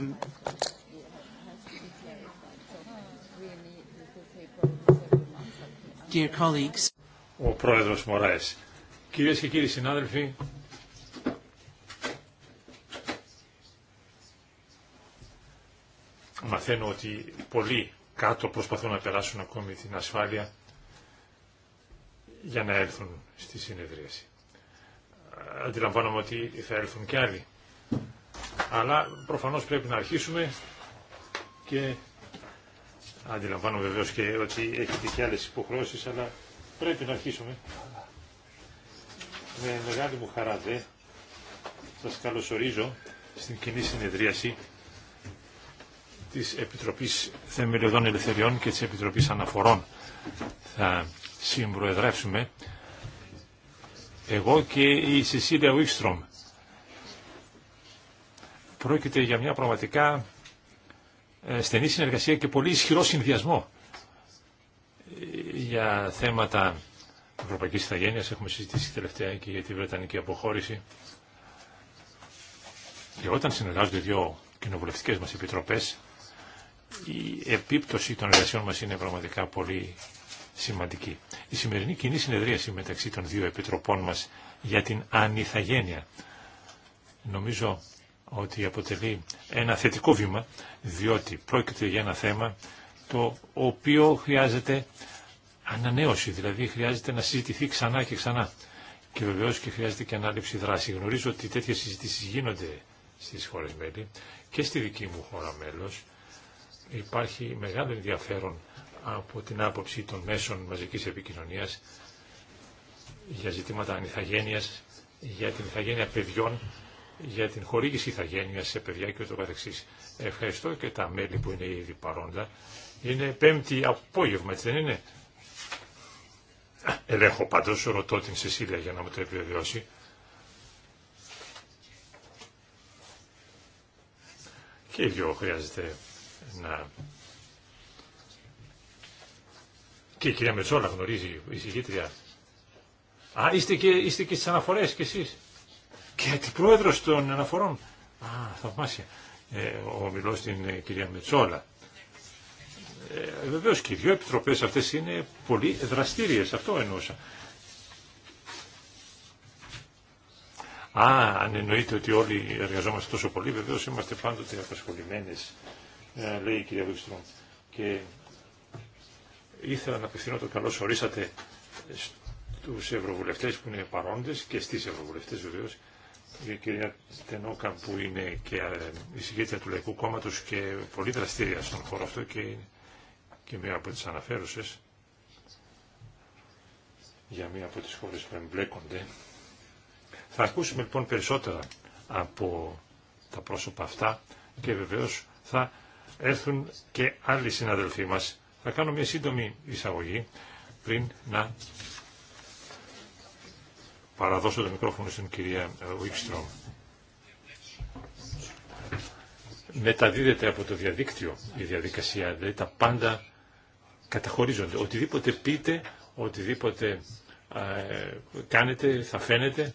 Um, Ο πρόεδρος Μωράης. Κυρίες και κύριοι συνάδελφοι, μαθαίνω ότι πολλοί κάτω προσπαθούν να περάσουν ακόμη την ασφάλεια για να έρθουν στη συνεδρίαση. Αντιλαμβάνομαι ότι θα έρθουν και άλλοι. Αλλά προφανώς πρέπει να αρχίσουμε και αντιλαμβάνομαι βεβαίω και ότι έχετε και άλλες υποχρεώσεις, αλλά πρέπει να αρχίσουμε. Με μεγάλη μου χαρά δε, σας καλωσορίζω στην κοινή συνεδρίαση της Επιτροπής Θεμελιωδών Ελευθεριών και της Επιτροπής Αναφορών. Θα συμπροεδρεύσουμε εγώ και η Σεσίλια Βίξτρομ Πρόκειται για μια πραγματικά ε, στενή συνεργασία και πολύ ισχυρό συνδυασμό ε, για θέματα ευρωπαϊκής ηθαγένειας. Έχουμε συζητήσει τελευταία και για τη Βρετανική αποχώρηση. Και όταν συνεργάζονται δύο κοινοβουλευτικές μας επιτροπές, η επίπτωση των εργασιών μας είναι πραγματικά πολύ σημαντική. Η σημερινή κοινή συνεδρίαση μεταξύ των δύο επιτροπών μας για την ανιθαγένεια νομίζω ότι αποτελεί ένα θετικό βήμα, διότι πρόκειται για ένα θέμα το οποίο χρειάζεται ανανέωση, δηλαδή χρειάζεται να συζητηθεί ξανά και ξανά. Και βεβαίως και χρειάζεται και ανάληψη δράση. Γνωρίζω ότι τέτοιες συζητήσεις γίνονται στις χώρες μέλη και στη δική μου χώρα μέλος. Υπάρχει μεγάλο ενδιαφέρον από την άποψη των μέσων μαζικής επικοινωνίας για ζητήματα ανιθαγένειας, για την ανιθαγένεια παιδιών για την χορήγηση ηθαγένεια σε παιδιά και ούτω καθεξής. Ευχαριστώ και τα μέλη που είναι ήδη παρόντα. Είναι πέμπτη απόγευμα, έτσι δεν είναι. Ελέγχω πάντως, ρωτώ την Σεσίλια για να μου το επιβεβαιώσει. Και οι δυο χρειάζεται να... Και η κυρία Μετσόλα γνωρίζει, η συγκήτρια. Α, είστε και, είστε και στις αναφορές κι εσείς και αντιπρόεδρος των αναφορών. Α, θαυμάσια. Ε, μιλός στην ε, κυρία Μετσόλα. Ε, Βεβαίω και οι δύο επιτροπές αυτές είναι πολύ δραστήριες, αυτό εννοούσα. Α, αν εννοείται ότι όλοι εργαζόμαστε τόσο πολύ, βεβαίω είμαστε πάντοτε απασχολημένε, ε, λέει η κυρία Βουστρόμ. Και ήθελα να απευθύνω το καλό ορίσατε στους ευρωβουλευτές που είναι παρόντες και στις ευρωβουλευτές βεβαίω η κυρία Στενόκα που είναι και ε, η συγκέντρια του Λαϊκού Κόμματος και πολύ δραστήρια στον χώρο αυτό και, και μία από τις αναφέρουσες για μία από τις χώρες που εμπλέκονται. Θα ακούσουμε λοιπόν περισσότερα από τα πρόσωπα αυτά και βεβαίως θα έρθουν και άλλοι συναδελφοί μας. Θα κάνω μια σύντομη εισαγωγή πριν να παραδώσω το μικρόφωνο στην κυρία Βίξτρομ. Ε, Μεταδίδεται από το διαδίκτυο η διαδικασία, δηλαδή τα πάντα καταχωρίζονται. Οτιδήποτε πείτε, οτιδήποτε ε, κάνετε, θα φαίνεται,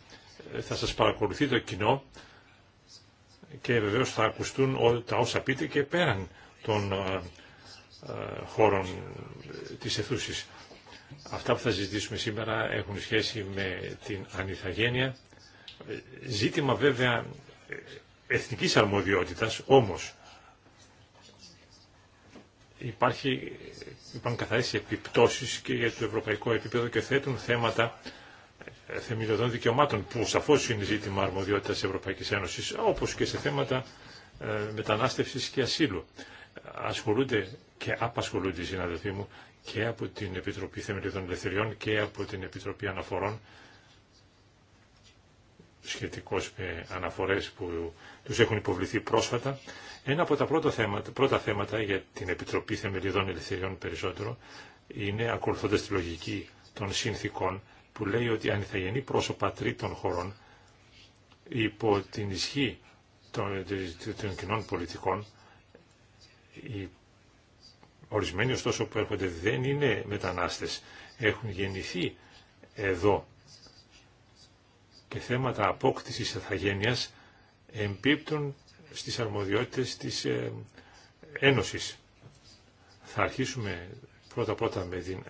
ε, θα σας παρακολουθεί το κοινό και βεβαίως θα ακουστούν ό, τα όσα πείτε και πέραν των χώρων της αιθούσης. Αυτά που θα συζητήσουμε σήμερα έχουν σχέση με την ανιθαγένεια. Ζήτημα βέβαια εθνικής αρμοδιότητας, όμως υπάρχει, υπάρχουν καθαρές επιπτώσεις και για το ευρωπαϊκό επίπεδο και θέτουν θέματα ε, θεμελιωδών δικαιωμάτων που σαφώς είναι ζήτημα αρμοδιότητας Ευρωπαϊκής Ένωσης όπως και σε θέματα ε, μετανάστευσης και ασύλου. Ασχολούνται και απασχολούνται οι συναδελφοί μου και από την Επιτροπή Θεμελιωδών Ελευθεριών και από την Επιτροπή Αναφορών σχετικώς με αναφορές που τους έχουν υποβληθεί πρόσφατα. Ένα από τα πρώτα θέματα, πρώτα θέματα για την Επιτροπή Θεμελιωδών Ελευθεριών περισσότερο είναι ακολουθώντας τη λογική των συνθήκων που λέει ότι αν θα γεννεί πρόσωπα τρίτων χωρών υπό την ισχύ των, των κοινών πολιτικών Ορισμένοι ωστόσο που έρχονται δεν είναι μετανάστες, έχουν γεννηθεί εδώ και θέματα απόκτησης εθαγένειας εμπίπτουν στις αρμοδιότητες της ε, Ένωσης. Θα αρχίσουμε πρώτα-πρώτα με την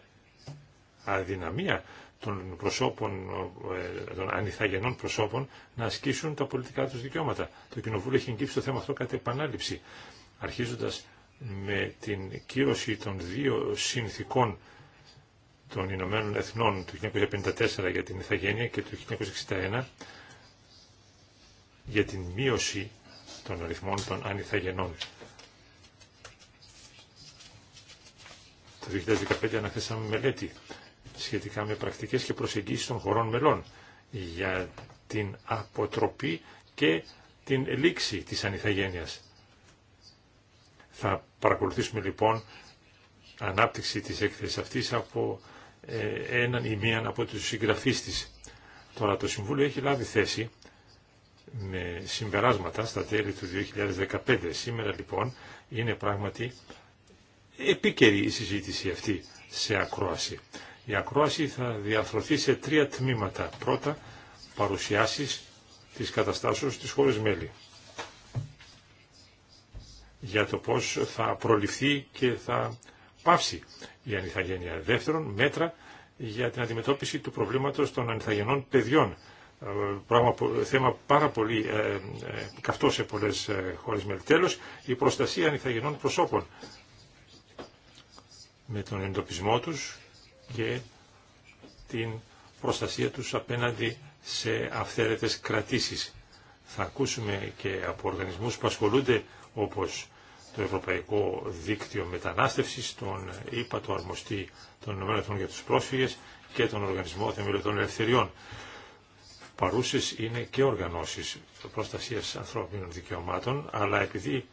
αδυναμία των προσώπων, ε, των ανιθαγενών προσώπων να ασκήσουν τα πολιτικά τους δικαιώματα. Το Κοινοβούλιο έχει εγκύψει το θέμα αυτό κατά επανάληψη, αρχίζοντας με την κύρωση των δύο συνθήκων των Ηνωμένων Εθνών του 1954 για την Ιθαγένεια και του 1961 για την μείωση των αριθμών των ανιθαγενών. Το 2015 αναθέσαμε μελέτη σχετικά με πρακτικές και προσεγγίσεις των χωρών μελών για την αποτροπή και την λήξη της ανιθαγένειας. Θα παρακολουθήσουμε λοιπόν ανάπτυξη της έκθεσης αυτής από ε, έναν ή μίαν από τους συγγραφείς της. Τώρα το Συμβούλιο έχει λάβει θέση με συμπεράσματα στα τέλη του 2015. Σήμερα λοιπόν είναι πράγματι επίκαιρη η συζήτηση αυτή σε ακρόαση. Η ακρόαση θα διαρθρωθεί σε τρία τμήματα. Πρώτα, παρουσιάσεις της καταστάσεως της χώρες μέλη για το πώς θα προληφθεί και θα πάυσει η ανιθαγένεια. Δεύτερον, μέτρα για την αντιμετώπιση του προβλήματος των ανιθαγενών παιδιών. Ε, πράγμα, θέμα πάρα πολύ ε, ε, καυτό σε πολλές ε, χώρες Τέλος, η προστασία ανιθαγενών προσώπων με τον εντοπισμό τους και την προστασία τους απέναντι σε αυθαίρετες κρατήσεις. Θα ακούσουμε και από οργανισμούς που ασχολούνται όπως το Ευρωπαϊκό Δίκτυο Μετανάστευσης, τον ΙΠΑ, το Αρμοστή των ΗΠΑ για τους Πρόσφυγες και τον Οργανισμό Θεμελιωτών Ελευθεριών. Παρούσες είναι και οργανώσεις προστασίας ανθρώπινων δικαιωμάτων, αλλά επειδή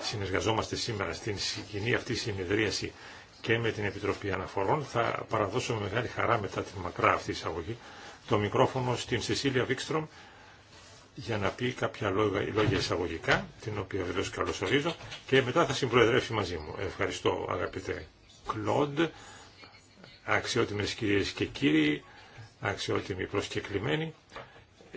συνεργαζόμαστε σήμερα στην κοινή αυτή συνεδρίαση και με την Επιτροπή Αναφορών, θα παραδώσω με μεγάλη χαρά μετά την μακρά αυτή εισαγωγή το μικρόφωνο στην Σεσίλια Βίξτρομ, για να πει κάποια λόγια, λόγια εισαγωγικά, την οποία βεβαίω καλωσορίζω, και μετά θα συμπροεδρεύσει μαζί μου. Ευχαριστώ αγαπητέ Κλοντ, αξιότιμες κυρίες και κύριοι, αξιότιμοι προσκεκλημένοι.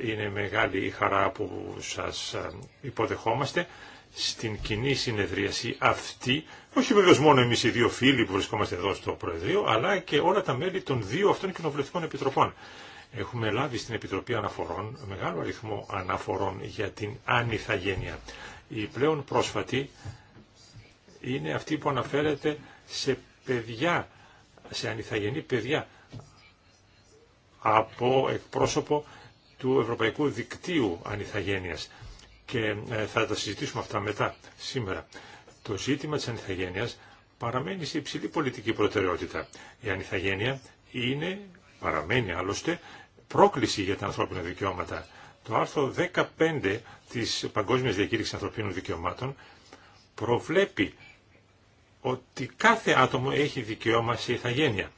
Είναι μεγάλη η χαρά που σας ε, υποδεχόμαστε στην κοινή συνεδρίαση αυτή, όχι βεβαίως μόνο εμείς οι δύο φίλοι που βρισκόμαστε εδώ στο Προεδρείο, αλλά και όλα τα μέλη των δύο αυτών κοινοβουλευτικών επιτροπών. Έχουμε λάβει στην Επιτροπή Αναφορών μεγάλο αριθμό αναφορών για την ανιθαγένεια. Η πλέον πρόσφατη είναι αυτή που αναφέρεται σε παιδιά, σε ανιθαγενή παιδιά από εκπρόσωπο του Ευρωπαϊκού Δικτύου Ανιθαγένειας και ε, θα τα συζητήσουμε αυτά μετά σήμερα. Το ζήτημα της ανιθαγένειας παραμένει σε υψηλή πολιτική προτεραιότητα. Η ανιθαγένεια είναι, παραμένει άλλωστε, πρόκληση για τα ανθρώπινα δικαιώματα. Το άρθρο 15 της Παγκόσμιας Διακήρυξης Ανθρωπίνων Δικαιωμάτων προβλέπει ότι κάθε άτομο έχει δικαίωμα σε ηθαγένεια.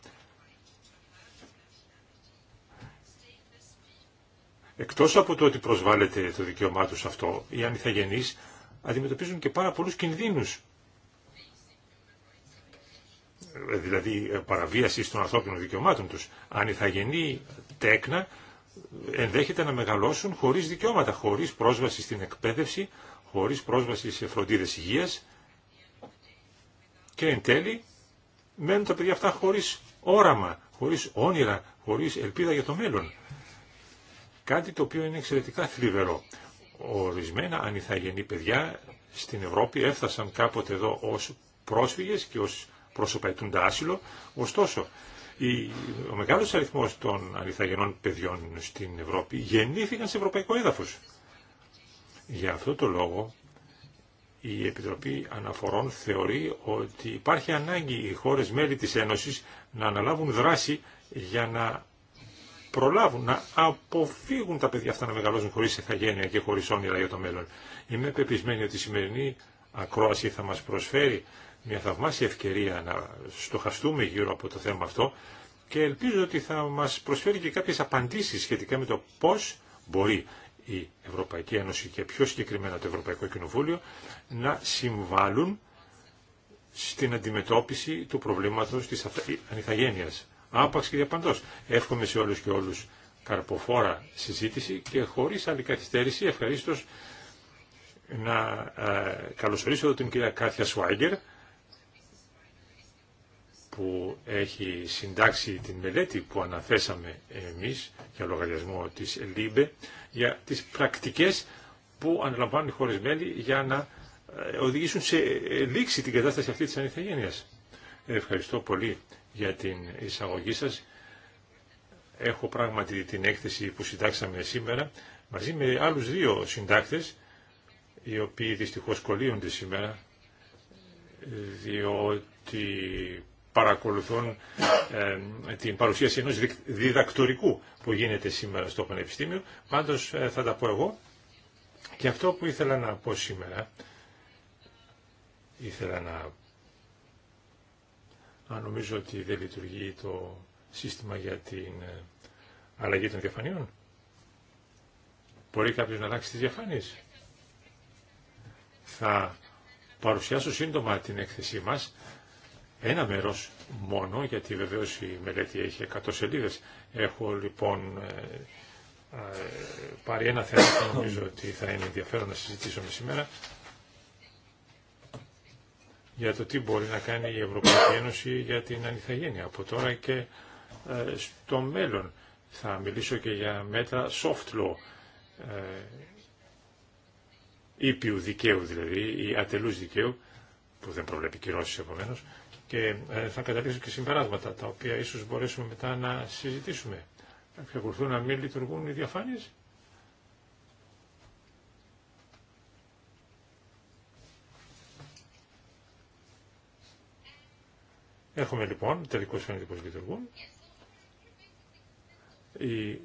Εκτός από το ότι προσβάλλεται το δικαίωμά τους αυτό, οι ανηθαγενείς αντιμετωπίζουν και πάρα πολλούς κινδύνους ε, δηλαδή ε, παραβίαση των ανθρώπινων δικαιωμάτων τους. Αν ηθαγενή τέκνα ε, ενδέχεται να μεγαλώσουν χωρίς δικαιώματα, χωρίς πρόσβαση στην εκπαίδευση, χωρίς πρόσβαση σε φροντίδες υγείας και εν τέλει μένουν τα παιδιά αυτά χωρίς όραμα, χωρίς όνειρα, χωρίς ελπίδα για το μέλλον. Κάτι το οποίο είναι εξαιρετικά θλιβερό. Ορισμένα ανιθαγενή παιδιά στην Ευρώπη έφτασαν κάποτε εδώ ως πρόσφυγες και ως πρόσωπα τα άσυλο. Ωστόσο, ο μεγάλος αριθμός των αληθαγενών παιδιών στην Ευρώπη γεννήθηκαν σε ευρωπαϊκό έδαφος. Για αυτό το λόγο η Επιτροπή Αναφορών θεωρεί ότι υπάρχει ανάγκη οι χώρες μέλη της Ένωσης να αναλάβουν δράση για να προλάβουν, να αποφύγουν τα παιδιά αυτά να μεγαλώσουν χωρίς ηθαγένεια και χωρίς όνειρα για το μέλλον. Είμαι πεπισμένη ότι η σημερινή ακρόαση θα μας προσφέρει μια θαυμάσια ευκαιρία να στοχαστούμε γύρω από το θέμα αυτό και ελπίζω ότι θα μας προσφέρει και κάποιες απαντήσεις σχετικά με το πώς μπορεί η Ευρωπαϊκή Ένωση και πιο συγκεκριμένα το Ευρωπαϊκό Κοινοβούλιο να συμβάλλουν στην αντιμετώπιση του προβλήματος της ανιθαγένειας. Άπαξ και διαπαντός. Εύχομαι σε όλους και όλους καρποφόρα συζήτηση και χωρίς άλλη καθυστέρηση ευχαρίστως να ε, καλωσορίσω την κυρία Κάθια Σουάγκερ που έχει συντάξει την μελέτη που αναθέσαμε εμείς για λογαριασμό της ΛΥΜΠΕ για τις πρακτικές που αναλαμβάνουν οι χώρες μέλη για να ε, οδηγήσουν σε λήξη την κατάσταση αυτή της ανηθαγένειας. Ευχαριστώ πολύ για την εισαγωγή σας. Έχω πράγματι την έκθεση που συντάξαμε σήμερα μαζί με άλλους δύο συντάκτες οι οποίοι δυστυχώς κολλείονται σήμερα διότι παρακολουθούν ε, την παρουσίαση ενός διδακτορικού που γίνεται σήμερα στο Πανεπιστήμιο. Πάντως ε, θα τα πω εγώ. Και αυτό που ήθελα να πω σήμερα, ήθελα να... Αν νομίζω ότι δεν λειτουργεί το σύστημα για την ε, αλλαγή των διαφανείων. Μπορεί κάποιος να αλλάξει τις διαφάνειες. Θα παρουσιάσω σύντομα την έκθεσή μας, ένα μέρος μόνο, γιατί βεβαίως η μελέτη έχει 100 σελίδες. Έχω λοιπόν ε, ε, πάρει ένα θέμα που νομίζω ότι θα είναι ενδιαφέρον να συζητήσουμε σήμερα για το τι μπορεί να κάνει η Ευρωπαϊκή Ένωση για την ανιθαγένεια από τώρα και ε, στο μέλλον. Θα μιλήσω και για μέτρα soft law, ήπιου δικαίου δηλαδή, ή ατελούς δικαίου, που δεν προβλέπει κυρώσεις επομένως, και ε, θα καταλήξω και συμπεράσματα τα οποία ίσως μπορέσουμε μετά να συζητήσουμε. Εξακολουθούν να μην λειτουργούν οι διαφάνειες. Έχουμε λοιπόν, τελικώς φαίνεται πως λειτουργούν. Η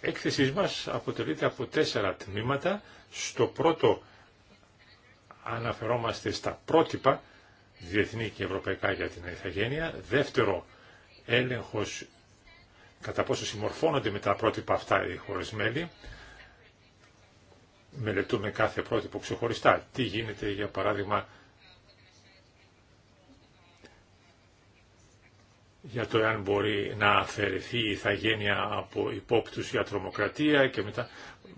έκθεσή μας αποτελείται από τέσσερα τμήματα. Στο πρώτο αναφερόμαστε στα πρότυπα διεθνή και ευρωπαϊκά για την ηθαγένεια. Δεύτερο, έλεγχος κατά πόσο συμμορφώνονται με τα πρότυπα αυτά οι χώρες μέλη. Μελετούμε κάθε πρότυπο ξεχωριστά. Τι γίνεται, για παράδειγμα, για το εάν μπορεί να αφαιρεθεί η ηθαγένεια από υπόπτους για τρομοκρατία και μετά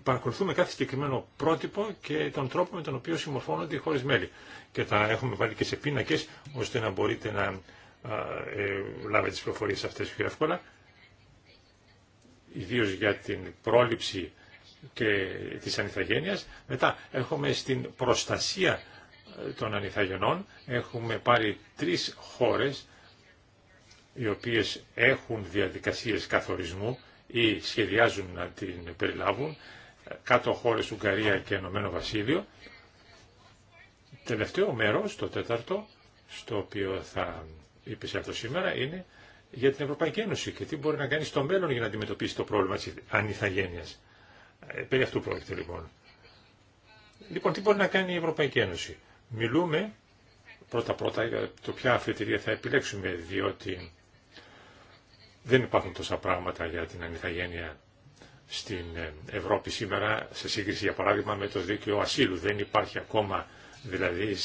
παρακολουθούμε κάθε συγκεκριμένο πρότυπο και τον τρόπο με τον οποίο συμμορφώνονται οι χώρες μέλη. Και τα έχουμε βάλει και σε πίνακες ώστε να μπορείτε να ε, λάβετε τις προφορίες αυτές πιο εύκολα. Ιδίω για την πρόληψη και της ανηθαγένειας. Μετά έχουμε στην προστασία των ανηθαγενών. Έχουμε πάρει τρεις χώρες οι οποίες έχουν διαδικασίες καθορισμού ή σχεδιάζουν να την περιλάβουν, ε, κάτω χώρες Ουγγαρία και Ενωμένο Βασίλειο. Τελευταίο μέρος, το τέταρτο, στο οποίο θα αυτό σήμερα, είναι για την Ευρωπαϊκή Ένωση και τι μπορεί να κάνει στο μέλλον για να αντιμετωπίσει το πρόβλημα της ανιθαγένειας. Ε, περί αυτού πρόκειται λοιπόν. Λοιπόν, τι μπορεί να κάνει η Ευρωπαϊκή Ένωση. Μιλούμε πρώτα-πρώτα για το ποια αφετηρία θα επιλέξουμε, διότι δεν υπάρχουν τόσα πράγματα για την ανηθαγένεια στην ε, Ευρώπη σήμερα, σε σύγκριση για παράδειγμα με το δίκαιο ασύλου. Δεν υπάρχει ακόμα δηλαδή ε,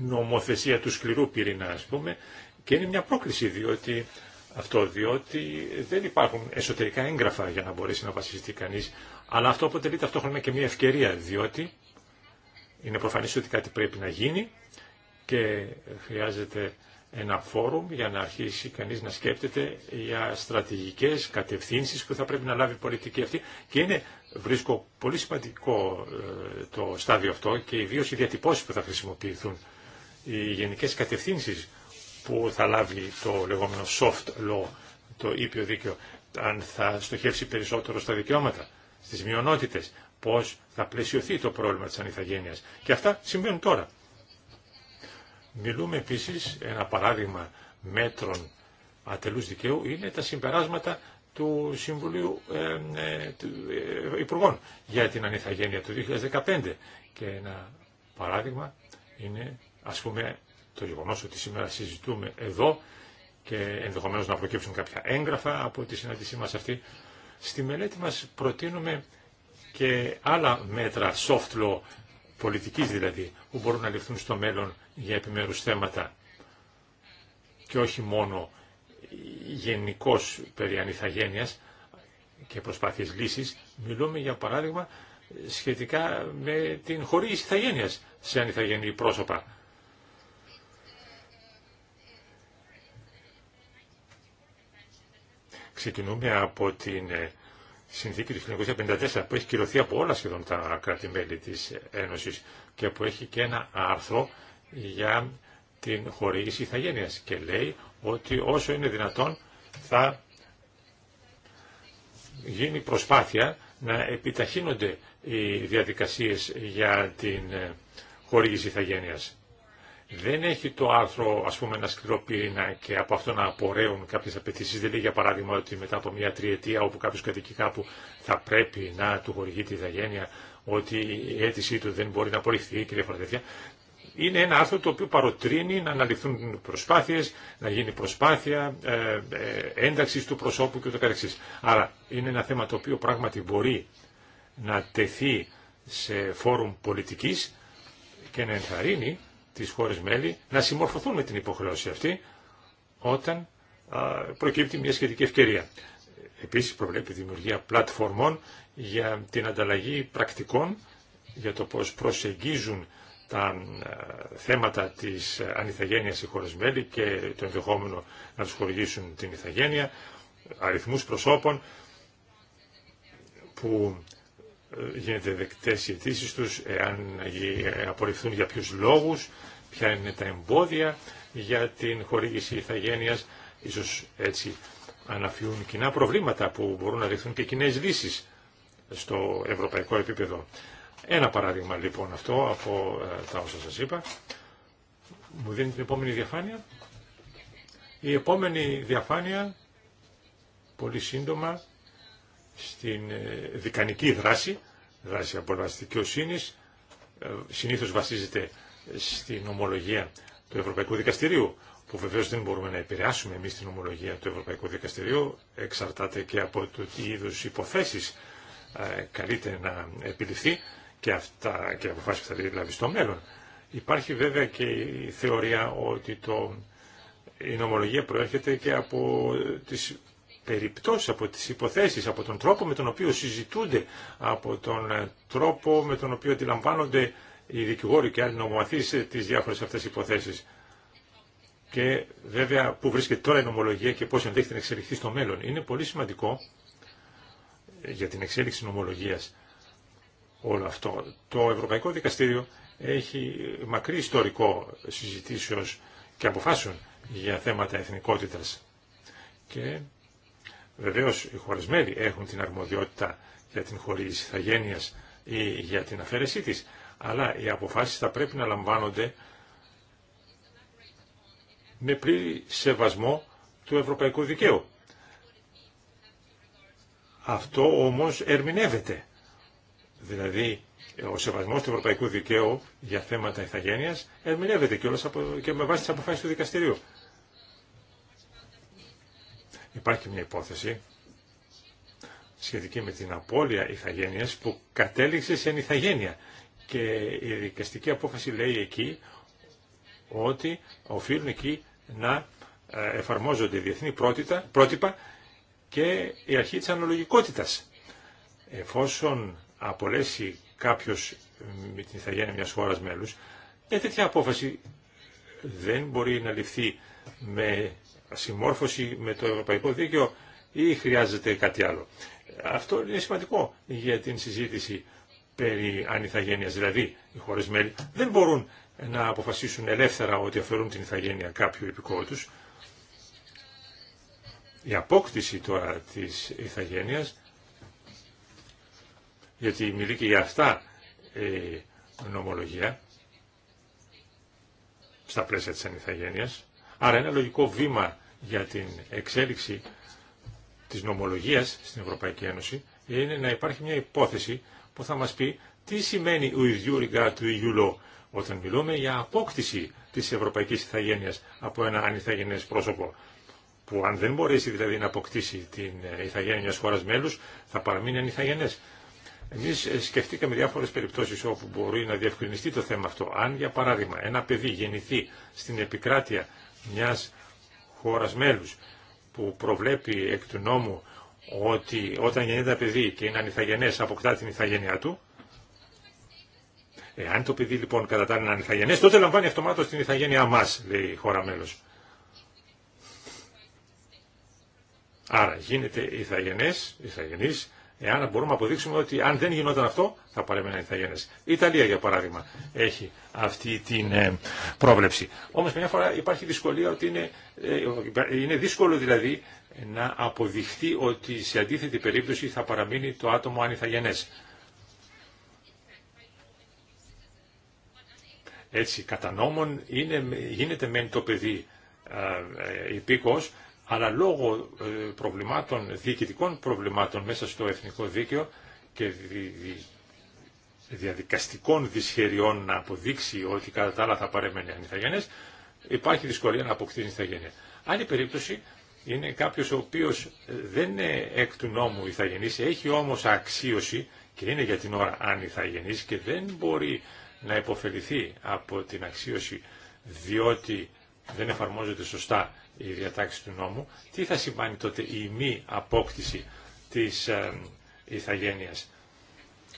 νομοθεσία του σκληρού πυρήνα ας πούμε και είναι μια πρόκληση διότι αυτό διότι δεν υπάρχουν εσωτερικά έγγραφα για να μπορέσει να βασιστεί κανείς αλλά αυτό αποτελεί ταυτόχρονα και μια ευκαιρία διότι είναι προφανής ότι κάτι πρέπει να γίνει και χρειάζεται ένα φόρουμ για να αρχίσει κανείς να σκέπτεται για στρατηγικές κατευθύνσεις που θα πρέπει να λάβει η πολιτική αυτή και είναι, βρίσκω πολύ σημαντικό ε, το στάδιο αυτό και ιδίως οι διατυπώσεις που θα χρησιμοποιηθούν οι γενικές κατευθύνσεις που θα λάβει το λεγόμενο soft law, το ήπιο δίκαιο, αν θα στοχεύσει περισσότερο στα δικαιώματα, στις μειονότητες, πώς θα πλαισιωθεί το πρόβλημα της ανηθαγένειας. Και αυτά συμβαίνουν τώρα. Μιλούμε επίσης, ένα παράδειγμα μέτρων ατελούς δικαίου είναι τα συμπεράσματα του Συμβουλίου ε, ε του, ε, Υπουργών για την ανηθαγένεια του 2015. Και ένα παράδειγμα είναι, ας πούμε, το γεγονός ότι σήμερα συζητούμε εδώ και ενδεχομένως να προκύψουν κάποια έγγραφα από τη συνάντησή μας αυτή. Στη μελέτη μας προτείνουμε και άλλα μέτρα soft law πολιτικής δηλαδή, που μπορούν να ληφθούν στο μέλλον για επιμέρους θέματα και όχι μόνο γενικώ περί ανηθαγένειας και προσπάθειες λύσης, μιλούμε για παράδειγμα σχετικά με την χορήγηση ηθαγένειας σε ανηθαγενή πρόσωπα. Ξεκινούμε από την ε, συνθήκη του 1954 που έχει κυρωθεί από όλα σχεδόν τα κράτη-μέλη της Ένωσης και που έχει και ένα άρθρο για την χορήγηση ηθαγένειας και λέει ότι όσο είναι δυνατόν θα γίνει προσπάθεια να επιταχύνονται οι διαδικασίες για την χορήγηση ηθαγένειας δεν έχει το άρθρο ας πούμε ένα σκληρό πυρήνα και από αυτό να απορρέουν κάποιες απαιτήσει. Δεν λέει για παράδειγμα ότι μετά από μια τριετία όπου κάποιος κατοικεί κάπου θα πρέπει να του χορηγεί τη δαγένεια ότι η αίτησή του δεν μπορεί να απορριφθεί και διάφορα τέτοια. Είναι ένα άρθρο το οποίο παροτρύνει να αναλυθούν προσπάθειες, να γίνει προσπάθεια ε, ε, ένταξης του προσώπου κ.ο.κ. Άρα είναι ένα θέμα το οποίο πράγματι μπορεί να τεθεί σε φόρουμ πολιτικής και να ενθαρρύνει τις χώρες μέλη να συμμορφωθούν με την υποχρέωση αυτή όταν προκύπτει μια σχετική ευκαιρία. Επίσης προβλέπει δημιουργία πλατφορμών για την ανταλλαγή πρακτικών για το πώς προσεγγίζουν τα θέματα της ανιθαγένειας οι χώρες μέλη και το ενδεχόμενο να τους χορηγήσουν την ηθαγένεια, αριθμούς προσώπων που ε, γίνεται δεκτές οι αιτήσει τους, εάν απορριφθούν για ποιου λόγους, ποια είναι τα εμπόδια για την χορήγηση ηθαγένεια, ίσως έτσι αναφιούν κοινά προβλήματα που μπορούν να δεχθούν και κοινέ λύσει στο ευρωπαϊκό επίπεδο. Ένα παράδειγμα λοιπόν αυτό από ε, τα όσα σας είπα. Μου δίνει την επόμενη διαφάνεια. Η επόμενη διαφάνεια, πολύ σύντομα, στην ε, δικανική δράση δράση από δικαιοσύνη ε, συνήθως βασίζεται στην ομολογία του Ευρωπαϊκού Δικαστηρίου, που βεβαίω δεν μπορούμε να επηρεάσουμε εμείς την ομολογία του Ευρωπαϊκού Δικαστηρίου, εξαρτάται και από το τι είδου υποθέσεις ε, καλείται να επιληφθεί και, αυτά, και αποφάσεις που θα δηλαδή στο μέλλον. Υπάρχει βέβαια και η θεωρία ότι το, η νομολογία προέρχεται και από τις περιπτώσεις, από τις υποθέσεις, από τον τρόπο με τον οποίο συζητούνται, από τον ε, τρόπο με τον οποίο αντιλαμβάνονται οι δικηγόροι και άλλοι νομομαθείς ε, τις διάφορες αυτές υποθέσεις. Και βέβαια που βρίσκεται τώρα η νομολογία και πώς ενδέχεται να εξελιχθεί στο μέλλον. Είναι πολύ σημαντικό ε, για την εξέλιξη νομολογίας όλο αυτό. Το Ευρωπαϊκό Δικαστήριο έχει μακρύ ιστορικό συζητήσεως και αποφάσεων για θέματα εθνικότητας. Και Βεβαίως οι χωρισμένοι έχουν την αρμοδιότητα για την χορήγηση ηθαγένεια ή για την αφαίρεσή της, αλλά οι αποφάσει θα πρέπει να λαμβάνονται με πλήρη σεβασμό του ευρωπαϊκού δικαίου. Αυτό όμως ερμηνεύεται. Δηλαδή, ο σεβασμό του ευρωπαϊκού δικαίου για θέματα ηθαγένεια ερμηνεύεται και, από, και με βάση τι αποφάσει του δικαστηρίου. Υπάρχει μια υπόθεση σχετική με την απώλεια ηθαγένειας που κατέληξε σε ηθαγένεια και η δικαστική απόφαση λέει εκεί ότι οφείλουν εκεί να ε, εφαρμόζονται διεθνή πρότυπα, πρότυπα και η αρχή της αναλογικότητας. Εφόσον απολέσει κάποιος με την ηθαγένεια μιας χώρας μέλους, μια ε, τέτοια απόφαση δεν μπορεί να ληφθεί με συμμόρφωση με το ευρωπαϊκό δίκαιο ή χρειάζεται κάτι άλλο. Αυτό είναι σημαντικό για την συζήτηση περί ανιθαγένειας. Δηλαδή, οι χώρες μέλη δεν μπορούν να αποφασίσουν ελεύθερα ότι αφαιρούν την ηθαγένεια κάποιου υπηκόου Η απόκτηση τώρα της ηθαγένειας, γιατί μιλεί και για αυτά η ε, νομολογία, στα πλαίσια της ανιθαγένειας, άρα ένα λογικό βήμα για την εξέλιξη της νομολογίας στην Ευρωπαϊκή Ένωση είναι να υπάρχει μια υπόθεση που θα μας πει τι σημαίνει ο ιδιού ρηγά του EU όταν μιλούμε για απόκτηση της ευρωπαϊκής Ιθαγένειας από ένα ανιθαγενές πρόσωπο που αν δεν μπορέσει δηλαδή να αποκτήσει την Ιθαγένεια ε, μιας χώρας μέλους θα παραμείνει ανιθαγενές. Εμείς ε, σκεφτήκαμε διάφορες περιπτώσεις όπου μπορεί να διευκρινιστεί το θέμα αυτό. Αν για παράδειγμα ένα παιδί γεννηθεί στην επικράτεια μιας χώρας μέλους που προβλέπει εκ του νόμου ότι όταν γεννείται παιδί και είναι ανιθαγενές αποκτά την ηθαγένειά του, εάν το παιδί λοιπόν κατά τα τότε λαμβάνει αυτομάτως την ηθαγένειά μας, λέει η χώρα μέλος. Άρα γίνεται ηθαγενές, ηθαγενής, εάν μπορούμε να αποδείξουμε ότι αν δεν γινόταν αυτό θα η Ιθαγένε. Η Ιταλία για παράδειγμα έχει αυτή την ε, πρόβλεψη. Όμω μια φορά υπάρχει δυσκολία ότι είναι, ε, είναι δύσκολο δηλαδή να αποδειχθεί ότι σε αντίθετη περίπτωση θα παραμείνει το άτομο ανιθαγενέ. Έτσι, κατά νόμον είναι, γίνεται μεν το παιδί ε, ε αλλά λόγω ε, προβλημάτων, διοικητικών προβλημάτων μέσα στο εθνικό δίκαιο και διαδικαστικών δυσχεριών να αποδείξει ότι κατά τα άλλα θα παρέμενε ανηθαγενές, υπάρχει δυσκολία να αποκτήσει ηθαγένεια. Άλλη περίπτωση είναι κάποιος ο οποίος ε, δεν είναι εκ του νόμου ηθαγενής, έχει όμως αξίωση και είναι για την ώρα ανηθαγενής και δεν μπορεί να υποφεληθεί από την αξίωση διότι δεν εφαρμόζεται σωστά η διατάξη του νόμου, τι θα σημαίνει τότε η μη απόκτηση της ε, ηθαγένειας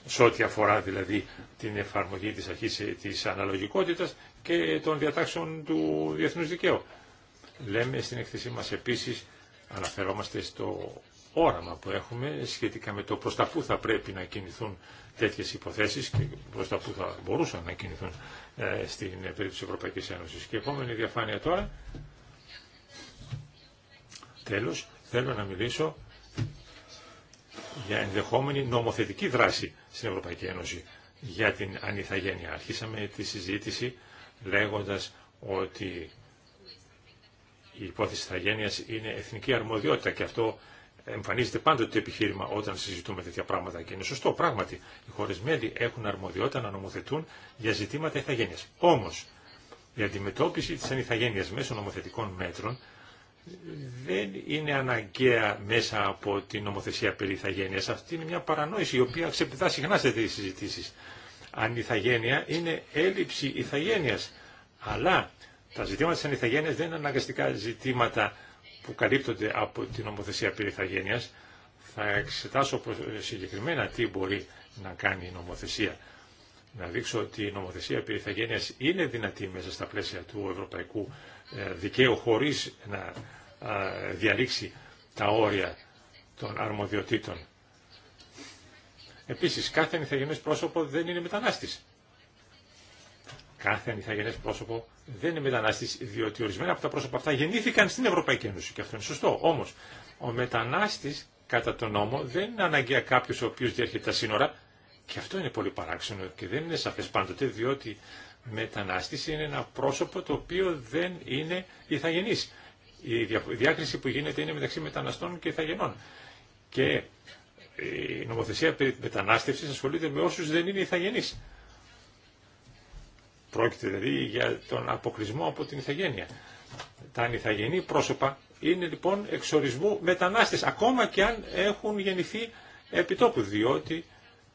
σε ό,τι αφορά δηλαδή την εφαρμογή της αρχής ε, της αναλογικότητας και των διατάξεων του διεθνούς δικαίου. Λέμε στην εκθεσή μας επίσης, αναφερόμαστε στο όραμα που έχουμε σχετικά με το προς τα που θα πρέπει να κινηθούν τέτοιες υποθέσεις και προς τα που θα μπορούσαν να κινηθούν ε, στην περίπτωση της Ευρωπαϊκής Ένωσης. Και επόμενη διαφάνεια τώρα Τέλος, θέλω να μιλήσω για ενδεχόμενη νομοθετική δράση στην Ευρωπαϊκή Ένωση για την ανιθαγένεια. Αρχίσαμε τη συζήτηση λέγοντας ότι η υπόθεση ηθαγένειας είναι εθνική αρμοδιότητα και αυτό εμφανίζεται πάντοτε το επιχείρημα όταν συζητούμε τέτοια πράγματα και είναι σωστό πράγματι. Οι χώρες μέλη έχουν αρμοδιότητα να νομοθετούν για ζητήματα ηθαγένειας. Όμως, η αντιμετώπιση της ανιθαγένειας μέσω νομοθετικών μέτρων δεν είναι αναγκαία μέσα από την νομοθεσία περί ηθαγένειας. Αυτή είναι μια παρανόηση η οποία ξεπηδά συχνά σε τέτοιες συζητήσεις. Ηθαγένεια είναι έλλειψη ηθαγένειας. Αλλά τα ζητήματα της ανιθαγένειας δεν είναι αναγκαστικά ζητήματα που καλύπτονται από την νομοθεσία περί ηθαγένειας. Θα εξετάσω συγκεκριμένα τι μπορεί να κάνει η νομοθεσία. Να δείξω ότι η νομοθεσία περί ηθαγένειας είναι δυνατή μέσα στα πλαίσια του ευρωπαϊκού ε, δικαίου χωρίς να διαλύξει τα όρια των αρμοδιοτήτων. Επίσης, κάθε νηθαγενές πρόσωπο δεν είναι μετανάστης. Κάθε νηθαγενές πρόσωπο δεν είναι μετανάστης, διότι ορισμένα από τα πρόσωπα αυτά γεννήθηκαν στην Ευρωπαϊκή Ένωση και αυτό είναι σωστό. Όμως, ο μετανάστης κατά τον νόμο δεν είναι αναγκαία κάποιος ο οποίος διέρχεται τα σύνορα και αυτό είναι πολύ παράξενο και δεν είναι σαφές πάντοτε, διότι μετανάστης είναι ένα πρόσωπο το οποίο δεν είναι ηθαγενής. Η διάκριση που γίνεται είναι μεταξύ μεταναστών και ηθαγενών. Και η νομοθεσία περί μετανάστευσης ασχολείται με όσους δεν είναι ηθαγενείς. Πρόκειται δηλαδή για τον αποκλεισμό από την ηθαγένεια. Τα ανηθαγενή πρόσωπα είναι λοιπόν εξορισμού μετανάστες, ακόμα και αν έχουν γεννηθεί επιτόπου, διότι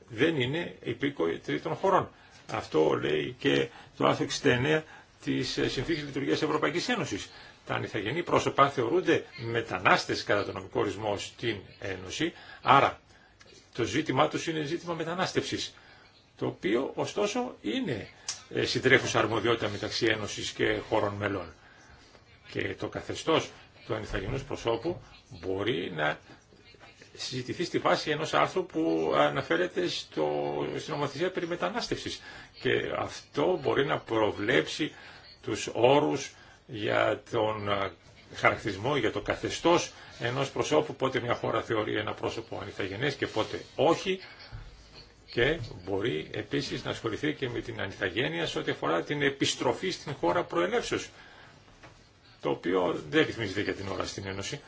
δεν είναι υπήκοοι τρίτων χωρών. Αυτό λέει και το άρθρο 69 της Συνθήκης Λειτουργίας Ευρωπαϊκής Ένωσης. Τα ανηθαγενή πρόσωπα θεωρούνται μετανάστες κατά τον νομικό ορισμό στην Ένωση, άρα το ζήτημά τους είναι ζήτημα μετανάστευσης, το οποίο ωστόσο είναι ε, συντρέχουσα αρμοδιότητα μεταξύ Ένωσης και χωρών μελών. Και το καθεστώς του ανηθαγενούς προσώπου μπορεί να συζητηθεί στη βάση ενός άρθρου που αναφέρεται στο, στην ομοθεσία περί μετανάστευσης. Και αυτό μπορεί να προβλέψει τους όρους για τον χαρακτηρισμό, για το καθεστώς ενός προσώπου, πότε μια χώρα θεωρεί ένα πρόσωπο ανιθαγενές και πότε όχι και μπορεί επίσης να ασχοληθεί και με την ανιθαγένεια σε ό,τι αφορά την επιστροφή στην χώρα προελεύσεως, το οποίο δεν ρυθμίζεται για την ώρα στην Ένωση.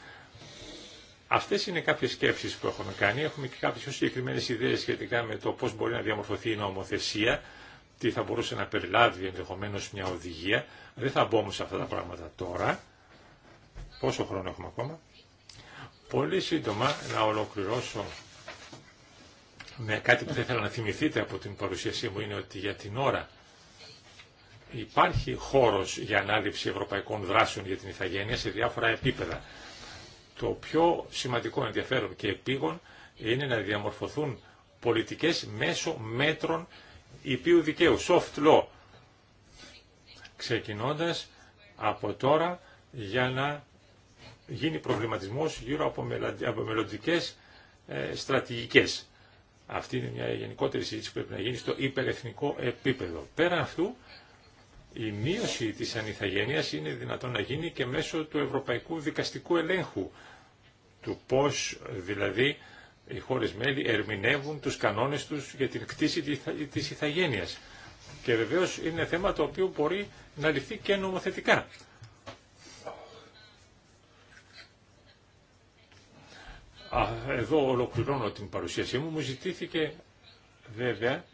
Αυτές είναι κάποιες σκέψεις που έχουμε κάνει. Έχουμε και κάποιες συγκεκριμένες ιδέες σχετικά με το πώς μπορεί να διαμορφωθεί η νομοθεσία τι θα μπορούσε να περιλάβει ενδεχομένως μια οδηγία. Δεν θα μπω όμως σε αυτά τα πράγματα τώρα. Πόσο χρόνο έχουμε ακόμα. Πολύ σύντομα να ολοκληρώσω με κάτι που θα ήθελα να θυμηθείτε από την παρουσίασή μου είναι ότι για την ώρα υπάρχει χώρος για ανάληψη ευρωπαϊκών δράσεων για την ηθαγένεια σε διάφορα επίπεδα. Το πιο σημαντικό ενδιαφέρον και επίγον είναι να διαμορφωθούν πολιτικές μέσω μέτρων υπείου δικαίου, soft law, ξεκινώντας από τώρα για να γίνει προβληματισμός γύρω από μελλοντικέ ε, στρατηγικές. Αυτή είναι μια γενικότερη συζήτηση που πρέπει να γίνει στο υπερεθνικό επίπεδο. Πέρα αυτού, η μείωση της ανιθαγένειας είναι δυνατόν να γίνει και μέσω του Ευρωπαϊκού Δικαστικού Ελέγχου, του πώς δηλαδή οι χώρες μέλη ερμηνεύουν τους κανόνες τους για την κτίση της ηθαγένεια. Και βεβαίως είναι θέμα το οποίο μπορεί να ληφθεί και νομοθετικά. Εδώ ολοκληρώνω την παρουσίασή μου. Μου ζητήθηκε βέβαια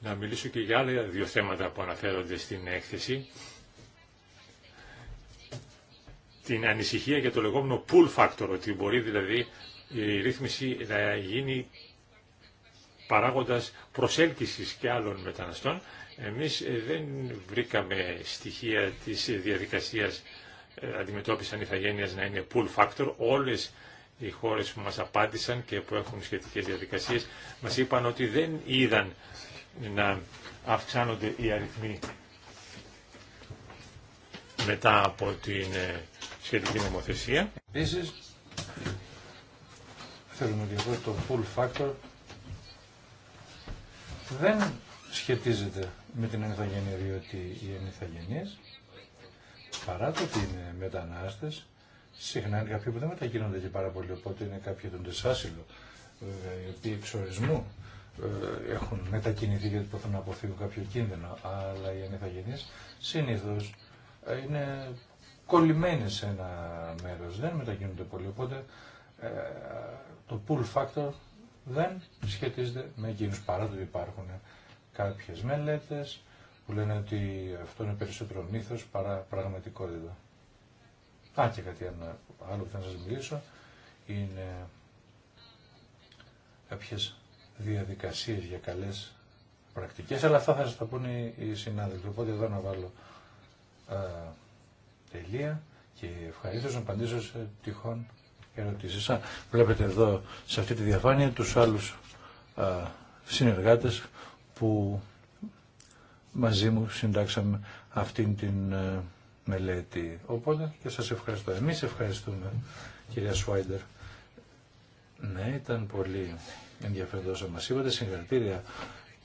να μιλήσω και για άλλα δύο θέματα που αναφέρονται στην έκθεση την ανησυχία για το λεγόμενο pull factor, ότι μπορεί δηλαδή η ρύθμιση να γίνει παράγοντας προσέλκυσης και άλλων μεταναστών. Εμείς ε, δεν βρήκαμε στοιχεία της διαδικασίας ε, αντιμετώπισης ανηθαγένειας να είναι pull factor. Όλες οι χώρες που μας απάντησαν και που έχουν σχετικές διαδικασίες μας είπαν ότι δεν είδαν να αυξάνονται οι αριθμοί μετά από την ε, σχετική νομοθεσία. Επίση, θέλουμε και αυτό το full factor δεν σχετίζεται με την ενηθαγενή, διότι οι ανηθαγενεί παρά το ότι είναι μετανάστες, συχνά είναι κάποιοι που δεν μετακινούνται και πάρα πολύ, οπότε είναι κάποιοι των τεσάσιλο, ε, οι οποίοι εξορισμού ε, έχουν μετακινηθεί γιατί προσπαθούν να αποφύγουν κάποιο κίνδυνο, αλλά οι ανηθαγενεί συνήθω ε, είναι κολλημένοι σε ένα μέρος, δεν μετακινούνται πολύ, οπότε ε, το pull factor δεν σχετίζεται με εκείνους, παρά το ότι υπάρχουν κάποιες μελέτες που λένε ότι αυτό είναι περισσότερο μύθος παρά πραγματικότητα. Α, και κάτι άλλο που θα σας μιλήσω είναι κάποιες διαδικασίες για καλές πρακτικές, αλλά αυτά θα σας τα πούνε οι συνάδελφοι, οπότε εδώ να βάλω ε, τελεία και ευχαρίστω να απαντήσω σε τυχόν ερωτήσεις. βλέπετε εδώ σε αυτή τη διαφάνεια τους άλλους α, συνεργάτες που μαζί μου συντάξαμε αυτήν την ε, μελέτη. Οπότε και σας ευχαριστώ. Εμείς ευχαριστούμε κυρία Σουάιντερ. Ναι, ήταν πολύ ενδιαφέρον όσο μας είπατε. Συγχαρητήρια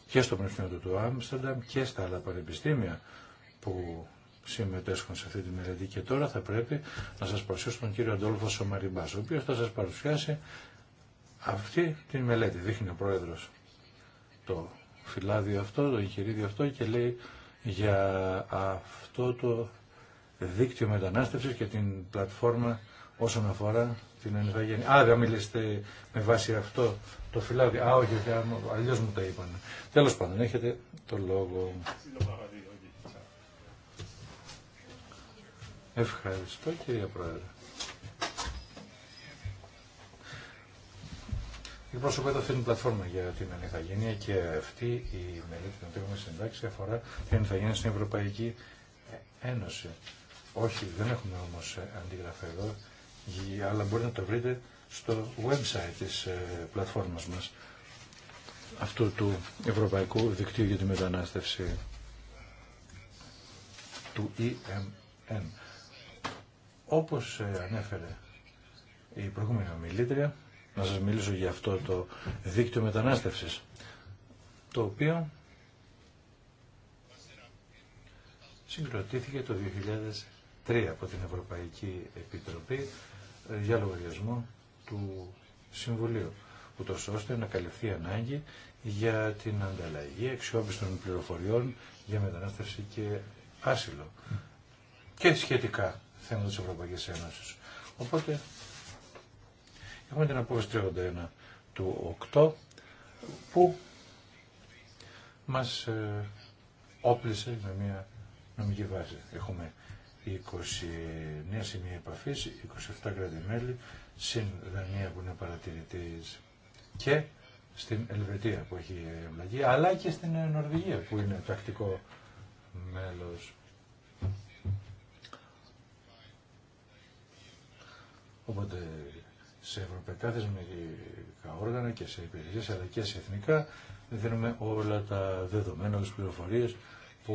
και στο Πανεπιστήμιο του Άμστερνταμ και στα άλλα πανεπιστήμια που συμμετέσχουν σε αυτή τη μελέτη. Και τώρα θα πρέπει να σας παρουσιάσω τον κύριο Αντόλφο Σομαριμπάς, ο οποίος θα σας παρουσιάσει αυτή τη μελέτη. Δείχνει ο πρόεδρος το φυλάδιο αυτό, το εγχειρίδιο αυτό και λέει για αυτό το δίκτυο μετανάστευσης και την πλατφόρμα όσον αφορά την ανηθαγένεια. Α, δεν μιλήσετε με βάση αυτό το φυλάδι. Α, όχι, αλλιώς μου τα είπαν. Τέλος πάντων, έχετε το λόγο. Ευχαριστώ κυρία Πρόεδρε. Η πρόσωπα εδώ αυτή πλατφόρμα για την ανηθαγένεια και αυτή η μελέτη που έχουμε συντάξει αφορά την ανηθαγένεια στην Ευρωπαϊκή Ένωση. Όχι, δεν έχουμε όμως αντίγραφα εδώ, αλλά μπορείτε να το βρείτε στο website της ε, πλατφόρμας μας αυτού του Ευρωπαϊκού Δικτύου για τη Μετανάστευση του EMN. Όπως ε, ανέφερε η προηγούμενη ομιλήτρια, να σας μιλήσω για αυτό το δίκτυο μετανάστευσης, το οποίο συγκροτήθηκε το 2003 από την Ευρωπαϊκή Επιτροπή ε, για λογαριασμό του Συμβουλίου, ούτως ώστε να καλυφθεί ανάγκη για την ανταλλαγή αξιόπιστων πληροφοριών για μετανάστευση και άσυλο και σχετικά θέματα της Ευρωπαϊκής Ένωσης. Οπότε έχουμε την απόφαση 31 του 8 που μας ε, όπλησε με μια νομική βάση. Έχουμε 29 σημεία επαφής, 27 κράτη-μέλη, συν Δανία που είναι παρατηρητής και στην Ελβετία που έχει εμπλακεί, αλλά και στην Νορβηγία που είναι τακτικό μέλος. Οπότε σε ευρωπαϊκά θεσμικά όργανα και σε υπηρεσίες αλλά και σε εθνικά δίνουμε όλα τα δεδομένα, όλες τις πληροφορίες που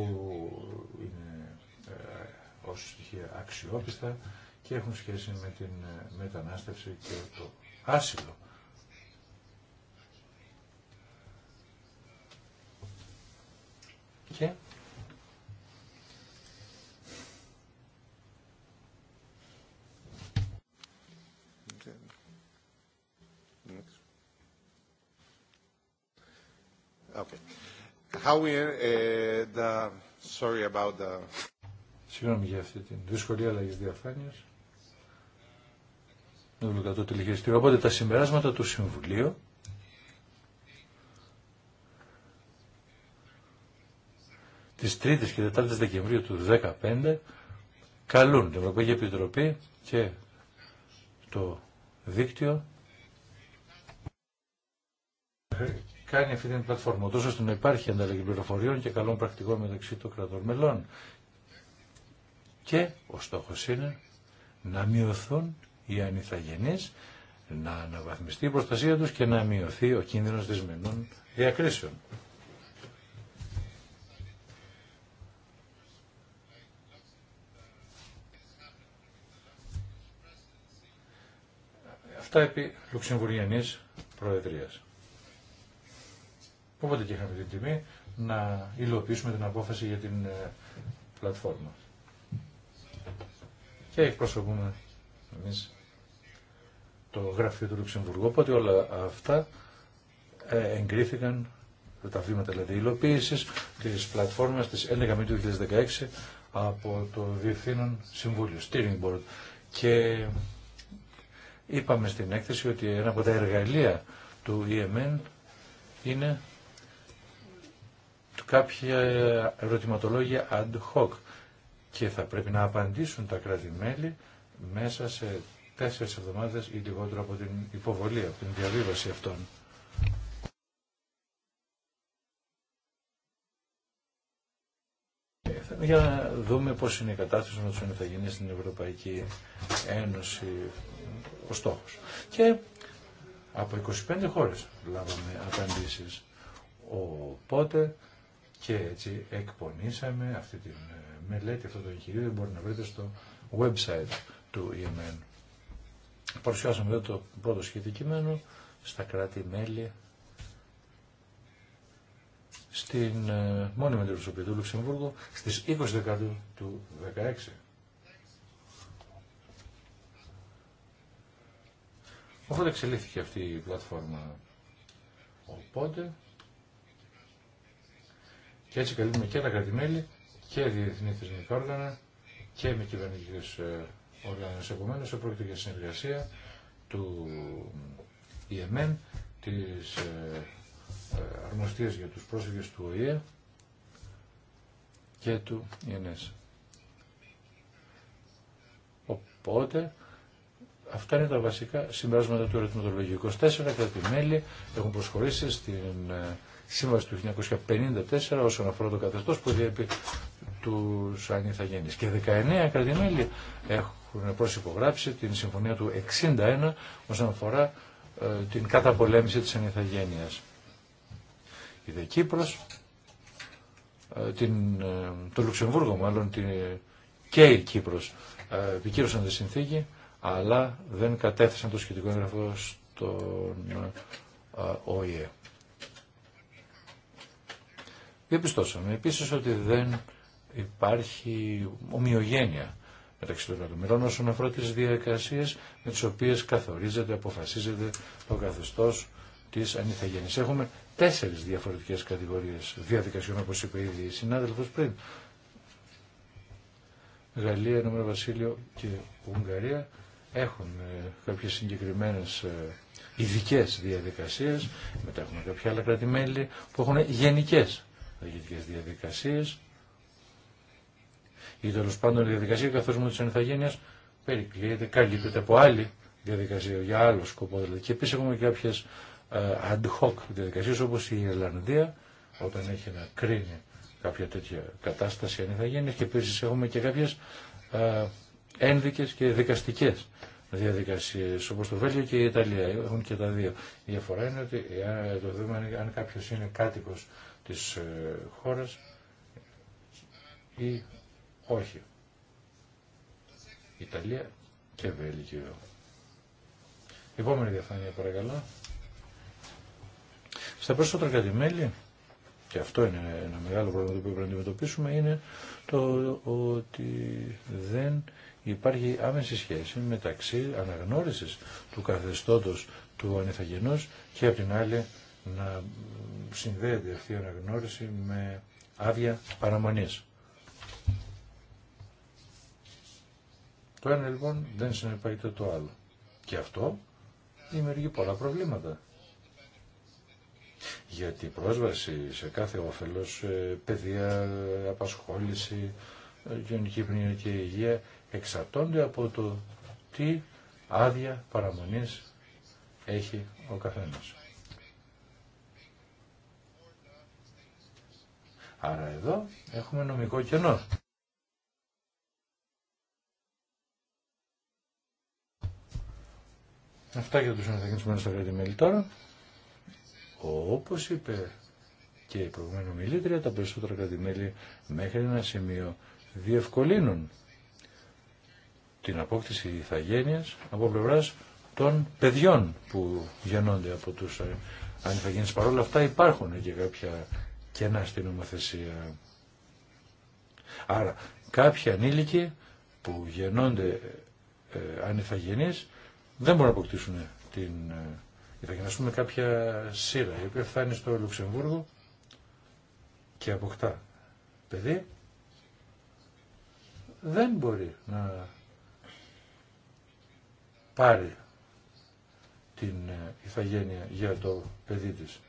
είναι ε, ως στοιχεία αξιόπιστα και έχουν σχέση με την ε, μετανάστευση και το άσυλο. Okay. How we, uh, about the... Συγγνώμη για αυτή την δυσκολία αλλαγή διαφάνεια. Δεν βλέπω το Οπότε τα συμπεράσματα του Συμβουλίου Τη 3 η και 4 η Δεκεμβρίου του 2015 καλούν την Ευρωπαϊκή Επιτροπή και το δίκτυο κάνει αυτή την πλατφόρμα, τόσο ώστε να υπάρχει ανταλλαγή πληροφοριών και καλών πρακτικών μεταξύ των κρατών μελών. Και ο στόχος είναι να μειωθούν οι ανιθαγενείς, να αναβαθμιστεί η προστασία τους και να μειωθεί ο κίνδυνος δυσμενών διακρίσεων. Αυτά επί Λουξεμβουργιανής Προεδρίας. Οπότε και είχαμε την τιμή να υλοποιήσουμε την απόφαση για την ε, πλατφόρμα. Και εκπροσωπούμε εμείς το γραφείο του Λουξεμβουργού. Οπότε όλα αυτά ε, εγκρίθηκαν τα βήματα δηλαδή υλοποίηση τη πλατφόρμα τη 11 2016 από το Διευθύνων Συμβούλιο, Steering Board. Και είπαμε στην έκθεση ότι ένα από τα εργαλεία του EMN είναι κάποια ερωτηματολόγια ad hoc και θα πρέπει να απαντήσουν τα κράτη-μέλη μέσα σε τέσσερις εβδομάδες ή λιγότερο από την υποβολή, από την διαβίβαση αυτών. Για να δούμε πώς είναι η κατάσταση με τους θα στην Ευρωπαϊκή Ένωση ο στόχος. Και από 25 χώρες λάβαμε απαντήσεις. Οπότε και έτσι εκπονήσαμε αυτή τη ε, μελέτη, αυτό το εγχειρίδιο μπορεί να βρείτε στο website του ΕΜΕΝ. Παρουσιάσαμε εδώ το πρώτο σχετικό κείμενο στα κράτη-μέλη στην ε, μόνιμη αντιπροσωπή του Λουξεμβούργου στις 20 Δεκάτου του 2016. Οπότε εξελίχθηκε αυτή η πλατφόρμα. Οπότε και έτσι καλύπτουμε και τα κρατημέλη και διεθνή θεσμικά όργανα και με κυβερνητικέ ε, οργάνε. Επομένω, πρόκειται για συνεργασία του ΙΕΜΕΝ, τη ε, ε, αρμοστία για του πρόσφυγε του ΟΗΕ και του ΙΕΝΕΣ. Οπότε, αυτά είναι τα βασικά συμπεράσματα του ερωτηματολογικού. Τέσσερα κράτη-μέλη έχουν προσχωρήσει στην σύμβαση του 1954 όσον αφορά το καθεστώ που διέπει του ανιθαγένει. Και 19 κρατημέλη έχουν προσυπογράψει την συμφωνία του 61 όσον αφορά ε, την καταπολέμηση της ανιθαγένειας. Η Δε ε, την, ε, το Λουξεμβούργο μάλλον την, και η Κύπρος επικύρωσαν τη συνθήκη αλλά δεν κατέθεσαν το σχετικό έγγραφο στον ΟΗΕ. Διαπιστώσαμε επίση ότι δεν υπάρχει ομοιογένεια μεταξύ των κρατομερών όσον αφορά τι διαδικασίε με τι οποίες καθορίζεται, αποφασίζεται το καθεστώ τη ανηθαγέννης. Έχουμε τέσσερι διαφορετικέ κατηγορίε διαδικασιών, όπω είπε ήδη η συνάδελφο πριν. Γαλλία, Ενωμένο Βασίλειο και Ουγγαρία έχουν ε, κάποιες συγκεκριμένες ε, ειδικέ διαδικασίες, μετά έχουμε κάποια άλλα κράτη-μέλη που έχουν γενικές τις ή τέλο πάντων η διαδικασία καθώς μου της ενθαγένειας περικλείεται, καλύπτεται από άλλη διαδικασία για άλλο σκοπό δηλαδή. Και επίσης έχουμε και κάποιες ε, ad hoc διαδικασίες όπως η Ιρλανδία όταν έχει να κρίνει κάποια τέτοια κατάσταση ανηθαγένειας και επίσης έχουμε και κάποιες ε, ένδικες και δικαστικές διαδικασίες όπως το Βέλγιο και η Ιταλία έχουν και τα δύο. Η διαφορά είναι ότι αν, ε, το δούμε αν κάποιος είναι κάτοικος της ε, χώρας ή όχι. Ιταλία και Βέλγιο. Επόμενη διαφάνεια παρακαλώ. Στα περισσότερα μέλη, και αυτό είναι ένα μεγάλο πρόβλημα που πρέπει να αντιμετωπίσουμε, είναι το ότι δεν υπάρχει άμεση σχέση μεταξύ αναγνώρισης του καθεστώτος του ανεθαγενούς και από την άλλη να συνδέεται αυτή η αναγνώριση με άδεια παραμονής. Το ένα λοιπόν δεν συνεπάγεται το άλλο. Και αυτό δημιουργεί πολλά προβλήματα. Γιατί η πρόσβαση σε κάθε όφελος, ε, παιδεία, απασχόληση, ε, γενική πνευματική και υγεία εξαρτώνται από το τι άδεια παραμονής έχει ο καθένας. Άρα εδώ έχουμε νομικό κενό. Αυτά για τους αναθεκνισμένους στα κρατη τώρα. Όπως είπε και η προηγούμενη ομιλήτρια, τα περισσότερα μέχρι ένα σημείο διευκολύνουν την απόκτηση ηθαγένειας από πλευράς των παιδιών που γεννώνται από τους ε, ανηθαγένειες. Παρ' όλα αυτά υπάρχουν και κάποια κενά στην νομοθεσία. Άρα κάποιοι ανήλικοι που γεννώνται ε, δεν μπορούν να αποκτήσουν την ε, πούμε κάποια σύρα η οποία φτάνει στο Λουξεμβούργο και αποκτά παιδί δεν μπορεί να πάρει την ε, ηθαγένεια για το παιδί της.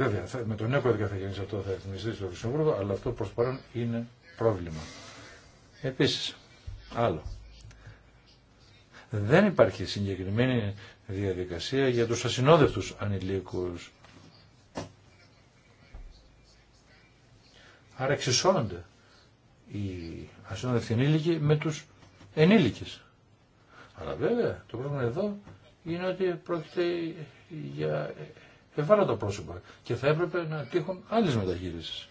Βέβαια, με τον νέο κώδικα θα γίνει αυτό, θα ρυθμιστεί στο Λουξεμβούργο, αλλά αυτό προ παρόν είναι πρόβλημα. Επίση, άλλο. Δεν υπάρχει συγκεκριμένη διαδικασία για τους ασυνόδευτους ανηλίκους. Άρα εξισώνονται οι ασυνόδευτοι ενήλικοι με τους ενήλικες. Αλλά βέβαια το πρόβλημα εδώ είναι ότι πρόκειται για τα πρόσωπα και θα έπρεπε να τύχουν άλλες μεταχείρισεις.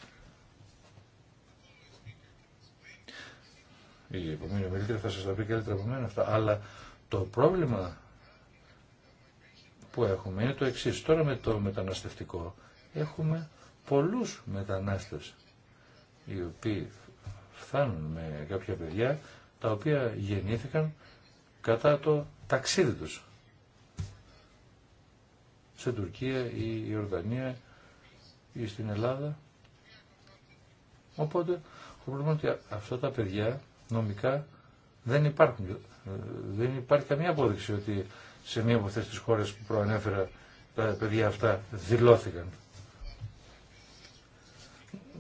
Η επόμενη ομιλήτρια θα σας τα πει καλύτερα από μένα αυτά, αλλά το πρόβλημα που έχουμε είναι το εξής. Τώρα με το μεταναστευτικό έχουμε πολλούς μετανάστες οι οποίοι φτάνουν με κάποια παιδιά τα οποία γεννήθηκαν κατά το ταξίδι τους σε Τουρκία ή η η ή στην Ελλάδα. Οπότε το πρόβλημα ότι αυτά τα παιδιά νομικά δεν υπάρχουν. Ε, δεν υπάρχει καμία απόδειξη ότι σε μία από αυτές τις χώρες που προανέφερα τα παιδιά αυτά δηλώθηκαν.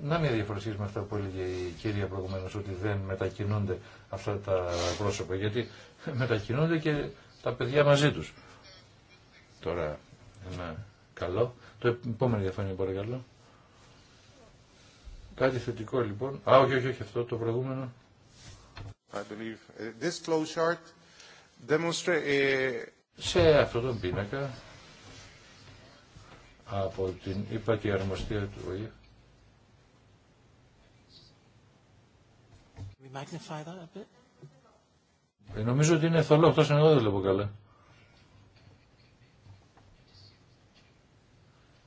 Να μην διαφορετική με αυτά που έλεγε η κυρία προηγουμένω, ότι δεν μετακινούνται αυτά τα πρόσωπα, γιατί μετακινούνται και τα παιδιά μαζί τους. Τώρα, ένα καλό. Το επόμενο διαφάνεια παρακαλώ. Κάτι θετικό λοιπόν. Α, όχι, όχι, όχι, αυτό το προηγούμενο. I believe uh, this flow chart demonstrate... Uh, Σε αυτό τον πίνακα από την ύπατη αρμοστία του ΟΗΕ. Ε, νομίζω ότι είναι θολό, αυτός είναι εγώ δεν βλέπω καλά.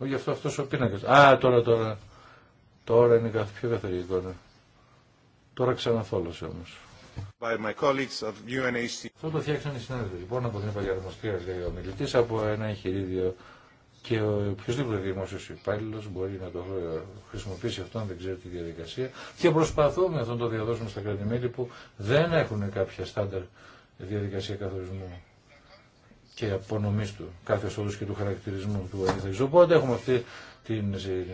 Γι' αυτό, αυτός ο πίνακας. Α, τώρα, τώρα. Τώρα είναι πιο καθαρή εικόνα. Τώρα ξαναθόλωσε όμως. By my of Αυτό το φτιάξαν οι συνάδελφοι. Λοιπόν, από την επαγγελματία λέει ο μιλητή, από ένα εγχειρίδιο και οποιοδήποτε δημόσιο υπάλληλο μπορεί να το χρησιμοποιήσει αυτό, αν δεν ξέρει τη διαδικασία. Και προσπαθούμε αυτό να το διαδώσουμε στα κρατημέλη που δεν έχουν κάποια στάνταρ διαδικασία καθορισμού και απονομή του κάθε όδου και του χαρακτηρισμού του Αγίου Οπότε έχουμε αυτή την ε,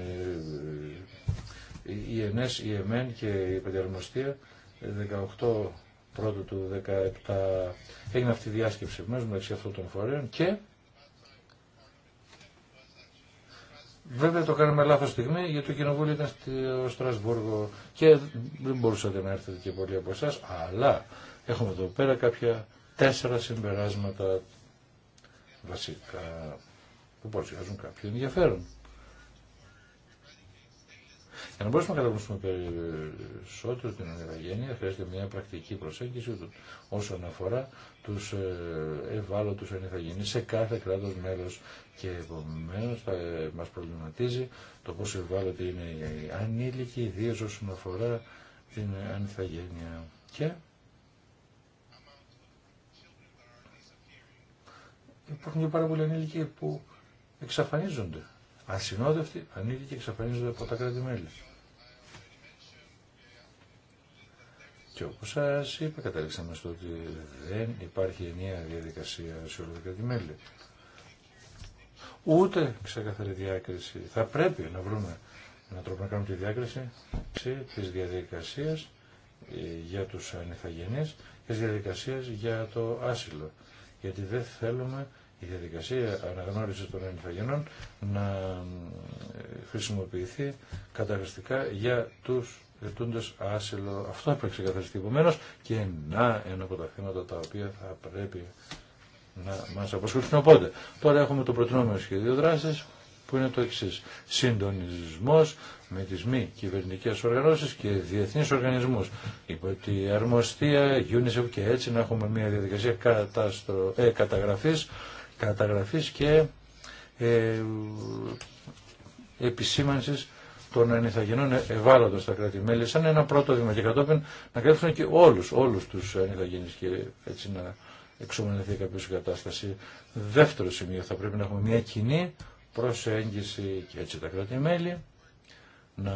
ε, η ΕΜΕΝ και η Πενταρμοστία 18 πρώτου του 17 έγινε αυτή η διάσκεψη μέσα μεταξύ αυτών των φορέων και Βέβαια το κάναμε λάθο στιγμή γιατί το κοινοβούλιο ήταν στο Στρασβούργο και δεν μπορούσατε να έρθετε και πολλοί από εσά. Αλλά έχουμε εδώ πέρα κάποια τέσσερα συμπεράσματα βασικά που παρουσιάζουν κάποιο ενδιαφέρον. Για να μπορέσουμε να καταγνωστούμε περισσότερο την ανεργαγένεια, χρειάζεται μια πρακτική προσέγγιση όσον αφορά του ε, ευάλωτου ανεργαγενεί σε κάθε κράτο μέλο. Και επομένω ε, μα προβληματίζει το πόσο ευάλωτοι είναι οι ανήλικοι, ιδίω όσον αφορά την ανεργαγένεια. Και υπάρχουν και πάρα πολλοί ανήλικοι που εξαφανίζονται. Ασυνόδευτοι, ανήλικοι εξαφανίζονται από τα κράτη-μέλη. Και όπω σα είπα, καταλήξαμε στο ότι δεν υπάρχει ενιαία διαδικασία σε όλα τα κράτη-μέλη. Ούτε ξεκαθαρή διάκριση. Θα πρέπει να βρούμε έναν τρόπο να κάνουμε τη διάκριση τη διαδικασία για τους ανεθαγενείς και τη διαδικασία για το άσυλο γιατί δεν θέλουμε η διαδικασία αναγνώριση των ενθαγενών να χρησιμοποιηθεί καταχρηστικά για τους ετούντε άσυλο. Αυτό έπρεπε ξεκαθαριστεί Επομένω, και να ένα από τα θέματα τα οποία θα πρέπει να μας αποσχολήσουν Οπότε, τώρα έχουμε το προτινόμενο σχέδιο δράση που είναι το εξή. Συντονισμό με τι μη κυβερνητικέ οργανώσει και διεθνεί οργανισμού. Υπό τη αρμοστία UNICEF και έτσι να έχουμε μια διαδικασία καταστρο... ε, καταγραφής, καταγραφής και ε, επισήμανσης των ανιθαγενών ε, ευάλωτων στα κράτη-μέλη, σαν ένα πρώτο βήμα και κατόπιν να καλύψουν και όλου, όλους τους ανηθαγενείς και έτσι να εξομονηθεί κάποια η κατάσταση. Δεύτερο σημείο θα πρέπει να έχουμε μια κοινή προσέγγιση και έτσι τα κράτη-μέλη να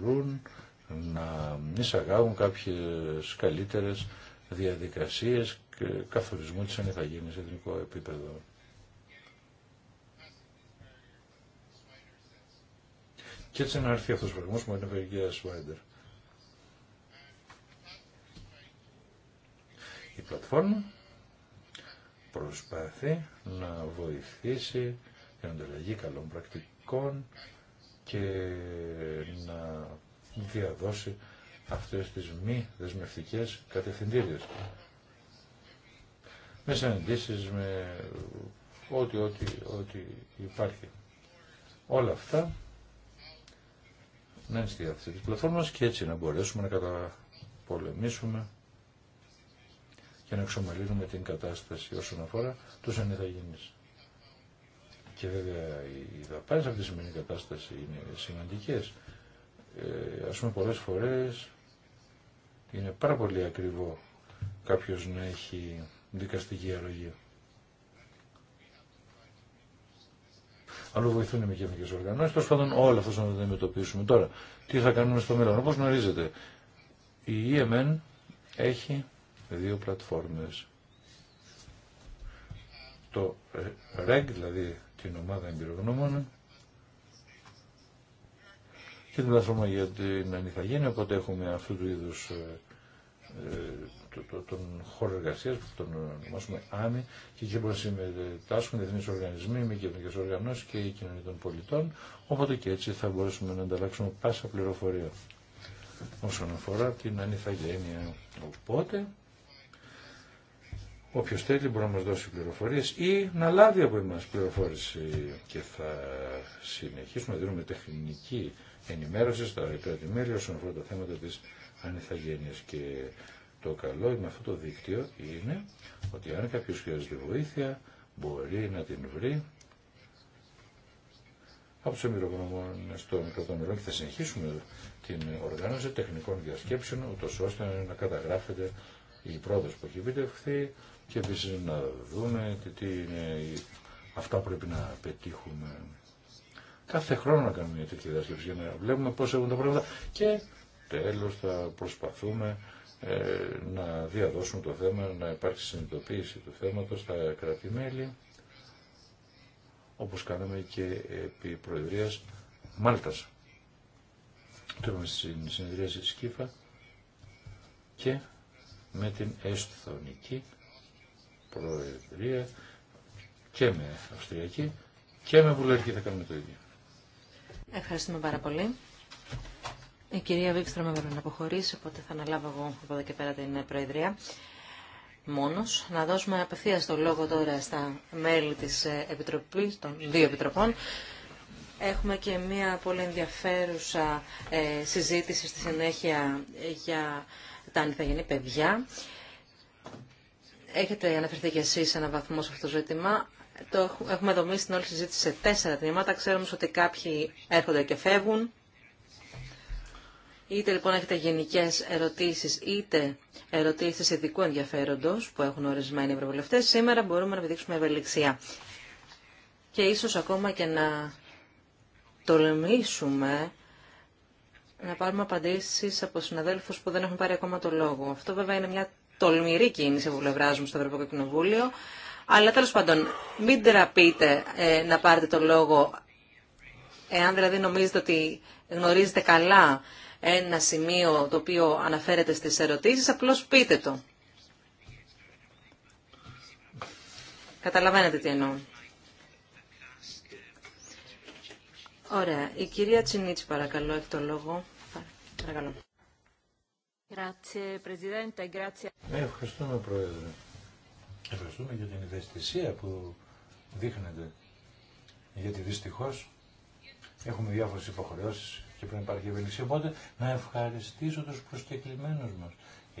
μπορούν να εισαγάγουν κάποιες καλύτερες διαδικασίες και καθορισμού της ανεθαγήνης σε εθνικό επίπεδο. Και έτσι να έρθει αυτός ο προηγούμενος που είναι η κυρία Σουάιντερ. Η πλατφόρμα προσπαθεί να βοηθήσει την ανταλλαγή καλών πρακτικών και να διαδώσει αυτές τις μη δεσμευτικές κατευθυντήριες. Με συναντήσεις, με ό,τι, ό,τι, ό,τι υπάρχει. Όλα αυτά να είναι στη διάθεση της πλατφόρμας και έτσι να μπορέσουμε να καταπολεμήσουμε να εξομαλύνουμε την κατάσταση όσον αφορά τους ανεθαγενείς. Και βέβαια οι δαπάνες αυτή τη σημερινή κατάσταση είναι σημαντικές. Ε, ας πούμε πολλές φορές είναι πάρα πολύ ακριβό κάποιος να έχει δικαστική αρρωγή. Αλλού βοηθούν οι μηχανικέ οργανώσει. τόσο πάντων, όλα αυτά να τα αντιμετωπίσουμε. Τώρα, τι θα κάνουμε στο μέλλον. Όπω γνωρίζετε, η ΕΜΕΝ e έχει δύο πλατφόρμες. Το ε, REG, δηλαδή την ομάδα εμπειρογνώμων, και την πλατφόρμα για την ανηθαγένεια, οπότε έχουμε αυτού του είδους ε, ε, το, τον χώρο εργασία που τον ονομάσουμε ΆΜΗ και εκεί μπορούν να συμμετάσχουν διεθνεί οργανισμοί, μη κοινωνικές οργανώσει και η κοινωνία των πολιτών. Οπότε και έτσι θα μπορέσουμε να ανταλλάξουμε πάσα πληροφορία όσον αφορά την ανηθαγένεια. Οπότε όποιος θέλει μπορεί να μας δώσει πληροφορίες ή να λάβει από εμάς πληροφόρηση και θα συνεχίσουμε να δίνουμε τεχνική ενημέρωση στα κράτη-μέλη όσον αφορά τα θέματα της ανεθαγένειας. και το καλό με αυτό το δίκτυο είναι ότι αν κάποιος χρειάζεται βοήθεια μπορεί να την βρει από του εμπειρογνωμόνες των και θα συνεχίσουμε την οργάνωση τεχνικών διασκέψεων, ούτω ώστε να καταγράφεται η πρόοδο που έχει επιτευχθεί, και επίσης να δούμε τι είναι αυτά που πρέπει να πετύχουμε. Κάθε χρόνο να κάνουμε μια τέτοια διάσκεψη για να βλέπουμε πώς έχουν τα πράγματα και τέλος θα προσπαθούμε ε, να διαδώσουμε το θέμα, να υπάρξει συνειδητοποίηση του θέματος στα κρατημέλη, όπως κάναμε και επί Προεδρίας Μάλτας. Το είπαμε στην συνεδρίαση της και με την Εσθονική Προεδρία και με Αυστριακή και με Βουλευτική θα κάνουμε το ίδιο. Ευχαριστούμε πάρα πολύ. Η κυρία με έπρεπε να αποχωρήσει, οπότε θα αναλάβω εγώ από εδώ και πέρα την Προεδρία μόνος. Να δώσουμε απευθεία το λόγο τώρα στα μέλη της ε, Επιτροπής, των δύο Επιτροπών. Έχουμε και μία πολύ ενδιαφέρουσα ε, συζήτηση στη συνέχεια για τα ανηθαγενή παιδιά. Έχετε αναφερθεί κι εσείς σε έναν βαθμό σε αυτό το ζήτημα. Το έχουμε δομήσει την όλη συζήτηση σε τέσσερα τμήματα. Ξέρουμε ότι κάποιοι έρχονται και φεύγουν. Είτε λοιπόν έχετε γενικές ερωτήσεις, είτε ερωτήσεις ειδικού ενδιαφέροντος που έχουν ορισμένοι ευρωβουλευτές, σήμερα μπορούμε να επιδείξουμε ευελιξία. Και ίσως ακόμα και να τολμήσουμε να πάρουμε απαντήσεις από συναδέλφους που δεν έχουν πάρει ακόμα το λόγο. Αυτό βέβαια είναι μια τολμηρή κίνηση από πλευρά μου στο Ευρωπαϊκό Κοινοβούλιο. Αλλά τέλος πάντων, μην τραπείτε ε, να πάρετε το λόγο, εάν δηλαδή νομίζετε ότι γνωρίζετε καλά ένα σημείο το οποίο αναφέρεται στις ερωτήσεις, απλώς πείτε το. Καταλαβαίνετε τι εννοώ. Ωραία. Η κυρία Τσινίτση παρακαλώ έχει το λόγο. Παρακαλώ. Ναι, ευχαριστούμε, Πρόεδρε. Ευχαριστούμε για την ευαισθησία που δείχνετε. Γιατί δυστυχώ έχουμε διάφορε υποχρεώσει και πρέπει να υπάρχει ευελιξία. Οπότε να ευχαριστήσω του προσκεκλημένου μα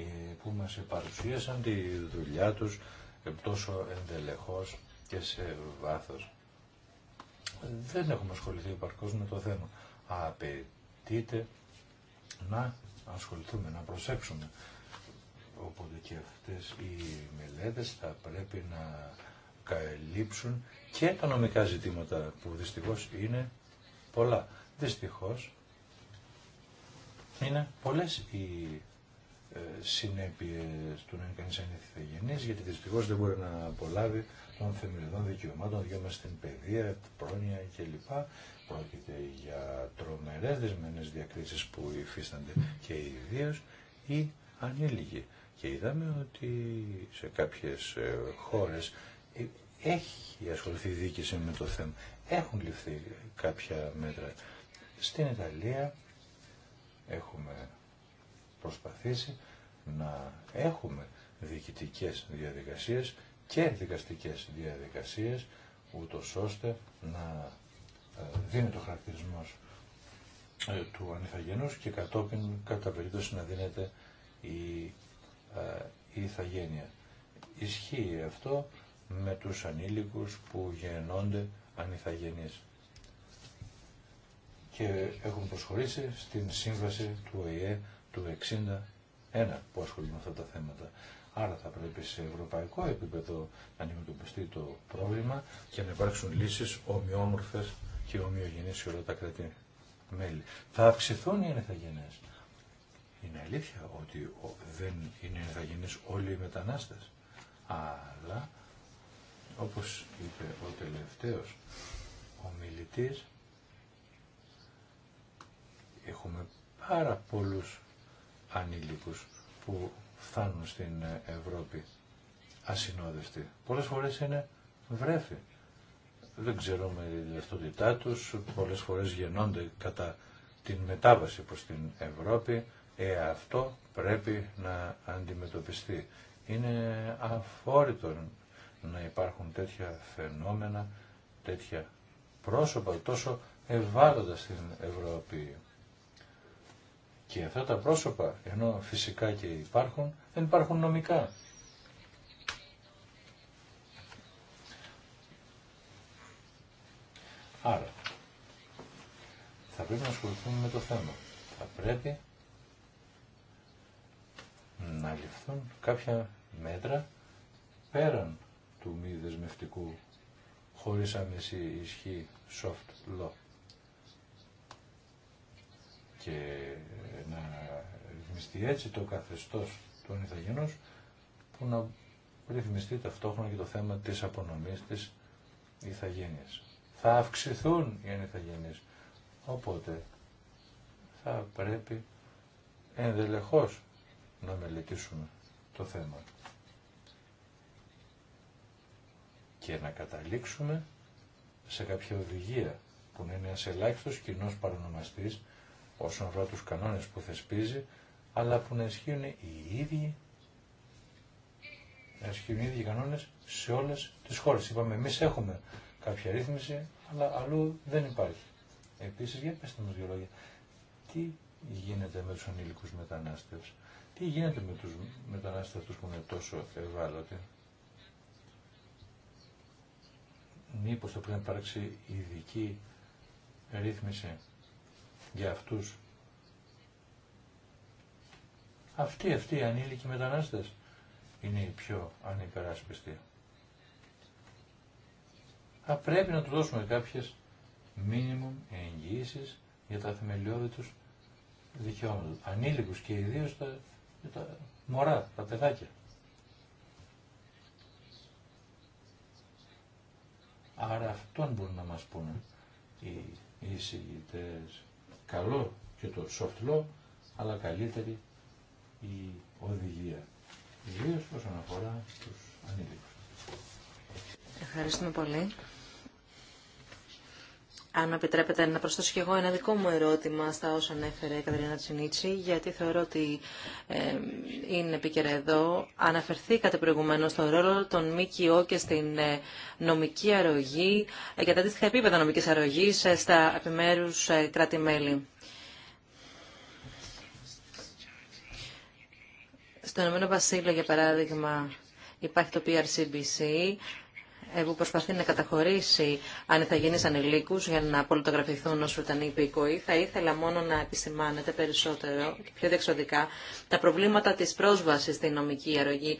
ε, που μα παρουσίασαν τη δουλειά του ε, τόσο εντελεχώς και σε βάθο. Δεν έχουμε ασχοληθεί επαρκώ με το θέμα. Απαιτείται να ασχοληθούμε, να προσέξουμε. Οπότε και αυτές οι μελέτες θα πρέπει να καλύψουν και τα νομικά ζητήματα που δυστυχώς είναι πολλά. Δυστυχώς είναι πολλές οι ε, συνέπειες του να είναι κανείς γιατί δυστυχώς δεν μπορεί να απολάβει των θεμελιωδών δικαιωμάτων, μας στην παιδεία, πρόνοια κλπ. Πρόκειται για τρομερές δεσμένες διακρίσεις που υφίστανται και ιδίω ή ανήλικοι. Και είδαμε ότι σε κάποιες ε, χώρες ε, έχει ασχοληθεί η διοίκηση με το θέμα. Έχουν ληφθεί κάποια μέτρα. Στην Ιταλία έχουμε προσπαθήσει να έχουμε διοικητικές διαδικασίες και δικαστικές διαδικασίες ούτω ώστε να ε, δίνει το χαρακτηρισμό ε, του ανηθαγενούς και κατόπιν κατά περίπτωση να δίνεται η, ε, η ηθαγένεια. Ισχύει αυτό με τους ανήλικους που γεννώνται ανιθαγενείς. και έχουν προσχωρήσει στην σύμβαση του ΟΗΕ του 1961 που ασχολεί με αυτά τα θέματα. Άρα θα πρέπει σε ευρωπαϊκό επίπεδο να αντιμετωπιστεί το πρόβλημα και να υπάρξουν λύσεις ομοιόμορφες και ομοιογενείς σε όλα τα κράτη-μέλη. Θα αυξηθούν οι ενεθαγενές. Είναι αλήθεια ότι δεν είναι ενεθαγενείς όλοι οι μετανάστες. Αλλά, όπως είπε ο τελευταίος ομιλητής, έχουμε πάρα πολλούς ανήλικους που φτάνουν στην Ευρώπη ασυνόδευτοι. Πολλές φορές είναι βρέφη δεν ξέρουμε η ταυτότητά τους, πολλές φορές γεννώνται κατά την μετάβαση προς την Ευρώπη, ε, αυτό πρέπει να αντιμετωπιστεί. Είναι αφόρητο να υπάρχουν τέτοια φαινόμενα, τέτοια πρόσωπα τόσο ευάλωτα στην Ευρώπη. Και αυτά τα πρόσωπα, ενώ φυσικά και υπάρχουν, δεν υπάρχουν νομικά. Άρα, θα πρέπει να ασχοληθούμε με το θέμα. Θα πρέπει να ληφθούν κάποια μέτρα πέραν του μη δεσμευτικού χωρίς άμεση ισχύ soft law και να ρυθμιστεί έτσι το καθεστώς των Ιθαγενών που να ρυθμιστεί ταυτόχρονα και το θέμα της απονομής της Ιθαγένειας θα αυξηθούν οι ανηθαγενείς. Οπότε θα πρέπει ενδελεχώς να μελετήσουμε το θέμα και να καταλήξουμε σε κάποια οδηγία που να είναι ένας ελάχιστος κοινό παρονομαστής όσον αφορά τους κανόνες που θεσπίζει, αλλά που να ισχύουν οι ίδιοι να ισχύουν οι ίδιοι κανόνες σε όλες τις χώρες. Είπαμε, εμείς έχουμε κάποια ρύθμιση, αλλά αλλού δεν υπάρχει. Επίσης, για πέστε μας δύο λόγια, τι γίνεται με τους ανήλικους μετανάστες, τι γίνεται με τους μετανάστες αυτούς που είναι τόσο ευάλωτοι. Μήπως θα πρέπει να υπάρξει ειδική ρύθμιση για αυτούς. Αυτοί, αυτοί οι ανήλικοι μετανάστες είναι οι πιο ανυπεράσπιστοι θα πρέπει να του δώσουμε κάποιες μίνιμουμ εγγύησεις για τα θεμελιώδη τους δικαιώματα. Ανήλικους και ιδίως τα, τα μωρά, τα παιδάκια. Άρα αυτόν μπορούν να μας πούνε οι, οι εισηγητές. Καλό και το soft law, αλλά καλύτερη η οδηγία. Ιδίως όσον αφορά τους ανήλικους. Ευχαριστούμε πολύ. Αν με επιτρέπετε να προσθέσω και εγώ ένα δικό μου ερώτημα στα όσα ανέφερε η Καταρίνα Τσινίτσι, γιατί θεωρώ ότι ε, είναι επίκαιρα εδώ. Αναφερθήκατε προηγουμένως στον ρόλο των ΜΚΟ και στην ε, νομική αρρωγή, ε, τα αντίστοιχα επίπεδα νομικής αρρωγής ε, στα επιμέρους ε, κράτη-μέλη. Στο Ηνωμένο Βασίλειο, για παράδειγμα, υπάρχει το PRCBC, που προσπαθεί να καταχωρήσει αν θα γίνει ανηλίκου για να πολιτογραφηθούν ω Βρετανοί υπηκοοί. Θα ήθελα μόνο να επισημάνετε περισσότερο και πιο διεξοδικά τα προβλήματα της πρόσβασης στην νομική αρρωγή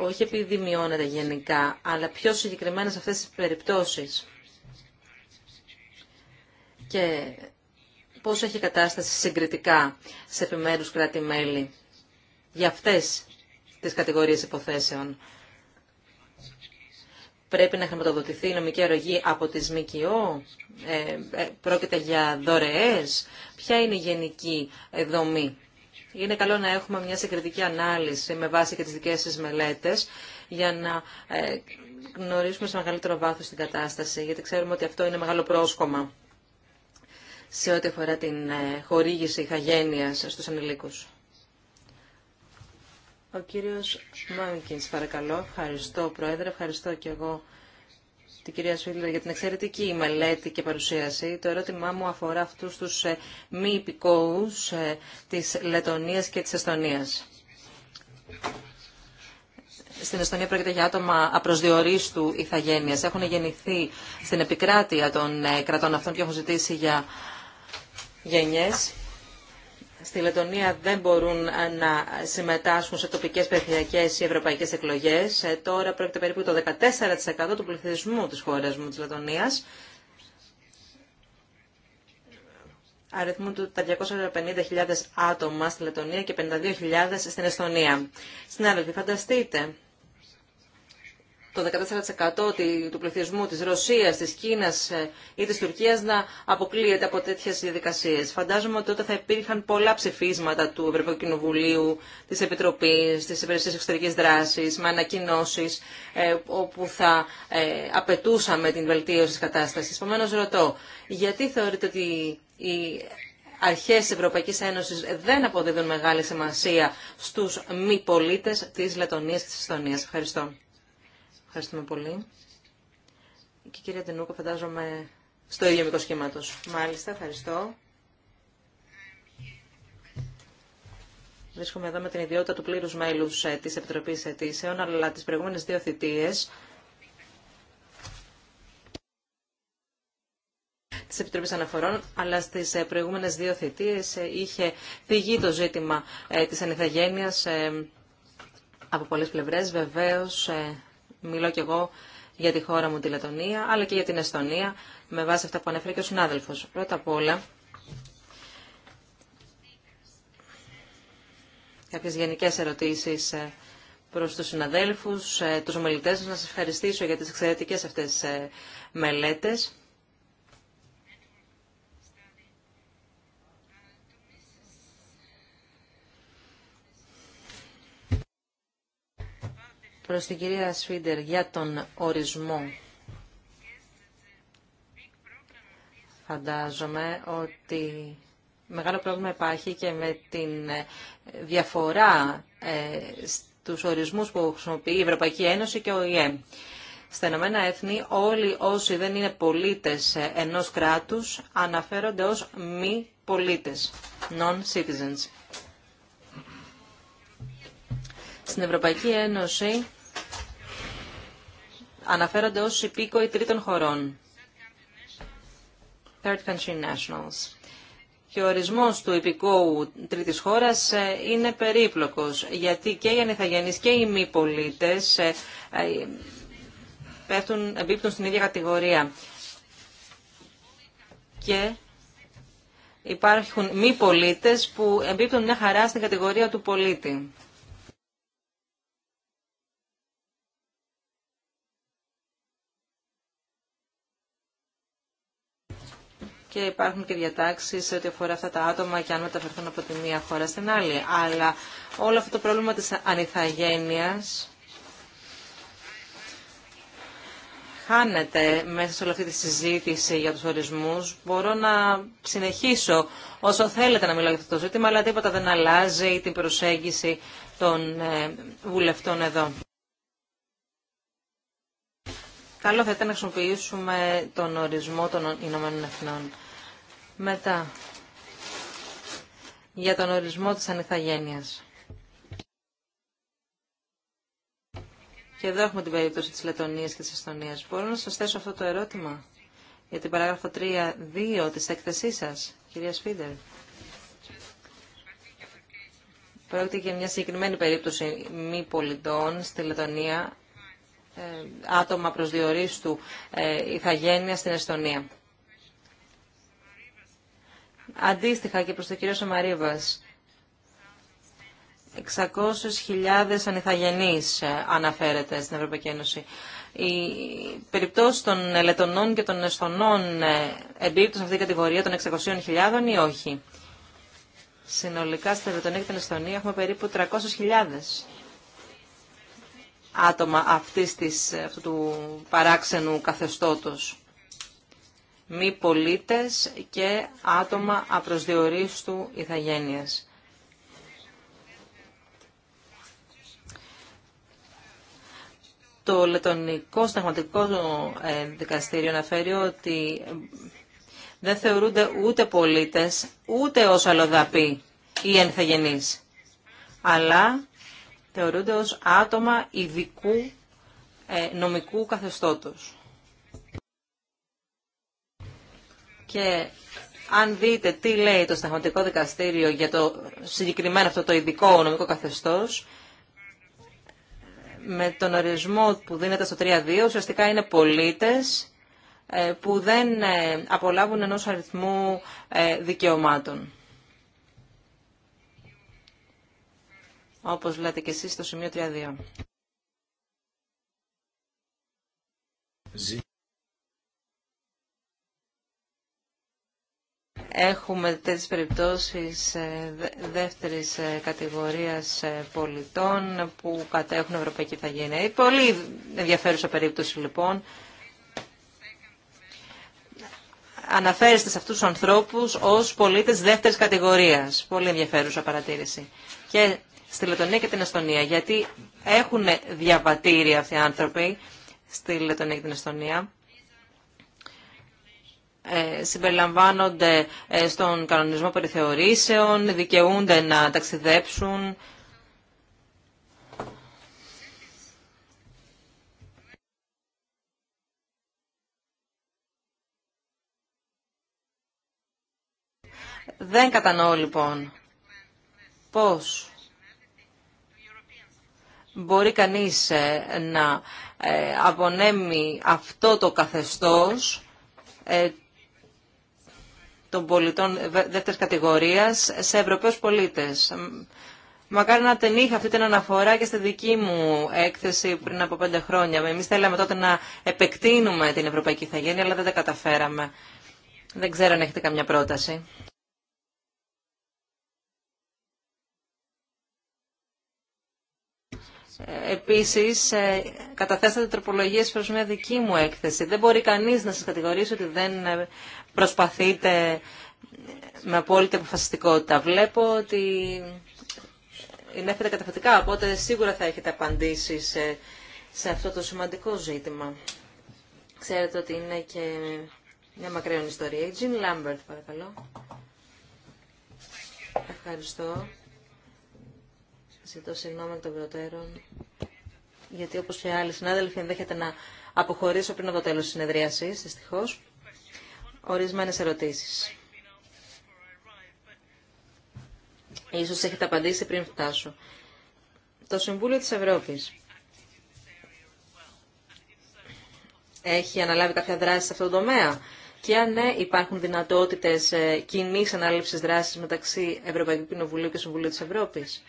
όχι επειδή μειώνεται γενικά, αλλά πιο συγκεκριμένα σε αυτές τις περιπτώσεις. Και πώ έχει κατάσταση συγκριτικά σε επιμέρου κρατη κράτη-μέλη για αυτέ τι κατηγορίε υποθέσεων πρέπει να χρηματοδοτηθεί η νομική αρρωγή από τις ΜΚΟ, ε, ε, πρόκειται για δωρεές, ποια είναι η γενική δομή. Είναι καλό να έχουμε μια συγκριτική ανάλυση με βάση και τις δικές σας μελέτες για να ε, γνωρίσουμε σε μεγαλύτερο βάθος την κατάσταση, γιατί ξέρουμε ότι αυτό είναι μεγάλο πρόσκομα σε ό,τι αφορά την ε, χορήγηση ηχαγένειας στους ανηλίκους. Ο κύριος Μάνκινς, παρακαλώ. Ευχαριστώ, Πρόεδρε. Ευχαριστώ και εγώ την κυρία Σφίλτερ για την εξαιρετική μελέτη και παρουσίαση. Το ερώτημά μου αφορά αυτούς τους ε, μη υπηκόους ε, της Λετωνίας και της Εστονίας. Στην Εστονία πρόκειται για άτομα απροσδιορίστου ηθαγένειας. Έχουν γεννηθεί στην επικράτεια των ε, κρατών αυτών και έχουν ζητήσει για γενιές στη Λετωνία δεν μπορούν ε, να συμμετάσχουν σε τοπικές περιφερειακέ ή ευρωπαϊκές εκλογές. Ε, τώρα πρόκειται περίπου το 14% του πληθυσμού της χώρας μου, τη Λετωνία. Αριθμούν τα 250.000 άτομα στη Λετωνία και 52.000 στην Εστονία. Συνάδελφοι, φανταστείτε το 14% του πληθυσμού της Ρωσίας, της Κίνας ε, ή της Τουρκίας να αποκλείεται από τέτοιες διαδικασίες. Φαντάζομαι ότι τότε θα υπήρχαν πολλά ψηφίσματα του Ευρωπαϊκού Κοινοβουλίου, της Επιτροπής, της Υπηρεσίας Εξωτερικής Δράσης, με ανακοινώσεις ε, όπου θα ε, απαιτούσαμε την βελτίωση της κατάστασης. Επομένως ρωτώ, γιατί θεωρείτε ότι η αρχές της Ευρωπαϊκής δρασης με ανακοινωσεις οπου θα απαιτουσαμε την βελτιωση της καταστασης Επομένω, ρωτω γιατι θεωρειτε οτι οι αρχες της ευρωπαικης ενωσης δεν αποδίδουν μεγάλη σημασία στους μη πολίτες της Λετωνίας και της Εστονίας. Ευχαριστώ. Ευχαριστούμε πολύ. Και κυρία Τενούκο, φαντάζομαι στο ίδιο μικρό σχήματο. Μάλιστα, ευχαριστώ. Βρίσκομαι εδώ με την ιδιότητα του πλήρους μέλους ε, της Επιτροπής Αιτήσεων, αλλά τις προηγούμενες δύο θητείες τη Επιτροπή Αναφορών, αλλά στι ε, προηγούμενε δύο θητείε ε, είχε φυγεί το ζήτημα τη ανηθαγένεια από πολλέ πλευρέ. Βεβαίω, μιλώ κι εγώ για τη χώρα μου, τη Λετωνία, αλλά και για την Εστονία, με βάση αυτά που ανέφερε και ο συνάδελφο. Πρώτα απ' όλα, κάποιες γενικές ερωτήσεις ε, προς τους συναδέλφους, ε, τους ομιλητές, να σας ευχαριστήσω για τις εξαιρετικές αυτές ε, μελέτες. προς την κυρία Σφίντερ για τον ορισμό. Φαντάζομαι ότι μεγάλο πρόβλημα υπάρχει και με την ε, διαφορά ε, στους ορισμούς που χρησιμοποιεί η Ευρωπαϊκή Ένωση και ο ΙΕ. Στα Ηνωμένα Έθνη όλοι όσοι δεν είναι πολίτες ε, ενός κράτους αναφέρονται ως μη πολίτες, non-citizens. Στην Ευρωπαϊκή Ένωση αναφέρονται ως υπήκοοι τρίτων χωρών. Third country nationals. Και ο ορισμός του υπηκόου τρίτης χώρας ε, είναι περίπλοκος, γιατί και οι ανηθαγενείς και οι μη πολίτες ε, ε, πέφτουν, εμπίπτουν στην ίδια κατηγορία. Και υπάρχουν μη πολίτες που εμπίπτουν μια χαρά στην κατηγορία του πολίτη. και υπάρχουν και σε ό,τι αφορά αυτά τα άτομα και αν μεταφερθούν από τη μία χώρα στην άλλη. Αλλά όλο αυτό το πρόβλημα τη ανιθαγένειας χάνεται μέσα σε όλη αυτή τη συζήτηση για τους ορισμούς. Μπορώ να συνεχίσω όσο θέλετε να μιλάω για αυτό το ζήτημα, αλλά τίποτα δεν αλλάζει την προσέγγιση των ε, βουλευτών εδώ. Καλό θα ήταν να χρησιμοποιήσουμε τον ορισμό των Ηνωμένων Εθνών. Μετά, για τον ορισμό της ανιθαγένειας. Και εδώ έχουμε την περίπτωση της Λετωνίας και της Εστονίας. Μπορώ να σας θέσω αυτό το ερώτημα για την παράγραφο 3.2 της έκθεσής σας, κυρία Σφίδερ. Πρόκειται για μια συγκεκριμένη περίπτωση μη πολιτών στη Λετωνία, ε, άτομα προσδιορίστου ε, ηθαγένεια στην Εστονία. Αντίστοιχα και προς τον κύριο Σαμαρίβας, 600.000 ανιθαγενείς ε, αναφέρεται στην Ευρωπαϊκή Ένωση. Η περίπτωση των Λετωνών και των Εσθονών ε, εμπίπτουν σε αυτή την κατηγορία των 600.000 ή όχι. Συνολικά στην Λετωνία και την Εσθονία έχουμε περίπου 300.000 άτομα αυτής της, ε, αυτού του παράξενου καθεστώτος μη πολίτες και άτομα απροσδιορίστου ηθαγένειας. Το Λετωνικό Συνταγματικό ε, Δικαστήριο αναφέρει ότι δεν θεωρούνται ούτε πολίτες, ούτε ως αλλοδαπή ή ενθαγενείς, αλλά θεωρούνται ως άτομα ειδικού ε, νομικού καθεστώτος. Και αν δείτε τι λέει το Σταγματικό Δικαστήριο για το συγκεκριμένο αυτό το ειδικό νομικό καθεστώς, με τον ορισμό που δίνεται στο 3-2, ουσιαστικά είναι πολίτες ε, που δεν ε, απολάβουν ενός αριθμού ε, δικαιωμάτων. Όπως λέτε και εσείς στο σημείο 3-2. Έχουμε τέτοιες περιπτώσεις ε, δεύτερης ε, κατηγορίας ε, πολιτών που κατέχουν ευρωπαϊκή θαγένεια. πολύ ενδιαφέρουσα περίπτωση λοιπόν. Αναφέρεστε σε αυτούς τους ανθρώπους ως πολίτες δεύτερης κατηγορίας. Πολύ ενδιαφέρουσα παρατήρηση. Και στη Λετωνία και την Αστονία. γιατί έχουν διαβατήρια αυτοί οι άνθρωποι στη Λετωνία και την Εστονία ε, συμπεριλαμβάνονται ε, στον κανονισμό περιθεωρήσεων, δικαιούνται να ταξιδέψουν. Δεν κατανοώ λοιπόν πώς μπορεί κανείς ε, να απονέμει αυτό το καθεστώς των πολιτών δεύτερης κατηγορίας σε Ευρωπαίους πολίτες. Μακάρι να την είχα αυτή την αναφορά και στη δική μου έκθεση πριν από πέντε χρόνια. Εμεί θέλαμε τότε να επεκτείνουμε την Ευρωπαϊκή Ιθαγένεια, αλλά δεν τα καταφέραμε. Δεν ξέρω αν έχετε καμιά πρόταση. Επίσης, ε, καταθέσατε τροπολογίες προς μια δική μου έκθεση. Δεν μπορεί κανείς να σας κατηγορήσει ότι δεν ε, προσπαθείτε με απόλυτη αποφασιστικότητα. Βλέπω ότι είναι ενέφερε καταφατικά, οπότε σίγουρα θα έχετε απαντήσει σε, αυτό το σημαντικό ζήτημα. Ξέρετε ότι είναι και μια μακραίων ιστορία. Η Τζιν Λάμπερτ, παρακαλώ. Ευχαριστώ. Ζητώ συγγνώμη των προτέρων, γιατί όπως και άλλοι συνάδελφοι ενδέχεται να αποχωρήσω πριν από το τέλος της συνεδρίασης, δυστυχώς ορισμένες ερωτήσεις. Ίσως έχετε απαντήσει πριν φτάσω. Το Συμβούλιο της Ευρώπης έχει αναλάβει κάποια δράση σε αυτό το τομέα και αν ναι, υπάρχουν δυνατότητες ε, κοινή ανάληψης δράσης μεταξύ Ευρωπαϊκού Κοινοβουλίου και Συμβουλίου της Ευρώπης.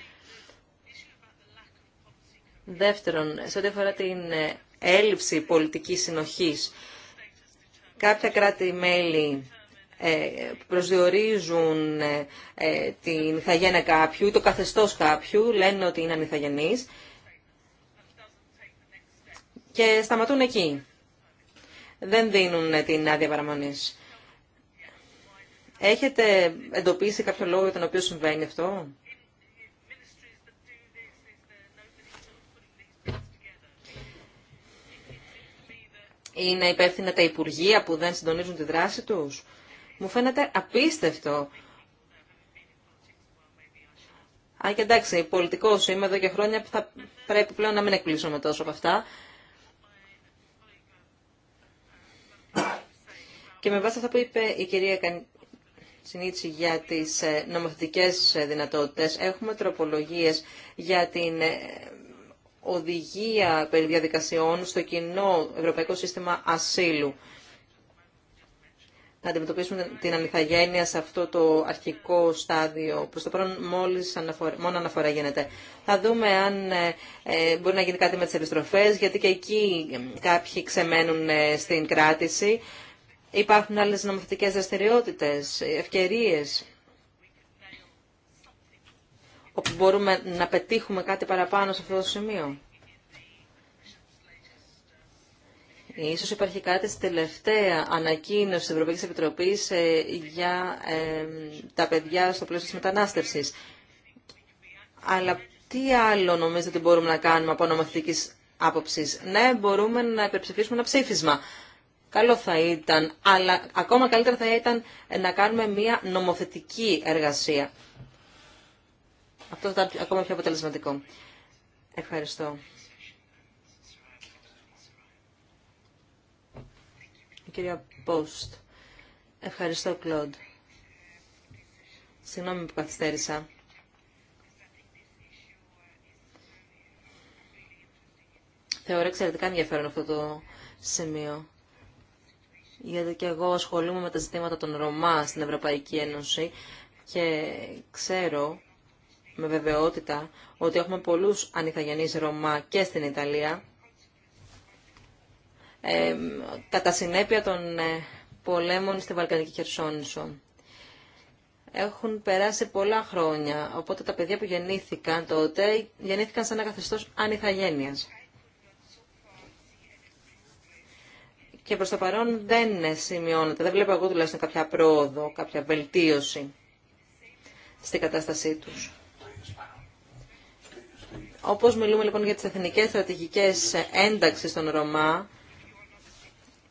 Δεύτερον, σε ό,τι αφορά την ε, έλλειψη πολιτικής συνοχής Κάποια κράτη-μέλη ε, προσδιορίζουν ε, ε, την ηθαγένεια κάποιου ή το καθεστώς κάποιου, λένε ότι είναι ανηθαγενής και σταματούν εκεί. Δεν δίνουν την άδεια παραμονής. Έχετε εντοπίσει κάποιο λόγο για τον οποίο συμβαίνει αυτό? είναι υπεύθυνα τα Υπουργεία που δεν συντονίζουν τη δράση τους. Μου φαίνεται απίστευτο. Αν και εντάξει, πολιτικό είμαι εδώ και χρόνια που θα πρέπει πλέον να μην εκπλήσω με τόσο από αυτά. Και με βάση αυτά που είπε η κυρία Κανίτσι για τις ε, νομοθετικές ε, δυνατότητες, έχουμε τροπολογίες για την ε, οδηγία περί διαδικασιών στο κοινό Ευρωπαϊκό Σύστημα Ασύλου. θα αντιμετωπίσουμε την ανηθαγένεια σε αυτό το αρχικό στάδιο. Προς το πρώτο μόλις αναφορά, μόνο αναφορά γίνεται. Θα δούμε αν ε, ε, μπορεί να γίνει κάτι με τις επιστροφές, γιατί και εκεί ε, κάποιοι ξεμένουν ε, στην κράτηση. Υπάρχουν άλλες νομοθετικές δραστηριότητες, ευκαιρίες όπου μπορούμε να πετύχουμε κάτι παραπάνω σε αυτό το σημείο. Ίσως υπάρχει κάτι στη τελευταία ανακοίνωση της Ευρωπαϊκής Επιτροπής ε, για τα παιδιά στο πλαίσιο της μετανάστευσης. Αλλά τι άλλο νομίζετε ότι μπορούμε να κάνουμε από νομοθετικής άποψης. Ναι, μπορούμε να υπερψηφίσουμε ένα ψήφισμα. Καλό θα ήταν, αλλά ακόμα καλύτερα θα ήταν να κάνουμε μια νομοθετική εργασία. Αυτό θα ήταν ακόμα πιο αποτελεσματικό. Ευχαριστώ. κυρία Πόστ. Ευχαριστώ, Κλοντ. Συγγνώμη που καθυστέρησα. Θεωρώ εξαιρετικά ενδιαφέρον αυτό το σημείο. Γιατί και εγώ ασχολούμαι με τα ζητήματα των Ρωμά στην Ευρωπαϊκή Ένωση και ξέρω με βεβαιότητα ότι έχουμε πολλούς ανιθαγενείς Ρωμά και στην Ιταλία, ε, κατά συνέπεια των ε, πολέμων στη Βαλκανική Χερσόνησο. Έχουν περάσει πολλά χρόνια, οπότε τα παιδιά που γεννήθηκαν τότε γεννήθηκαν σαν ένα καθεστώς ανιθαγένειας. Και προς το παρόν δεν σημειώνεται, δεν βλέπω εγώ τουλάχιστον κάποια πρόοδο, κάποια βελτίωση στην κατάστασή τους. Όπως μιλούμε λοιπόν για τις εθνικές στρατηγικές ένταξης των Ρωμά,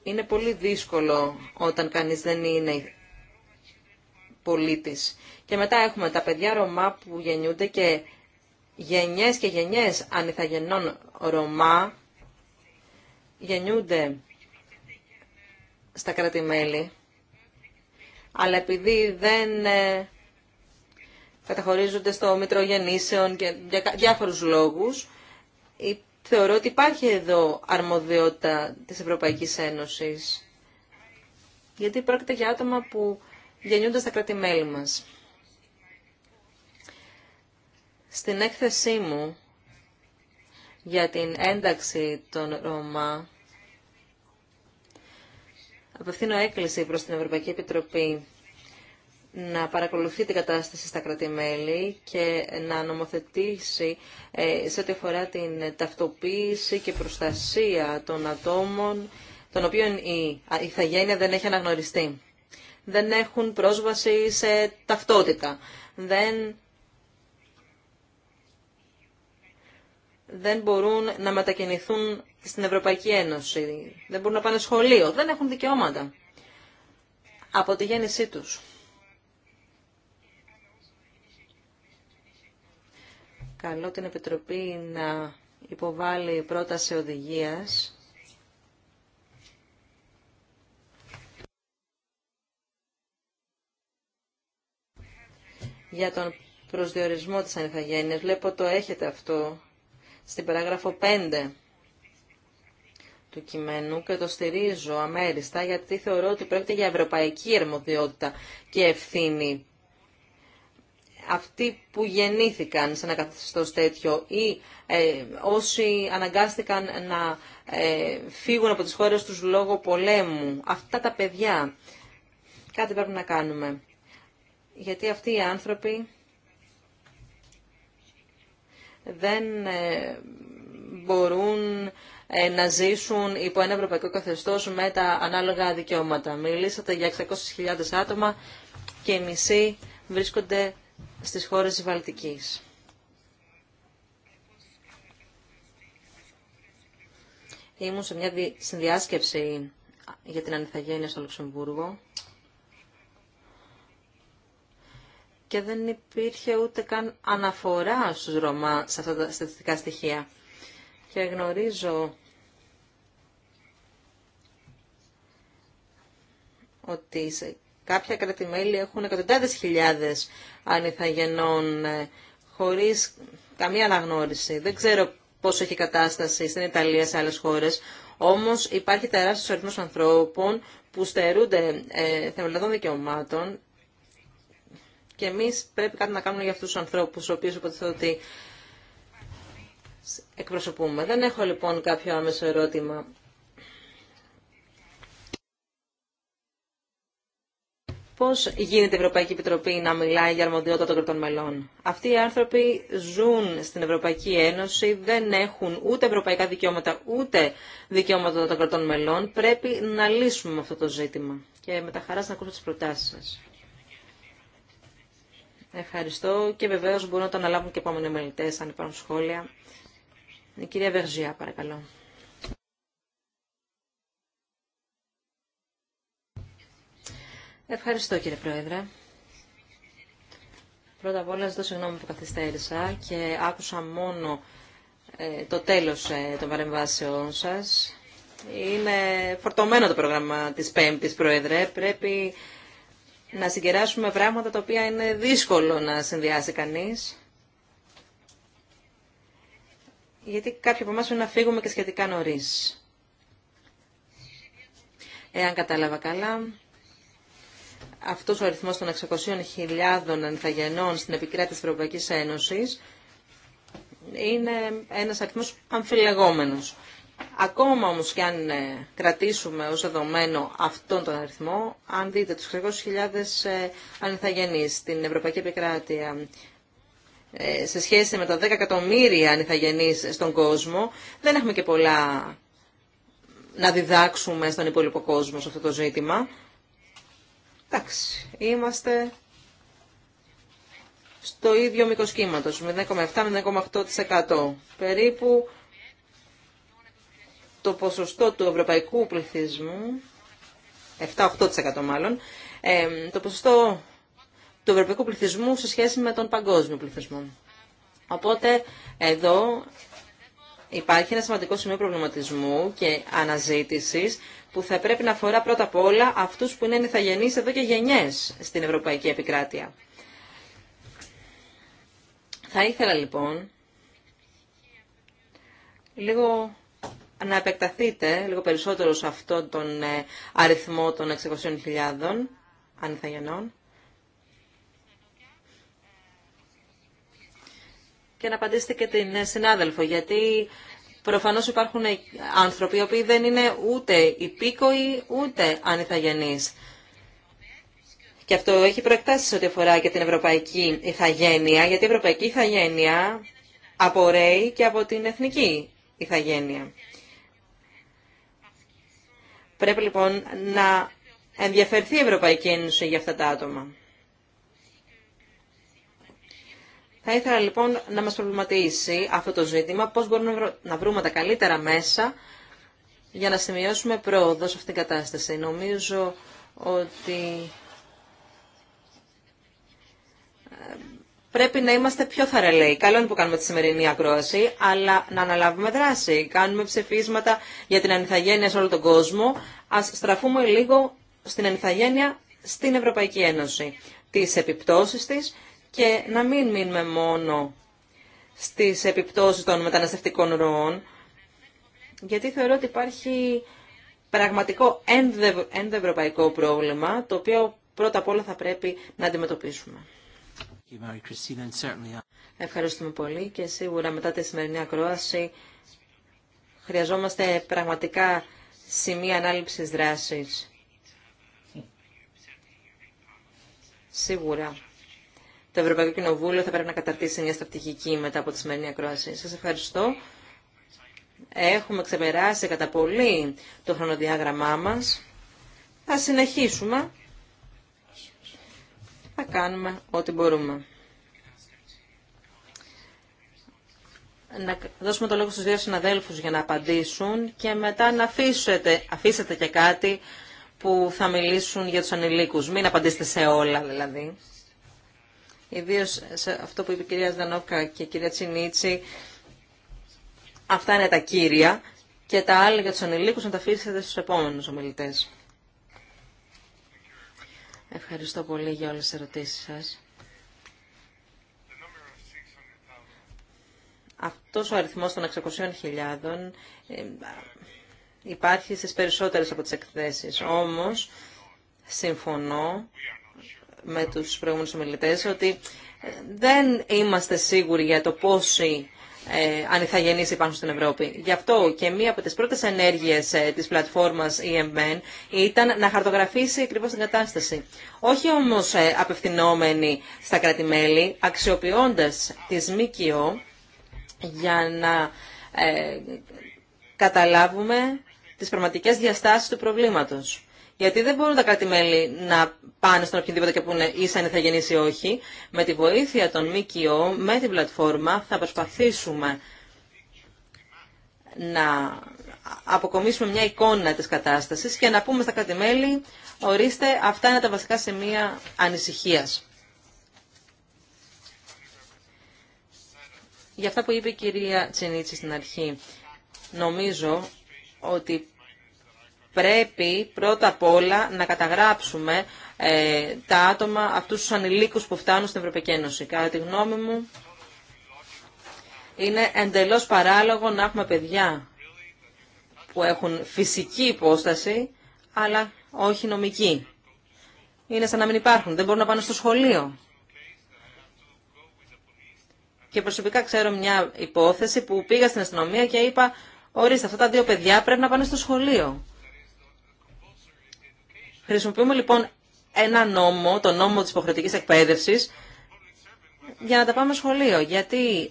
είναι πολύ δύσκολο όταν κανείς δεν είναι πολίτης. Και μετά έχουμε τα παιδιά Ρωμά που γεννιούνται και γενιές και γενιές ανιθαγενών Ρωμά γεννιούνται στα κράτη-μέλη, αλλά επειδή δεν ε, καταχωρίζονται στο Μητρό Γεννήσεων και για διάφορους λόγους. Ε, θεωρώ ότι υπάρχει εδώ αρμοδιότητα της Ευρωπαϊκής Ένωσης, γιατί πρόκειται για άτομα που γεννιούνται στα κράτη-μέλη μας. Στην έκθεσή μου για την ένταξη των Ρωμά, απευθύνω έκκληση προς την Ευρωπαϊκή Επιτροπή να παρακολουθεί την κατάσταση στα κρατημέλη και να νομοθετήσει ε, σε ό,τι αφορά την ταυτοποίηση και προστασία των ατόμων των οποίων η ηθαγένεια δεν έχει αναγνωριστεί. Δεν έχουν πρόσβαση σε ταυτότητα. Δεν, δεν μπορούν να μετακινηθούν στην Ευρωπαϊκή Ένωση. Δεν μπορούν να πάνε σχολείο. Δεν έχουν δικαιώματα από τη γέννησή τους. Καλώ την Επιτροπή να υποβάλει πρόταση οδηγίας για τον προσδιορισμό της ανηθαγένειας. Βλέπω το έχετε αυτό στην παράγραφο 5 του κειμένου και το στηρίζω αμέριστα γιατί θεωρώ ότι πρόκειται για ευρωπαϊκή ερμοδιότητα και ευθύνη αυτοί που γεννήθηκαν σε ένα καθεστώς τέτοιο ή ε, όσοι αναγκάστηκαν να ε, φύγουν από τις χώρες τους λόγω πολέμου. Αυτά τα παιδιά. Κάτι πρέπει να κάνουμε. Γιατί αυτοί οι άνθρωποι δεν ε, μπορούν να ζήσουν υπό ένα ευρωπαϊκό καθεστώς με τα ανάλογα δικαιώματα. Μιλήσατε για 600.000 άτομα και μισή βρίσκονται στις χώρες της Βαλτικής. Ήμουν σε μια συνδιάσκεψη για την ανηθαγένεια στο Λουξεμβούργο και δεν υπήρχε ούτε καν αναφορά στους Ρωμά σε αυτά τα στατιστικά στοιχεία. Και γνωρίζω ότι Κάποια κρατημέλη έχουν εκατοντάδες χιλιάδες ανιθαγενών ε, χωρίς καμία αναγνώριση. Δεν ξέρω πώς έχει κατάσταση στην Ιταλία σε άλλες χώρες. Όμως υπάρχει τεράστιος αριθμός ανθρώπων που στερούνται ε, θεμελιωδών δικαιωμάτων και εμείς πρέπει κάτι να κάνουμε για αυτούς τους ανθρώπους, ο οποίους υποτιθέτω ότι εκπροσωπούμε. Δεν έχω λοιπόν κάποιο άμεσο ερώτημα Πώς γίνεται η Ευρωπαϊκή Επιτροπή να μιλάει για αρμοδιότητα των κρατών μελών. Αυτοί οι άνθρωποι ζουν στην Ευρωπαϊκή Ένωση, δεν έχουν ούτε ευρωπαϊκά δικαιώματα, ούτε δικαιώματα των κρατών μελών. Πρέπει να λύσουμε αυτό το ζήτημα. Και με τα χαράς να ακούσω τι προτάσεις σα. Ευχαριστώ και βεβαίω μπορούν να το αναλάβουν και επόμενοι μελητέ αν υπάρχουν σχόλια. Η κυρία Βεργιά, παρακαλώ. Ευχαριστώ κύριε Πρόεδρε. Πρώτα απ' όλα ζητώ συγγνώμη που καθυστέρησα και άκουσα μόνο ε, το τέλος ε, των παρεμβάσεών σας. Είναι φορτωμένο το πρόγραμμα της Πέμπτης, Πρόεδρε. Πρέπει να συγκεράσουμε πράγματα τα οποία είναι δύσκολο να συνδυάσει κανείς. Γιατί κάποιοι από εμάς να φύγουμε και σχετικά νωρίς. Εάν κατάλαβα καλά, αυτός ο αριθμός των 600.000 ανθαγενών στην επικράτηση τη Ευρωπαϊκής Ένωσης είναι ένας αριθμό αμφιλεγόμενος. Ακόμα όμως και αν ε, κρατήσουμε ως δεδομένο αυτόν τον αριθμό, αν δείτε τους 600.000 ε, ανιθαγενείς στην Ευρωπαϊκή Επικράτεια ε, σε σχέση με τα 10 εκατομμύρια ανιθαγενείς στον κόσμο, δεν έχουμε και πολλά να διδάξουμε στον υπόλοιπο κόσμο σε αυτό το ζήτημα. Εντάξει, είμαστε στο ίδιο μήκο κύματο, 0,7-0,8%. Περίπου το ποσοστό του ευρωπαϊκού πληθυσμού, 7-8% μάλλον, το ποσοστό του ευρωπαϊκού πληθυσμού σε σχέση με τον παγκόσμιο πληθυσμό. Οπότε εδώ Υπάρχει ένα σημαντικό σημείο προβληματισμού και αναζήτηση που θα πρέπει να αφορά πρώτα απ' όλα αυτού που είναι νηθαγενείς εδώ και γενιέ στην Ευρωπαϊκή Επικράτεια. Θα ήθελα λοιπόν λίγο να επεκταθείτε λίγο περισσότερο σε αυτόν τον ε, αριθμό των 600.000 ανηθαγενών. και να απαντήσετε και την ε, συνάδελφο, γιατί προφανώς υπάρχουν άνθρωποι οι οποίοι δεν είναι ούτε υπήκοοι ούτε ανιθαγενείς. Και αυτό έχει προεκτάσει ό,τι αφορά και την ευρωπαϊκή ηθαγένεια, γιατί η ευρωπαϊκή ηθαγένεια απορρέει και από την εθνική ηθαγένεια. Πρέπει λοιπόν να ενδιαφερθεί η Ευρωπαϊκή Ένωση για αυτά τα άτομα. Θα ήθελα λοιπόν να μας προβληματίσει αυτό το ζήτημα, πώς μπορούμε να βρούμε τα καλύτερα μέσα για να σημειώσουμε πρόοδο σε αυτήν την κατάσταση. Νομίζω ότι ε, πρέπει να είμαστε πιο θαραλέοι. Καλό είναι που κάνουμε τη σημερινή ακρόαση, αλλά να αναλάβουμε δράση. Κάνουμε ψηφίσματα για την ανιθαγένεια σε όλο τον κόσμο. Ας στραφούμε λίγο στην ανιθαγένεια στην Ευρωπαϊκή Ένωση, τις επιπτώσεις της και να μην μείνουμε μόνο στις επιπτώσεις των μεταναστευτικών ροών, γιατί θεωρώ ότι υπάρχει πραγματικό ενδευρωπαϊκό πρόβλημα, το οποίο πρώτα απ' όλα θα πρέπει να αντιμετωπίσουμε. Ευχαριστούμε πολύ και σίγουρα μετά τη σημερινή ακρόαση χρειαζόμαστε πραγματικά σημεία ανάληψης δράσης. Σίγουρα το Ευρωπαϊκό Κοινοβούλιο θα πρέπει να καταρτήσει μια στρατηγική μετά από τη σημερινή ακρόαση. Σας ευχαριστώ. Έχουμε ξεπεράσει κατά πολύ το χρονοδιάγραμμά μας. Θα συνεχίσουμε. Θα κάνουμε ό,τι μπορούμε. Να δώσουμε το λόγο στους δύο συναδέλφους για να απαντήσουν και μετά να αφήσετε, αφήσετε και κάτι που θα μιλήσουν για τους ανηλίκους. Μην απαντήσετε σε όλα δηλαδή. Ιδίω σε αυτό που είπε η κυρία Δανόκα και η κυρία Τσινίτσι, αυτά είναι τα κύρια και τα άλλα για τους ανηλίκους να τα αφήσετε στους επόμενους ομιλητές. Ευχαριστώ πολύ για όλες τις ερωτήσεις σας. Αυτός ο αριθμός των 600.000 ε, υπάρχει στις περισσότερες από τις εκθέσεις. Όμως, συμφωνώ με τους προηγούμενους ομιλητές ότι ε, δεν είμαστε σίγουροι για το πόσοι ε, υπάρχουν στην Ευρώπη. Γι' αυτό και μία από τις πρώτες ενέργειες ε, της πλατφόρμας EMN ήταν να χαρτογραφήσει ακριβώς την κατάσταση. Όχι όμως ε, απευθυνόμενοι στα κράτη-μέλη, αξιοποιώντας τις ΜΚΟ για να ε, καταλάβουμε τις πραγματικές διαστάσεις του προβλήματος. Γιατί δεν μπορούν τα κράτη-μέλη να πάνε στον οποιονδήποτε και πούνε ίσα είναι θα γεννήσει ή όχι. Με τη βοήθεια των ΜΚΟ, με την πλατφόρμα, θα προσπαθήσουμε να αποκομίσουμε μια εικόνα της κατάστασης και να πούμε στα κράτη-μέλη, ορίστε, αυτά είναι τα βασικά σημεία ανησυχίας. Για αυτά που είπε η κυρία Τσινίτση στην αρχή, νομίζω ότι πρέπει πρώτα απ' όλα να καταγράψουμε ε, τα άτομα, αυτούς τους ανηλίκους που φτάνουν στην Ευρωπαϊκή Ένωση. Κατά τη γνώμη μου, είναι εντελώς παράλογο να έχουμε παιδιά που έχουν φυσική υπόσταση, αλλά όχι νομική. Είναι σαν να μην υπάρχουν, δεν μπορούν να πάνε στο σχολείο. Και προσωπικά ξέρω μια υπόθεση που πήγα στην αστυνομία και είπα, ορίστε αυτά τα δύο παιδιά πρέπει να πάνε στο σχολείο. Χρησιμοποιούμε λοιπόν ένα νόμο, το νόμο της υποχρεωτικής εκπαίδευσης, για να τα πάμε σχολείο. Γιατί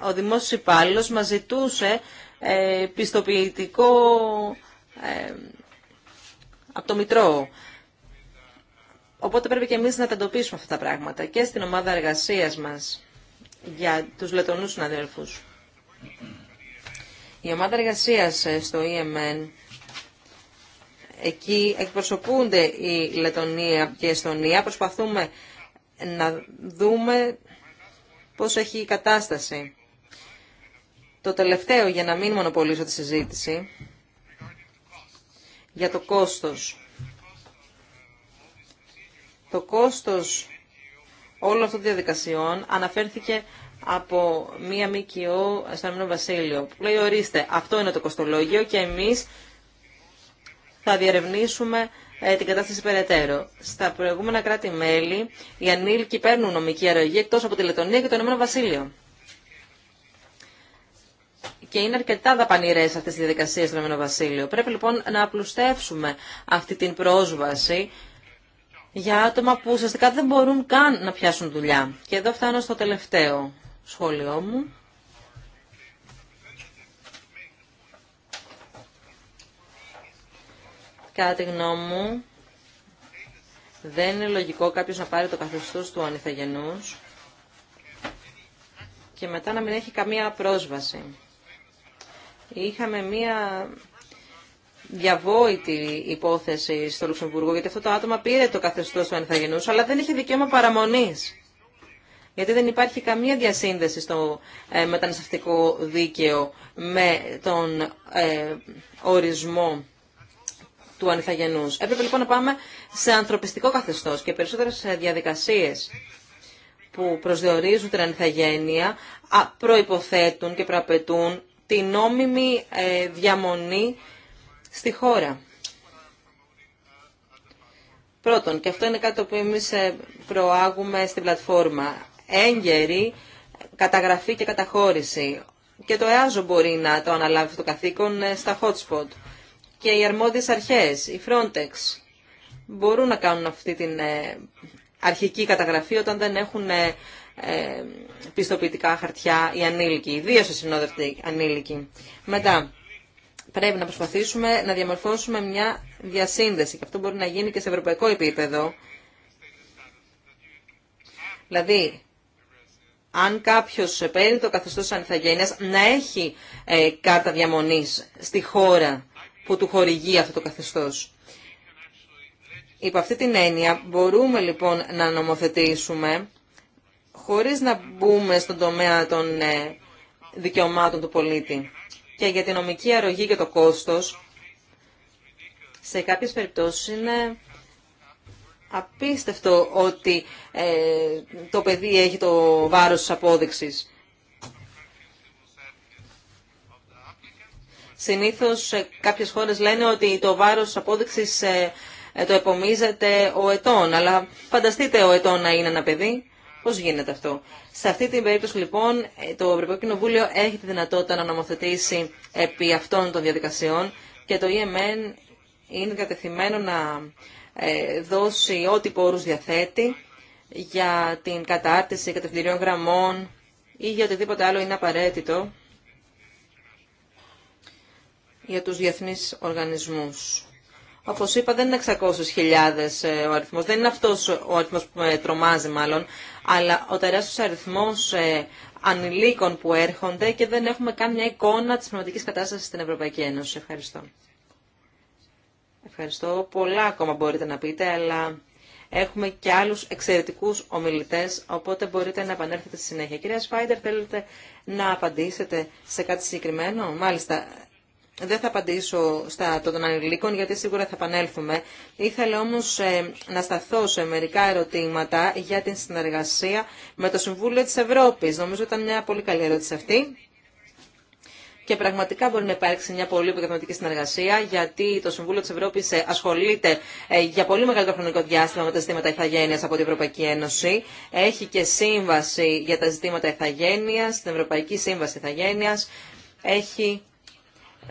ο δημόσιος υπάλληλο μας ζητούσε ε, πιστοποιητικό ε, από το Μητρό. Οπότε πρέπει και εμείς να τα εντοπίσουμε αυτά τα πράγματα και στην ομάδα εργασίας μας για τους λετωνούς συναδέλφους. Η ομάδα εργασίας ε, στο EMN Εκεί εκπροσωπούνται η Λετωνία και η Εστονία. Προσπαθούμε να δούμε πώς έχει η κατάσταση. Το τελευταίο, για να μην μονοπολίσω τη συζήτηση, για το κόστος. Το κόστος όλων αυτών των διαδικασιών αναφέρθηκε από μία ΜΚΟ στο Αμήνο Βασίλειο που λέει ορίστε αυτό είναι το κοστολόγιο και εμείς θα διερευνήσουμε ε, την κατάσταση περαιτέρω. Στα προηγούμενα κράτη-μέλη, οι ανήλικοι παίρνουν νομική αρρωγή εκτό από τη Λετωνία και το Ηνωμένο Βασίλειο. Και είναι αρκετά δαπανηρέ αυτέ οι διαδικασίε στο Ηνωμένο Βασίλειο. Πρέπει λοιπόν να απλουστεύσουμε αυτή την πρόσβαση για άτομα που ουσιαστικά δεν μπορούν καν να πιάσουν δουλειά. Και εδώ φτάνω στο τελευταίο σχόλιο μου. Κατά τη γνώμη μου, δεν είναι λογικό κάποιος να πάρει το καθεστώς του ανηθαγενούς και μετά να μην έχει καμία πρόσβαση. Είχαμε μία διαβόητη υπόθεση στο Λουξεμβούργο, γιατί αυτό το άτομο πήρε το καθεστώς του ανηθαγενούς, αλλά δεν είχε δικαίωμα παραμονής. Γιατί δεν υπάρχει καμία διασύνδεση στο ε, μεταναστευτικό δίκαιο με τον ε, ορισμό του ανιθαγενούς. Έπρεπε λοιπόν να πάμε σε ανθρωπιστικό καθεστώς και περισσότερε ε, διαδικασίες που προσδιορίζουν την ανιθαγένεια προϋποθέτουν και προαπαιτούν την νόμιμη ε, διαμονή στη χώρα. Πρώτον, και αυτό είναι κάτι που εμεί εμείς ε, προάγουμε στην πλατφόρμα, έγκαιρη καταγραφή και καταχώρηση. Και το ΕΑΖΟ μπορεί να το αναλάβει το καθήκον στα hotspot και οι αρμόδιες αρχές, η Frontex, μπορούν να κάνουν αυτή την ε, αρχική καταγραφή όταν δεν έχουν ε, ε, πιστοποιητικά χαρτιά οι ανήλικοι, ιδίως οι συνόδευτοι ανήλικοι. Μετά, πρέπει να προσπαθήσουμε να διαμορφώσουμε μια διασύνδεση και αυτό μπορεί να γίνει και σε ευρωπαϊκό επίπεδο. Δηλαδή, αν κάποιο παίρνει το καθεστώ ανηθαγένεια, να έχει ε, κάρτα διαμονή στη χώρα που του χορηγεί αυτό το καθεστώς. Υπό αυτή την έννοια μπορούμε λοιπόν να νομοθετήσουμε χωρίς να μπούμε στον τομέα των ε, δικαιωμάτων του πολίτη. Και για την νομική αρρωγή και το κόστος, σε κάποιες περιπτώσεις είναι απίστευτο ότι ε, το παιδί έχει το βάρος της απόδειξης. Συνήθως ε, κάποιες χώρες λένε ότι το βάρος της απόδειξης ε, ε, το επομίζεται ο ετών. Αλλά φανταστείτε ο ετών να είναι ένα παιδί. Πώς γίνεται αυτό. Σε αυτή την περίπτωση λοιπόν το Ευρωπαϊκό Κοινοβούλιο έχει τη δυνατότητα να νομοθετήσει επί αυτών των διαδικασιών και το EMN είναι κατεθειμένο να δώσει ό,τι πόρους διαθέτει για την κατάρτιση κατευθυντηριών γραμμών ή για οτιδήποτε άλλο είναι απαραίτητο για τους διεθνείς οργανισμούς. Όπως είπα δεν είναι 600.000 ε, ο αριθμός, δεν είναι αυτός ο αριθμός που με τρομάζει μάλλον, αλλά ο τεράστιος αριθμός ε, ανηλίκων που έρχονται και δεν έχουμε καν μια εικόνα της πραγματικής κατάστασης στην Ευρωπαϊκή Ένωση. Ευχαριστώ. Ευχαριστώ. Πολλά ακόμα μπορείτε να πείτε, αλλά έχουμε και άλλους εξαιρετικούς ομιλητές, οπότε μπορείτε να επανέλθετε στη συνέχεια. Κυρία Σφάιντερ, θέλετε να απαντήσετε σε κάτι συγκεκριμένο. Μάλιστα, δεν θα απαντήσω στα των ανηλίκων γιατί σίγουρα θα επανέλθουμε. Ήθελα όμως ε, να σταθώ σε μερικά ερωτήματα για την συνεργασία με το Συμβούλιο της Ευρώπης. Νομίζω ήταν μια πολύ καλή ερώτηση αυτή. Και πραγματικά μπορεί να υπάρξει μια πολύ επικοινωνική συνεργασία, γιατί το Συμβούλιο τη Ευρώπη ε, ασχολείται ε, για πολύ μεγάλο χρονικό διάστημα με τα ζητήματα ηθαγένεια από την Ευρωπαϊκή Ένωση. Έχει και σύμβαση για τα ζητήματα ηθαγένεια, την Ευρωπαϊκή Σύμβαση Ηθαγένεια. Έχει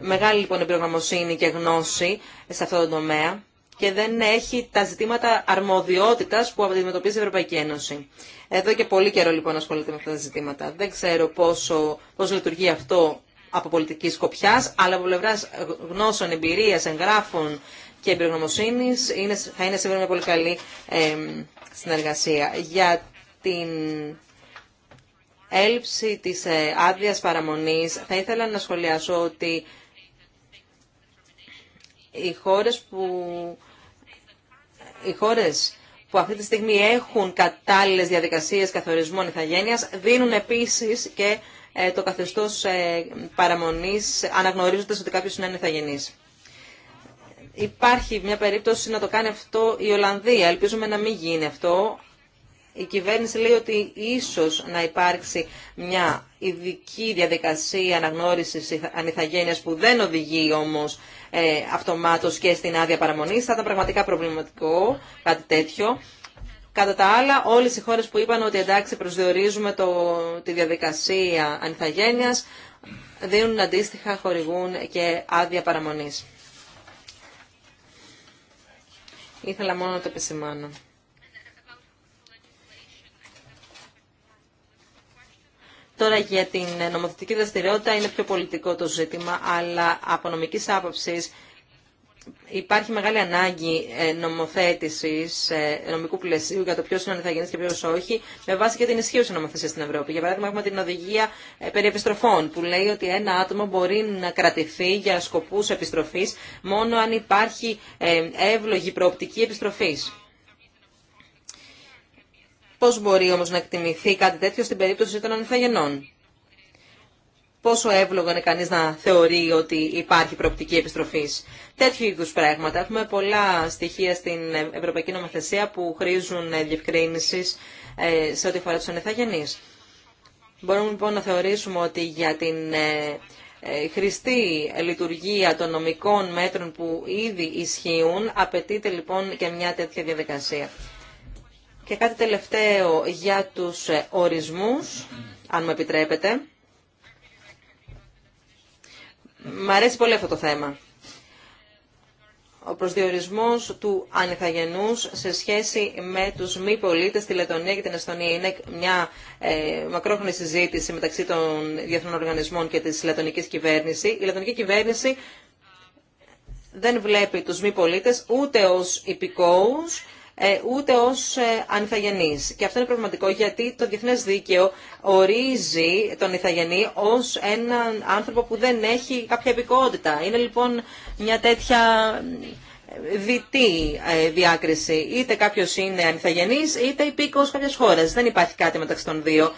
Μεγάλη λοιπόν εμπειρογνωμοσύνη και γνώση σε αυτό το τομέα και δεν έχει τα ζητήματα αρμοδιότητας που αντιμετωπίζει η Ευρωπαϊκή Ένωση. Εδώ και πολύ καιρό λοιπόν ασχολείται με αυτά τα ζητήματα. Δεν ξέρω πόσο, λειτουργεί αυτό από πολιτική σκοπιά, αλλά από πλευρά γνώσεων, εμπειρία, εγγράφων και εμπειρογνωμοσύνη θα είναι σίγουρα μια πολύ καλή ε, συνεργασία. Για την έλλειψη της ε, άδεια παραμονής θα ήθελα να σχολιάσω ότι οι χώρες που, οι χώρες που αυτή τη στιγμή έχουν κατάλληλες διαδικασίες καθορισμών ηθαγένειας, δίνουν επίσης και ε, το καθεστώς ε, παραμονής αναγνωρίζοντας ότι κάποιος είναι ηθαγενής. Υπάρχει μια περίπτωση να το κάνει αυτό η Ολλανδία. Ελπίζουμε να μην γίνει αυτό. Η κυβέρνηση λέει ότι ίσως να υπάρξει μια ειδική διαδικασία αναγνώρισης ανηθαγένειας που δεν οδηγεί όμως ε, αυτομάτως και στην άδεια παραμονής. Θα ήταν πραγματικά προβληματικό κάτι τέτοιο. Κατά τα άλλα, όλες οι χώρες που είπαν ότι εντάξει προσδιορίζουμε το, τη διαδικασία ανιθαγένειας, δίνουν αντίστοιχα, χορηγούν και άδεια παραμονής. Ήθελα μόνο να το επισημάνω. Τώρα για την νομοθετική δραστηριότητα είναι πιο πολιτικό το ζήτημα, αλλά από νομική άποψη υπάρχει μεγάλη ανάγκη ε, νομοθέτηση ε, νομικού πλαισίου για το ποιο είναι ανεθαγενή και ποιο όχι, με βάση και την ισχύωση νομοθεσία στην Ευρώπη. Για παράδειγμα, έχουμε την οδηγία ε, περί επιστροφών, που λέει ότι ένα άτομο μπορεί να κρατηθεί για σκοπού επιστροφή μόνο αν υπάρχει εύλογη προοπτική επιστροφή. Πώς μπορεί όμως να εκτιμηθεί κάτι τέτοιο στην περίπτωση των ανθαγενών. Πόσο εύλογο είναι κανείς να θεωρεί ότι υπάρχει προοπτική επιστροφής. Τέτοιου είδους πράγματα. Έχουμε πολλά στοιχεία στην Ευρωπαϊκή Νομοθεσία που χρήζουν διευκρίνηση ε, σε ό,τι αφορά τους ανεθαγενείς. Μπορούμε λοιπόν να θεωρήσουμε ότι για την ε, ε, χρηστή λειτουργία των νομικών μέτρων που ήδη ισχύουν απαιτείται λοιπόν και μια τέτοια διαδικασία. Και κάτι τελευταίο για τους ορισμούς, αν μου επιτρέπετε. Μ' αρέσει πολύ αυτό το θέμα. Ο προσδιορισμός του ανιθαγενούς σε σχέση με τους μη πολίτες στη Λετωνία και την Εστονία είναι μια ε, μακρόχρονη συζήτηση μεταξύ των διεθνών οργανισμών και της λετωνικής κυβέρνησης. Η λετωνική κυβέρνηση δεν βλέπει τους μη πολίτες ούτε ως υπηκόους ε, ούτε ως ε, ανιθαγενή. Και αυτό είναι προβληματικό γιατί το διεθνέ Δίκαιο ορίζει τον ηθαγενή ω έναν άνθρωπο που δεν έχει κάποια επικότητα. Είναι λοιπόν μια τέτοια ε, διτή διάκριση. Είτε κάποιο είναι ανιθαγενής είτε υπήκοο κάποιε χώρας. Δεν υπάρχει κάτι μεταξύ των δύο.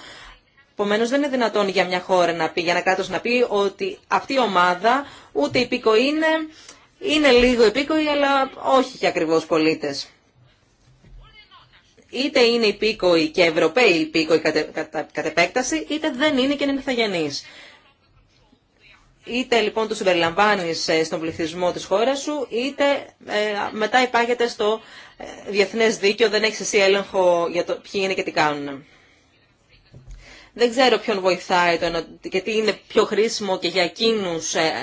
Επομένω, δεν είναι δυνατόν για μια χώρα να πει, για ένα κράτο να πει ότι αυτή η ομάδα ούτε υπήκο είναι, είναι λίγο υπήκοοι, αλλά όχι και ακριβώ πολίτε είτε είναι υπήκοοι και Ευρωπαίοι υπήκοοι κατ' επέκταση, είτε δεν είναι και είναι μυθαγενείς. Είτε λοιπόν του συμπεριλαμβάνει ε, στον πληθυσμό της χώρας σου, είτε ε, μετά υπάγεται στο ε, διεθνές δίκαιο, δεν έχει εσύ έλεγχο για το ποιοι είναι και τι κάνουν. Δεν ξέρω ποιον βοηθάει το, και τι είναι πιο χρήσιμο και για εκείνου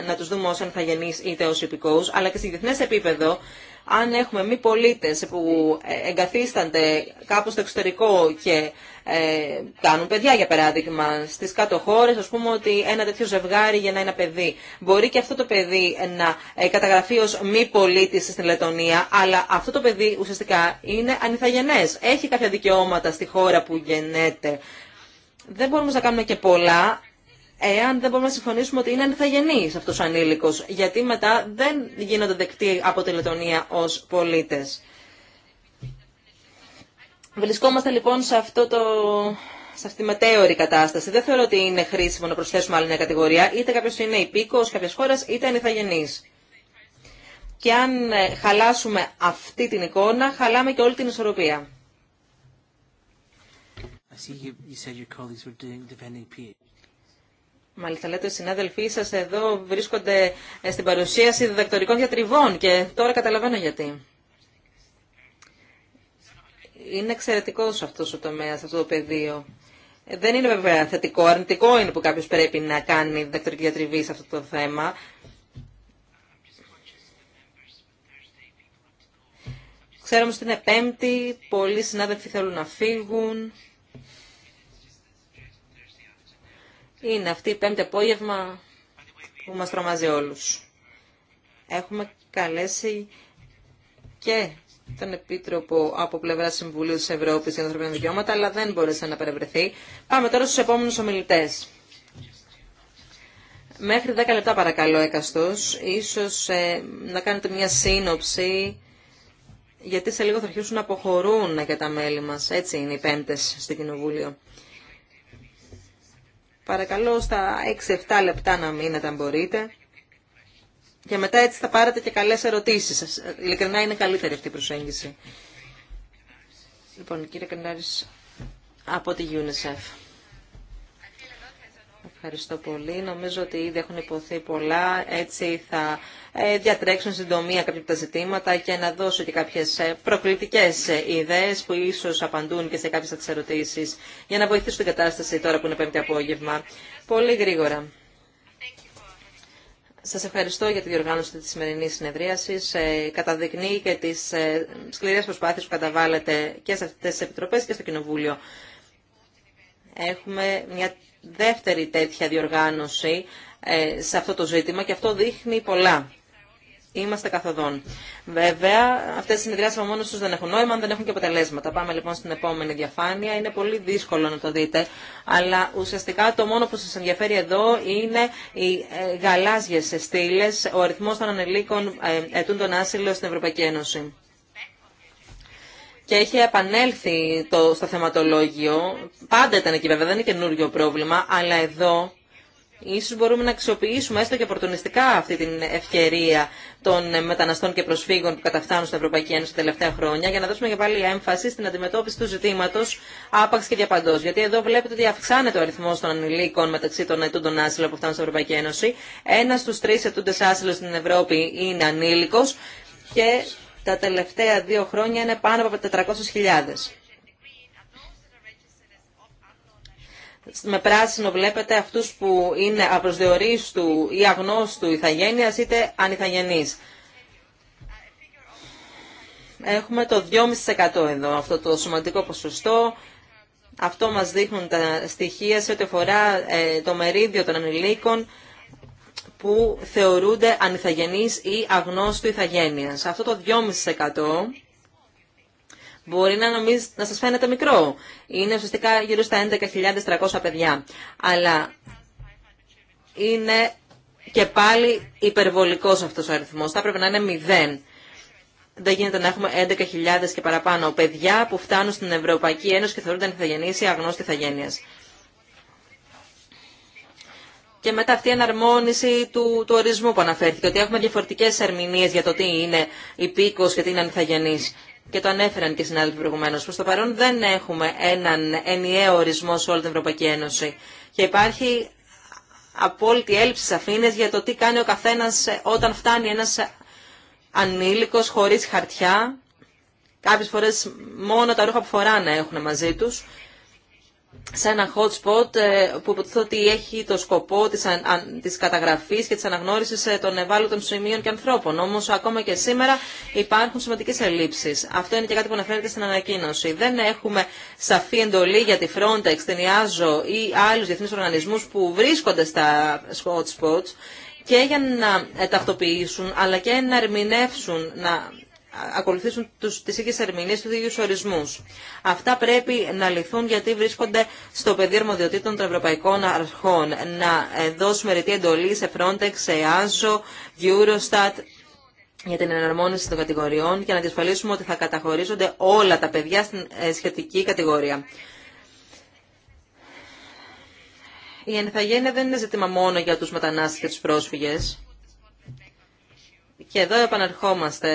να του δούμε ω ενθαγενεί είτε ω υπηκόου, αλλά και σε διεθνέ επίπεδο αν έχουμε μη πολίτες που ε, εγκαθίστανται κάπου στο εξωτερικό και ε, κάνουν παιδιά για παράδειγμα στις κάτω χώρες, ας πούμε ότι ένα τέτοιο ζευγάρι για να είναι παιδί. Μπορεί και αυτό το παιδί να ε, καταγραφεί ως μη πολίτη στην Λετωνία, αλλά αυτό το παιδί ουσιαστικά είναι ανιθαγενές. Έχει κάποια δικαιώματα στη χώρα που γεννέται. Δεν μπορούμε να κάνουμε και πολλά, εάν δεν μπορούμε να συμφωνήσουμε ότι είναι ανθαγενής αυτό ο ανήλικό, γιατί μετά δεν γίνονται δεκτοί από τη Λετωνία ω πολίτε. Βρισκόμαστε λοιπόν σε αυτό το... αυτή τη μετέωρη κατάσταση. Δεν θεωρώ ότι είναι χρήσιμο να προσθέσουμε άλλη μια κατηγορία. Είτε κάποιο είναι υπήκοο κάποια χώρα, είτε ανηθαγενή. Και αν ε, χαλάσουμε αυτή την εικόνα, χαλάμε και όλη την ισορροπία. Μάλιστα, λέτε, οι συνάδελφοί σας εδώ βρίσκονται ε, στην παρουσίαση διδακτορικών διατριβών και τώρα καταλαβαίνω γιατί. Είναι εξαιρετικό αυτό ο τομέα αυτό το πεδίο. Ε, δεν είναι βέβαια θετικό, αρνητικό είναι που κάποιο πρέπει να κάνει διδακτορική διατριβή σε αυτό το θέμα. Ξέρουμε ότι είναι πέμπτη, πολλοί συνάδελφοι θέλουν να φύγουν. Είναι αυτή η πέμπτη απόγευμα που μας τρομάζει όλους. Έχουμε καλέσει και τον Επίτροπο από πλευρά Συμβουλίου της Ευρώπης για τα ανθρωπινά δικαιώματα, αλλά δεν μπόρεσε να παρευρεθεί. Πάμε τώρα στους επόμενους ομιλητές. Μέχρι 10 λεπτά παρακαλώ έκαστος, ίσως ε, να κάνετε μια σύνοψη, γιατί σε λίγο θα αρχίσουν να αποχωρούν και τα μέλη μας. Έτσι είναι οι πέμπτες στο Κοινοβούλιο. Παρακαλώ στα 6-7 λεπτά να μείνετε αν μπορείτε. Και μετά έτσι θα πάρετε και καλές ερωτήσεις σας. Ειλικρινά είναι καλύτερη αυτή η προσέγγιση. Λοιπόν, κύριε Κανάρης, από τη UNICEF. Ευχαριστώ πολύ. Νομίζω ότι ήδη έχουν υποθεί πολλά. Έτσι θα ε, διατρέξουν συντομία κάποια από τα ζητήματα και να δώσω και κάποιες ε, προκλητικές ε, ιδέες που ίσως απαντούν και σε κάποιες από τις ερωτήσεις για να βοηθήσουν την κατάσταση τώρα που είναι πέμπτη απόγευμα. Πολύ γρήγορα. Σας ευχαριστώ για τη διοργάνωση της σημερινής συνεδρίασης. καταδεικνύει και τις ε, σκληρές προσπάθειες που καταβάλλετε και σε αυτές τις επιτροπές και στο Κοινοβούλιο. Έχουμε μια δεύτερη τέτοια διοργάνωση ε, σε αυτό το ζήτημα και αυτό δείχνει πολλά. Είμαστε καθοδόν. Βέβαια, αυτέ οι συνεδριάσει από μόνο του δεν έχουν νόημα, δεν έχουν και αποτελέσματα. Πάμε λοιπόν στην επόμενη διαφάνεια. Είναι πολύ δύσκολο να το δείτε, αλλά ουσιαστικά το μόνο που σα ενδιαφέρει εδώ είναι οι ε, γαλάζιε στήλε, ο αριθμό των ανελίκων ετούν τον άσυλο στην Ευρωπαϊκή Ένωση και έχει επανέλθει το, στο θεματολόγιο. Πάντα ήταν εκεί βέβαια, δεν είναι καινούριο πρόβλημα, αλλά εδώ ίσως μπορούμε να αξιοποιήσουμε έστω και πρωτονιστικά αυτή την ευκαιρία των μεταναστών και προσφύγων που καταφτάνουν στην Ευρωπαϊκή Ένωση τα τελευταία χρόνια για να δώσουμε και πάλι έμφαση στην αντιμετώπιση του ζητήματο άπαξ και διαπαντό. Γιατί εδώ βλέπετε ότι αυξάνεται ο αριθμό των ανηλίκων μεταξύ των ετούντων άσυλων που φτάνουν στην Ευρωπαϊκή Ένωση. Ένα στου τρει ετούντε άσυλο στην Ευρώπη είναι ανήλικο και τα τελευταία δύο χρόνια είναι πάνω από 400.000. Με πράσινο βλέπετε αυτούς που είναι απροσδιορίστου ή αγνώστου ηθαγένειας είτε ανηθαγενείς. Έχουμε το 2,5% εδώ αυτό το σημαντικό ποσοστό. Αυτό μας δείχνουν τα στοιχεία σε ό,τι αφορά ε, το μερίδιο των ανηλίκων που θεωρούνται ανιθαγενείς ή αγνώστου ηθαγένειας. Αυτό το 2,5% μπορεί να, νομίζει, να σας φαίνεται μικρό. Είναι ουσιαστικά γύρω στα 11.300 παιδιά. Αλλά είναι και πάλι υπερβολικός αυτός ο αριθμός. Θα πρέπει να είναι 0. Δεν γίνεται να έχουμε 11.000 και παραπάνω παιδιά που φτάνουν στην Ευρωπαϊκή Ένωση και θεωρούνται ανιθαγενείς ή αγνώστοι ηθαγένειας. Και μετά αυτή η εναρμόνιση του, του ορισμού που αναφέρθηκε, ότι έχουμε διαφορετικές ερμηνείε για το τι είναι υπήκο και τι είναι ανθαγενή. Και το ανέφεραν και οι συνάδελφοι προηγουμένω. Προ το παρόν δεν έχουμε έναν ενιαίο ορισμό σε όλη την Ευρωπαϊκή Ένωση. Και υπάρχει απόλυτη έλλειψη σαφήνεια για το τι κάνει ο καθένα όταν φτάνει ένα ανήλικο χωρί χαρτιά. Κάποιε φορέ μόνο τα ρούχα που φοράνε έχουν μαζί του σε ένα hot spot ε, που υποτίθεται ότι έχει το σκοπό της, της καταγραφής και της αναγνώρισης ε, των ευάλωτων σημείων και ανθρώπων. Όμως ακόμα και σήμερα υπάρχουν σημαντικές ελλείψεις. Αυτό είναι και κάτι που αναφέρεται στην ανακοίνωση. Δεν έχουμε σαφή εντολή για τη Frontex, την ή άλλους διεθνείς οργανισμούς που βρίσκονται στα hot spots και για να ταυτοποιήσουν αλλά και να ερμηνεύσουν, να ακολουθήσουν τους, τις ίδιες ερμηνείες, τους ίδιους ορισμούς. Αυτά πρέπει να λυθούν γιατί βρίσκονται στο πεδίο αρμοδιοτήτων των ευρωπαϊκών αρχών. Να ε, δώσουμε ρητή εντολή σε Frontex, σε ASO, Eurostat, για την εναρμόνιση των κατηγοριών και να διασφαλίσουμε ότι θα καταχωρίζονται όλα τα παιδιά στην ε, σχετική κατηγορία. Η ενθαγένεια δεν είναι ζήτημα μόνο για τους μετανάστες και τους πρόσφυγες. Και εδώ επαναρχόμαστε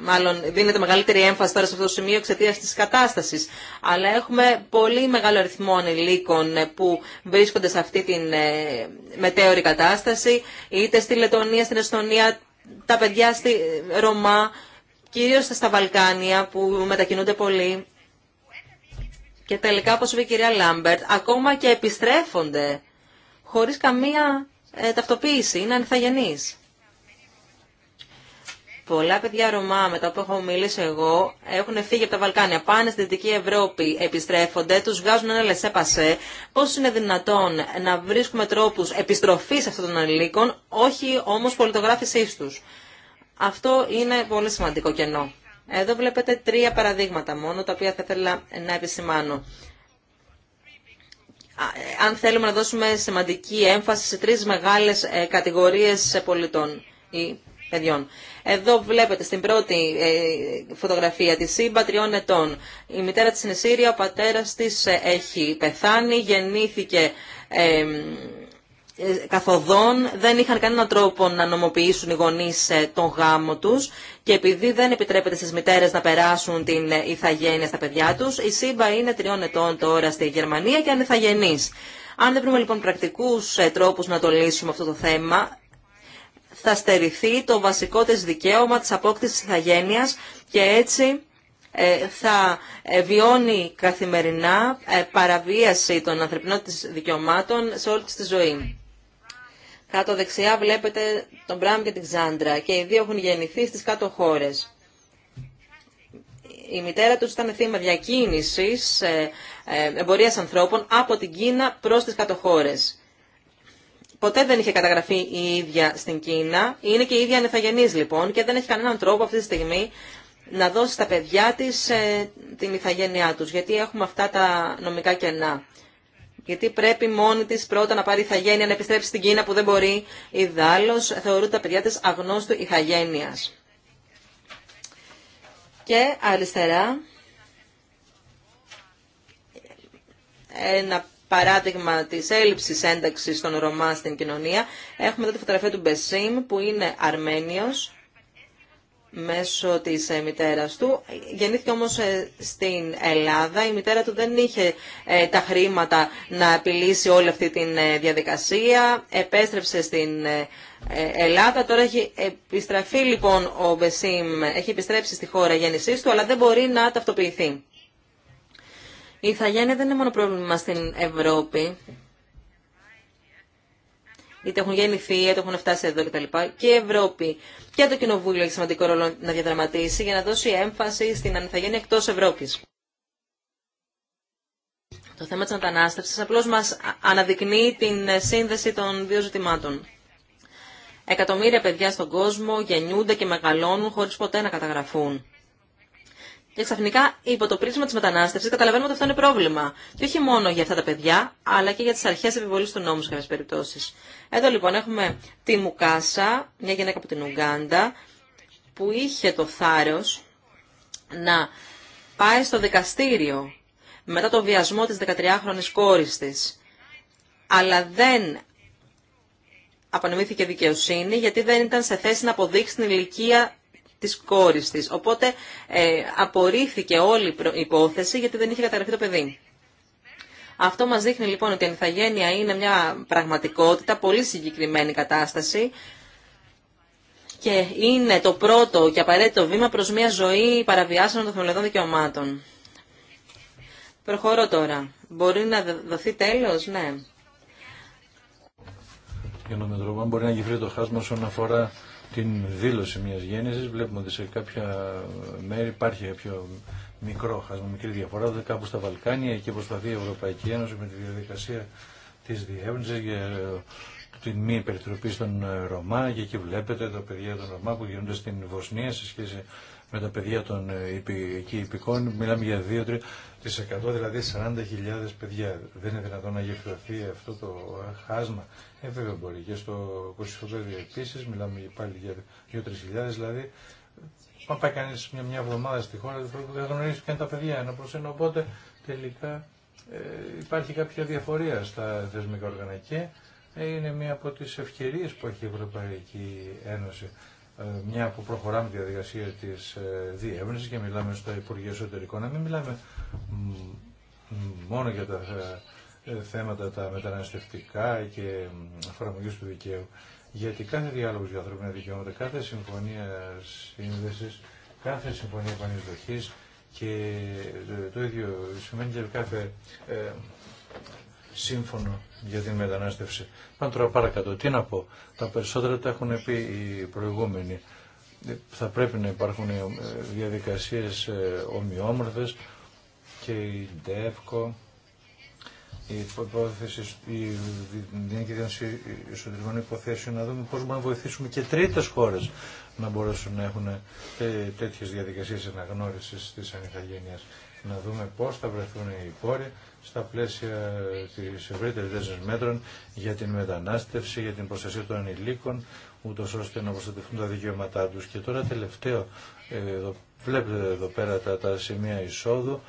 μάλλον δίνεται μεγαλύτερη έμφαση τώρα σε αυτό το σημείο εξαιτία τη κατάσταση. Αλλά έχουμε πολύ μεγάλο αριθμό ανηλίκων ε, που βρίσκονται σε αυτή την ε, μετέωρη κατάσταση, είτε στη Λετωνία, στην Εστονία, τα παιδιά στη ε, Ρωμά, κυρίω στα Βαλκάνια που μετακινούνται πολύ. Και τελικά, όπως είπε η κυρία Λάμπερτ, ακόμα και επιστρέφονται χωρίς καμία ταυτοποίηση, είναι ανηθαγενείς. Πολλά παιδιά Ρωμά, μετά που έχω μιλήσει εγώ, έχουν φύγει από τα Βαλκάνια. Πάνε στη Δυτική Ευρώπη, επιστρέφονται, του βγάζουν ένα λεσέπασε. Πώ είναι δυνατόν να βρίσκουμε τρόπου επιστροφή αυτών των ανηλίκων, όχι όμω πολιτογράφησή του. Αυτό είναι πολύ σημαντικό κενό. Εδώ βλέπετε τρία παραδείγματα μόνο, τα οποία θα ήθελα να επισημάνω. Ε, αν θέλουμε να δώσουμε σημαντική έμφαση σε τρεις μεγάλες ε, κατηγορίες ε, πολιτών ή παιδιών. Εδώ βλέπετε στην πρώτη ε, φωτογραφία τη ΣΥΜΠΑ τριών ετών. Η μητέρα της είναι Σύρια, ο πατέρας της ε, έχει πεθάνει, γεννήθηκε ε, καθοδόν, δεν είχαν κανένα τρόπο να νομοποιήσουν οι γονείς τον γάμο τους και επειδή δεν επιτρέπεται στις μητέρες να περάσουν την ηθαγένεια στα παιδιά τους, η ΣΥΜΠΑ είναι τριών ετών τώρα στη Γερμανία και ανηθαγενής. Αν δεν βρούμε λοιπόν πρακτικούς τρόπους να το λύσουμε αυτό το θέμα, θα στερηθεί το βασικό της δικαίωμα της απόκτησης ηθαγένειας και έτσι ε, θα ε, βιώνει καθημερινά ε, παραβίαση των ανθρωπινών της δικαιωμάτων σε όλη της τη ζωή. Κάτω δεξιά βλέπετε τον Μπραμ και την Ξάντρα και οι δύο έχουν γεννηθεί στις κάτω χώρες. Η μητέρα τους ήταν θύμα διακίνησης εμπορίας ανθρώπων από την Κίνα προς τις κάτω χώρες ποτέ δεν είχε καταγραφεί η ίδια στην Κίνα. Είναι και η ίδια ανεφαγενή λοιπόν και δεν έχει κανέναν τρόπο αυτή τη στιγμή να δώσει στα παιδιά της ε, την ηθαγένειά τους, γιατί έχουμε αυτά τα νομικά κενά. Γιατί πρέπει μόνη τη πρώτα να πάρει ηθαγένεια, να επιστρέψει στην Κίνα που δεν μπορεί. Ιδάλω θεωρούν τα παιδιά τη αγνώστου ηθαγένεια. Και αριστερά, ένα παράδειγμα τη έλλειψης ένταξη των Ρωμά στην κοινωνία. Έχουμε εδώ τη φωτογραφία του Μπεσίμ που είναι Αρμένιος μέσω της ε, μητέρας του. Γεννήθηκε όμως ε, στην Ελλάδα. Η μητέρα του δεν είχε ε, τα χρήματα να επιλύσει όλη αυτή τη διαδικασία. Επέστρεψε στην Ελλάδα. Τώρα έχει επιστραφεί λοιπόν ο Μπεσίμ, έχει επιστρέψει στη χώρα γέννησής του, αλλά δεν μπορεί να ταυτοποιηθεί. Η ηθαγένεια δεν είναι μόνο πρόβλημα στην Ευρώπη. Είτε έχουν γεννηθεί, είτε έχουν φτάσει εδώ κτλ. Και η Ευρώπη και το Κοινοβούλιο έχει σημαντικό ρόλο να διαδραματίσει για να δώσει έμφαση στην ανηθαγένεια εκτό Ευρώπη. Το θέμα τη μετανάστευση απλώ μα αναδεικνύει την σύνδεση των δύο ζητημάτων. Εκατομμύρια παιδιά στον κόσμο γεννιούνται και μεγαλώνουν χωρί ποτέ να καταγραφούν. Και ξαφνικά υπό το πρίσμα τη μετανάστευση καταλαβαίνουμε ότι αυτό είναι πρόβλημα. Και όχι μόνο για αυτά τα παιδιά, αλλά και για τι αρχέ επιβολή του νόμου σε κάποιε περιπτώσει. Εδώ λοιπόν έχουμε τη Μουκάσα, μια γυναίκα από την Ουγγάντα, που είχε το θάρρο να πάει στο δικαστήριο μετά το βιασμό της 13χρονης κόρης της. Αλλά δεν απονομήθηκε δικαιοσύνη γιατί δεν ήταν σε θέση να αποδείξει την ηλικία της κόρης της. Οπότε ε, απορρίφθηκε όλη η υπόθεση γιατί δεν είχε καταγραφεί το παιδί. Αυτό μας δείχνει λοιπόν ότι η ανιθαγένεια είναι μια πραγματικότητα, πολύ συγκεκριμένη κατάσταση και είναι το πρώτο και απαραίτητο βήμα προς μια ζωή παραβιάσεων των θεμελιωδών δικαιωμάτων. Προχωρώ τώρα. Μπορεί να δοθεί τέλος, ναι. Για να μπορεί να γυφρεί το χάσμα όσον αφορά την δήλωση μιας γέννησης βλέπουμε ότι σε κάποια μέρη υπάρχει κάποιο μικρό χάσμα, μικρή διαφορά, κάπου στα Βαλκάνια, εκεί προσπαθεί η Ευρωπαϊκή Ένωση με τη διαδικασία της διεύνησης για ε, την μη περιτροπή στον ε, Ρωμά και εκεί βλέπετε τα παιδιά των Ρωμά που γίνονται στην Βοσνία σε σχέση με τα παιδιά των ε, εκεί υπηκών. Μιλάμε για 2-3% δηλαδή 40.000 παιδιά. Δεν είναι δυνατόν να γεφυρωθεί αυτό το χάσμα ε, βέβαια μπορεί. Και στο Κωσυφοπέδιο επίση, μιλάμε πάλι για 2-3 χιλιάδε δηλαδή. Μα πάει κανεί μια, μια εβδομάδα στη χώρα, δεν γνωρίζει καν τα παιδιά ένα προ ένα. Οπότε τελικά ε, υπάρχει κάποια διαφορία στα θεσμικά όργανα και ε, είναι μία από τι ευκαιρίε που έχει η Ευρωπαϊκή Ένωση. Ε, μια που προχωράμε τη διαδικασία τη ε, διεύρυνση και μιλάμε στο Υπουργείο Εσωτερικών, να μην μιλάμε μόνο για τα ε, θέματα τα μεταναστευτικά και εφαρμογή του δικαίου. Γιατί κάθε διάλογο για ανθρώπινα δικαιώματα, κάθε συμφωνία σύνδεση, κάθε συμφωνία επανεισδοχή και ε, το ίδιο σημαίνει και κάθε ε, σύμφωνο για την μετανάστευση. Πάνω τώρα παρακάτω. Τι να πω. Τα περισσότερα τα έχουν πει οι προηγούμενοι. Ε, θα πρέπει να υπάρχουν διαδικασίες ομοιόμορφες και η ΔΕΦΚΟ η υπόθεση, η εσωτερικών υποθέσεων, να δούμε πώς μπορούμε να βοηθήσουμε και τρίτες χώρες να μπορέσουν να έχουν ε, τέτοιες διαδικασίες αναγνώρισης της ανηθαγένειας. Να δούμε πώς θα βρεθούν οι πόροι στα πλαίσια της ευρύτερης δέσμης μέτρων για την μετανάστευση, για την προστασία των ανηλίκων, ούτω ώστε να προστατευτούν τα δικαιώματά τους. Και τώρα τελευταίο, ε, εδώ, βλέπετε εδώ πέρα τα, τα σημεία εισόδου,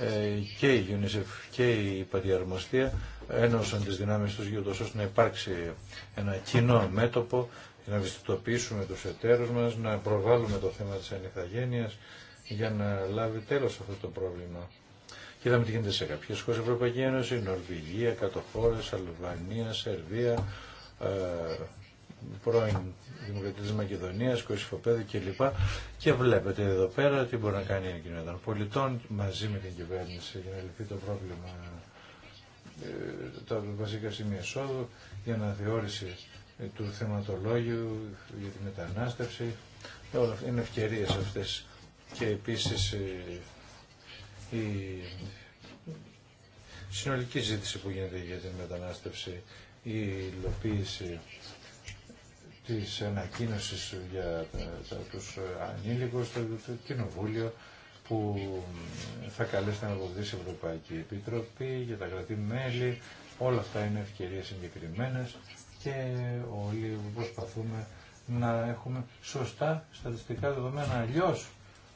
ε, και η UNICEF και η Πατιαρμοστία ένωσαν τις δυνάμεις τους για ώστε να υπάρξει ένα κοινό μέτωπο για να βιστοποιήσουμε τους εταίρους μας, να προβάλλουμε το θέμα της ανηθαγένειας για να λάβει τέλος αυτό το πρόβλημα. Και είδαμε τι γίνεται σε κάποιες χώρες Ευρωπαϊκή Ένωση, Νορβηγία, Κατοχώρες, Αλβανία, Σερβία, ε, Δημοκρατία τη Μακεδονία, Κωσυφοπέδη κλπ. Και βλέπετε εδώ πέρα τι μπορεί να κάνει η κοινωνία των πολιτών μαζί με την κυβέρνηση για να λυθεί το πρόβλημα ε, τα βασικά σημεία για να αναθεώρηση του θεματολόγιου για τη μετανάστευση. είναι ευκαιρίες αυτές. Και επίσης ε, η συνολική ζήτηση που γίνεται για τη μετανάστευση, η υλοποίηση της ανακοίνωσης για του τους ε, ανήλικους, το, κοινοβούλιο που θα καλέσει να βοηθήσει η Ευρωπαϊκή Επιτροπή για τα κρατή μέλη. Όλα αυτά είναι ευκαιρίες συγκεκριμένε και όλοι προσπαθούμε να έχουμε σωστά στατιστικά δεδομένα. Αλλιώ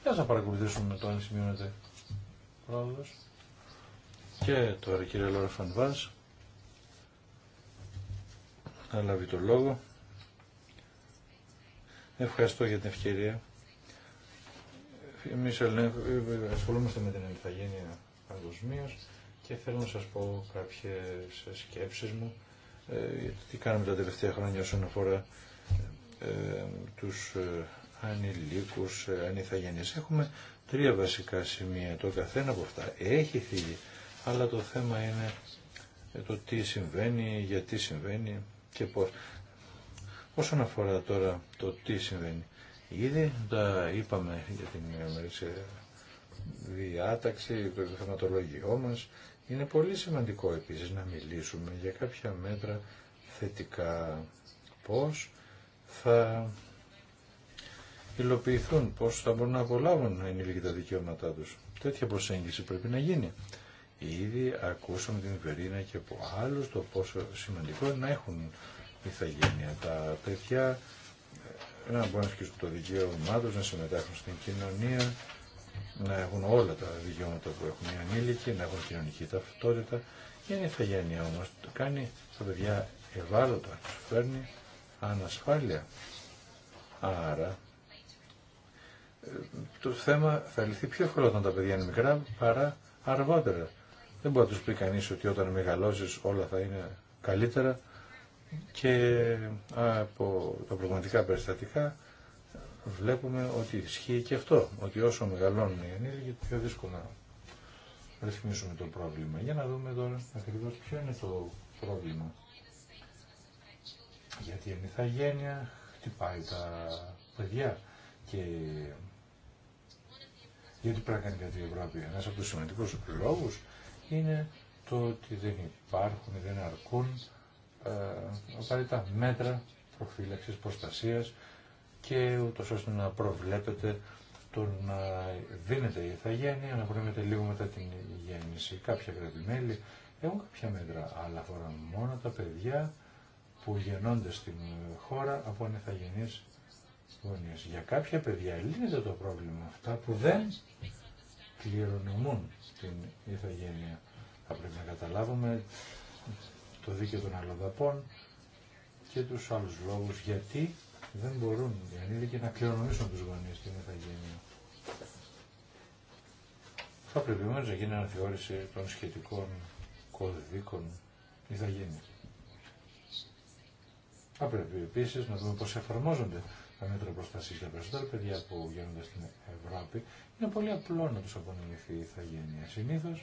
για θα παρακολουθήσουμε το αν σημειώνεται πρόοδος. Και τώρα κύριε Λόρα Φανβάς, θα λάβει το λόγο. Ευχαριστώ για την ευκαιρία. Εμείς ασχολούμαστε με την Ελθαγένεια παγκοσμίω και θέλω να σας πω κάποιες σκέψεις μου ε, τι κάνουμε τα τελευταία χρόνια όσον αφορά ε, τους ε, ανηλίκους, ε, ανηθαγενείς. Έχουμε τρία βασικά σημεία. Το καθένα από αυτά έχει φύγει, αλλά το θέμα είναι ε, το τι συμβαίνει, γιατί συμβαίνει και πώς. Όσον αφορά τώρα το τι συμβαίνει, ήδη τα είπαμε για την διάταξη, το θεματολογιό μας, είναι πολύ σημαντικό επίσης να μιλήσουμε για κάποια μέτρα θετικά πώς θα υλοποιηθούν, πώς θα μπορούν να απολάβουν ενήλικοι τα δικαιώματά τους. Τέτοια προσέγγιση πρέπει να γίνει. Ήδη ακούσαμε την Βερίνα και από άλλους το πόσο σημαντικό είναι να έχουν ηθαγένεια. Τα παιδιά να μπορούν να ασκήσουν το δικαίωμά του να συμμετέχουν στην κοινωνία, να έχουν όλα τα δικαιώματα που έχουν οι ανήλικοι, να έχουν κοινωνική ταυτότητα. Και είναι ηθαγένεια όμω Το κάνει τα παιδιά ευάλωτα, του φέρνει ανασφάλεια. Άρα το θέμα θα λυθεί πιο εύκολα όταν τα παιδιά είναι μικρά παρά αργότερα. Δεν μπορεί να του πει κανεί ότι όταν μεγαλώσει όλα θα είναι καλύτερα και από τα πραγματικά περιστατικά βλέπουμε ότι ισχύει και αυτό, ότι όσο μεγαλώνουν οι ενήλικοι, πιο δύσκολα ρυθμίσουμε το πρόβλημα. Για να δούμε τώρα ακριβώ ποιο είναι το πρόβλημα. Γιατί η ανηθαγένεια χτυπάει τα παιδιά και γιατί πρέπει να κάνει κάτι η Ευρώπη. Ένας από τους σημαντικούς λόγους είναι το ότι δεν υπάρχουν, δεν αρκούν ε, απαραίτητα μέτρα προφύλαξης, προστασίας και ούτως ώστε να προβλέπετε το να δίνεται η ηθαγένεια, να προβλέπετε λίγο μετά την γέννηση. Κάποια κρατημέλη έχουν κάποια μέτρα, αλλά αφορά μόνο τα παιδιά που γεννώνται στην χώρα από ανεθαγενείς γονείς. Για κάποια παιδιά λύνεται το πρόβλημα. Αυτά που δεν κληρονομούν την ηθαγένεια. Θα πρέπει να καταλάβουμε το δίκαιο των αλλοδαπών και τους άλλους λόγους γιατί δεν μπορούν οι ανήλικοι να κληρονομήσουν τους γονείς την ηθαγένεια. Θα πρέπει όμως να γίνει αναθεώρηση των σχετικών κωδικών ηθαγένειας. Θα πρέπει επίση να δούμε πώ εφαρμόζονται τα μέτρα προστασία για περισσότερα παιδιά που γίνονται στην Ευρώπη. Είναι πολύ απλό να του απονεμηθεί η ηθαγένεια. Συνήθω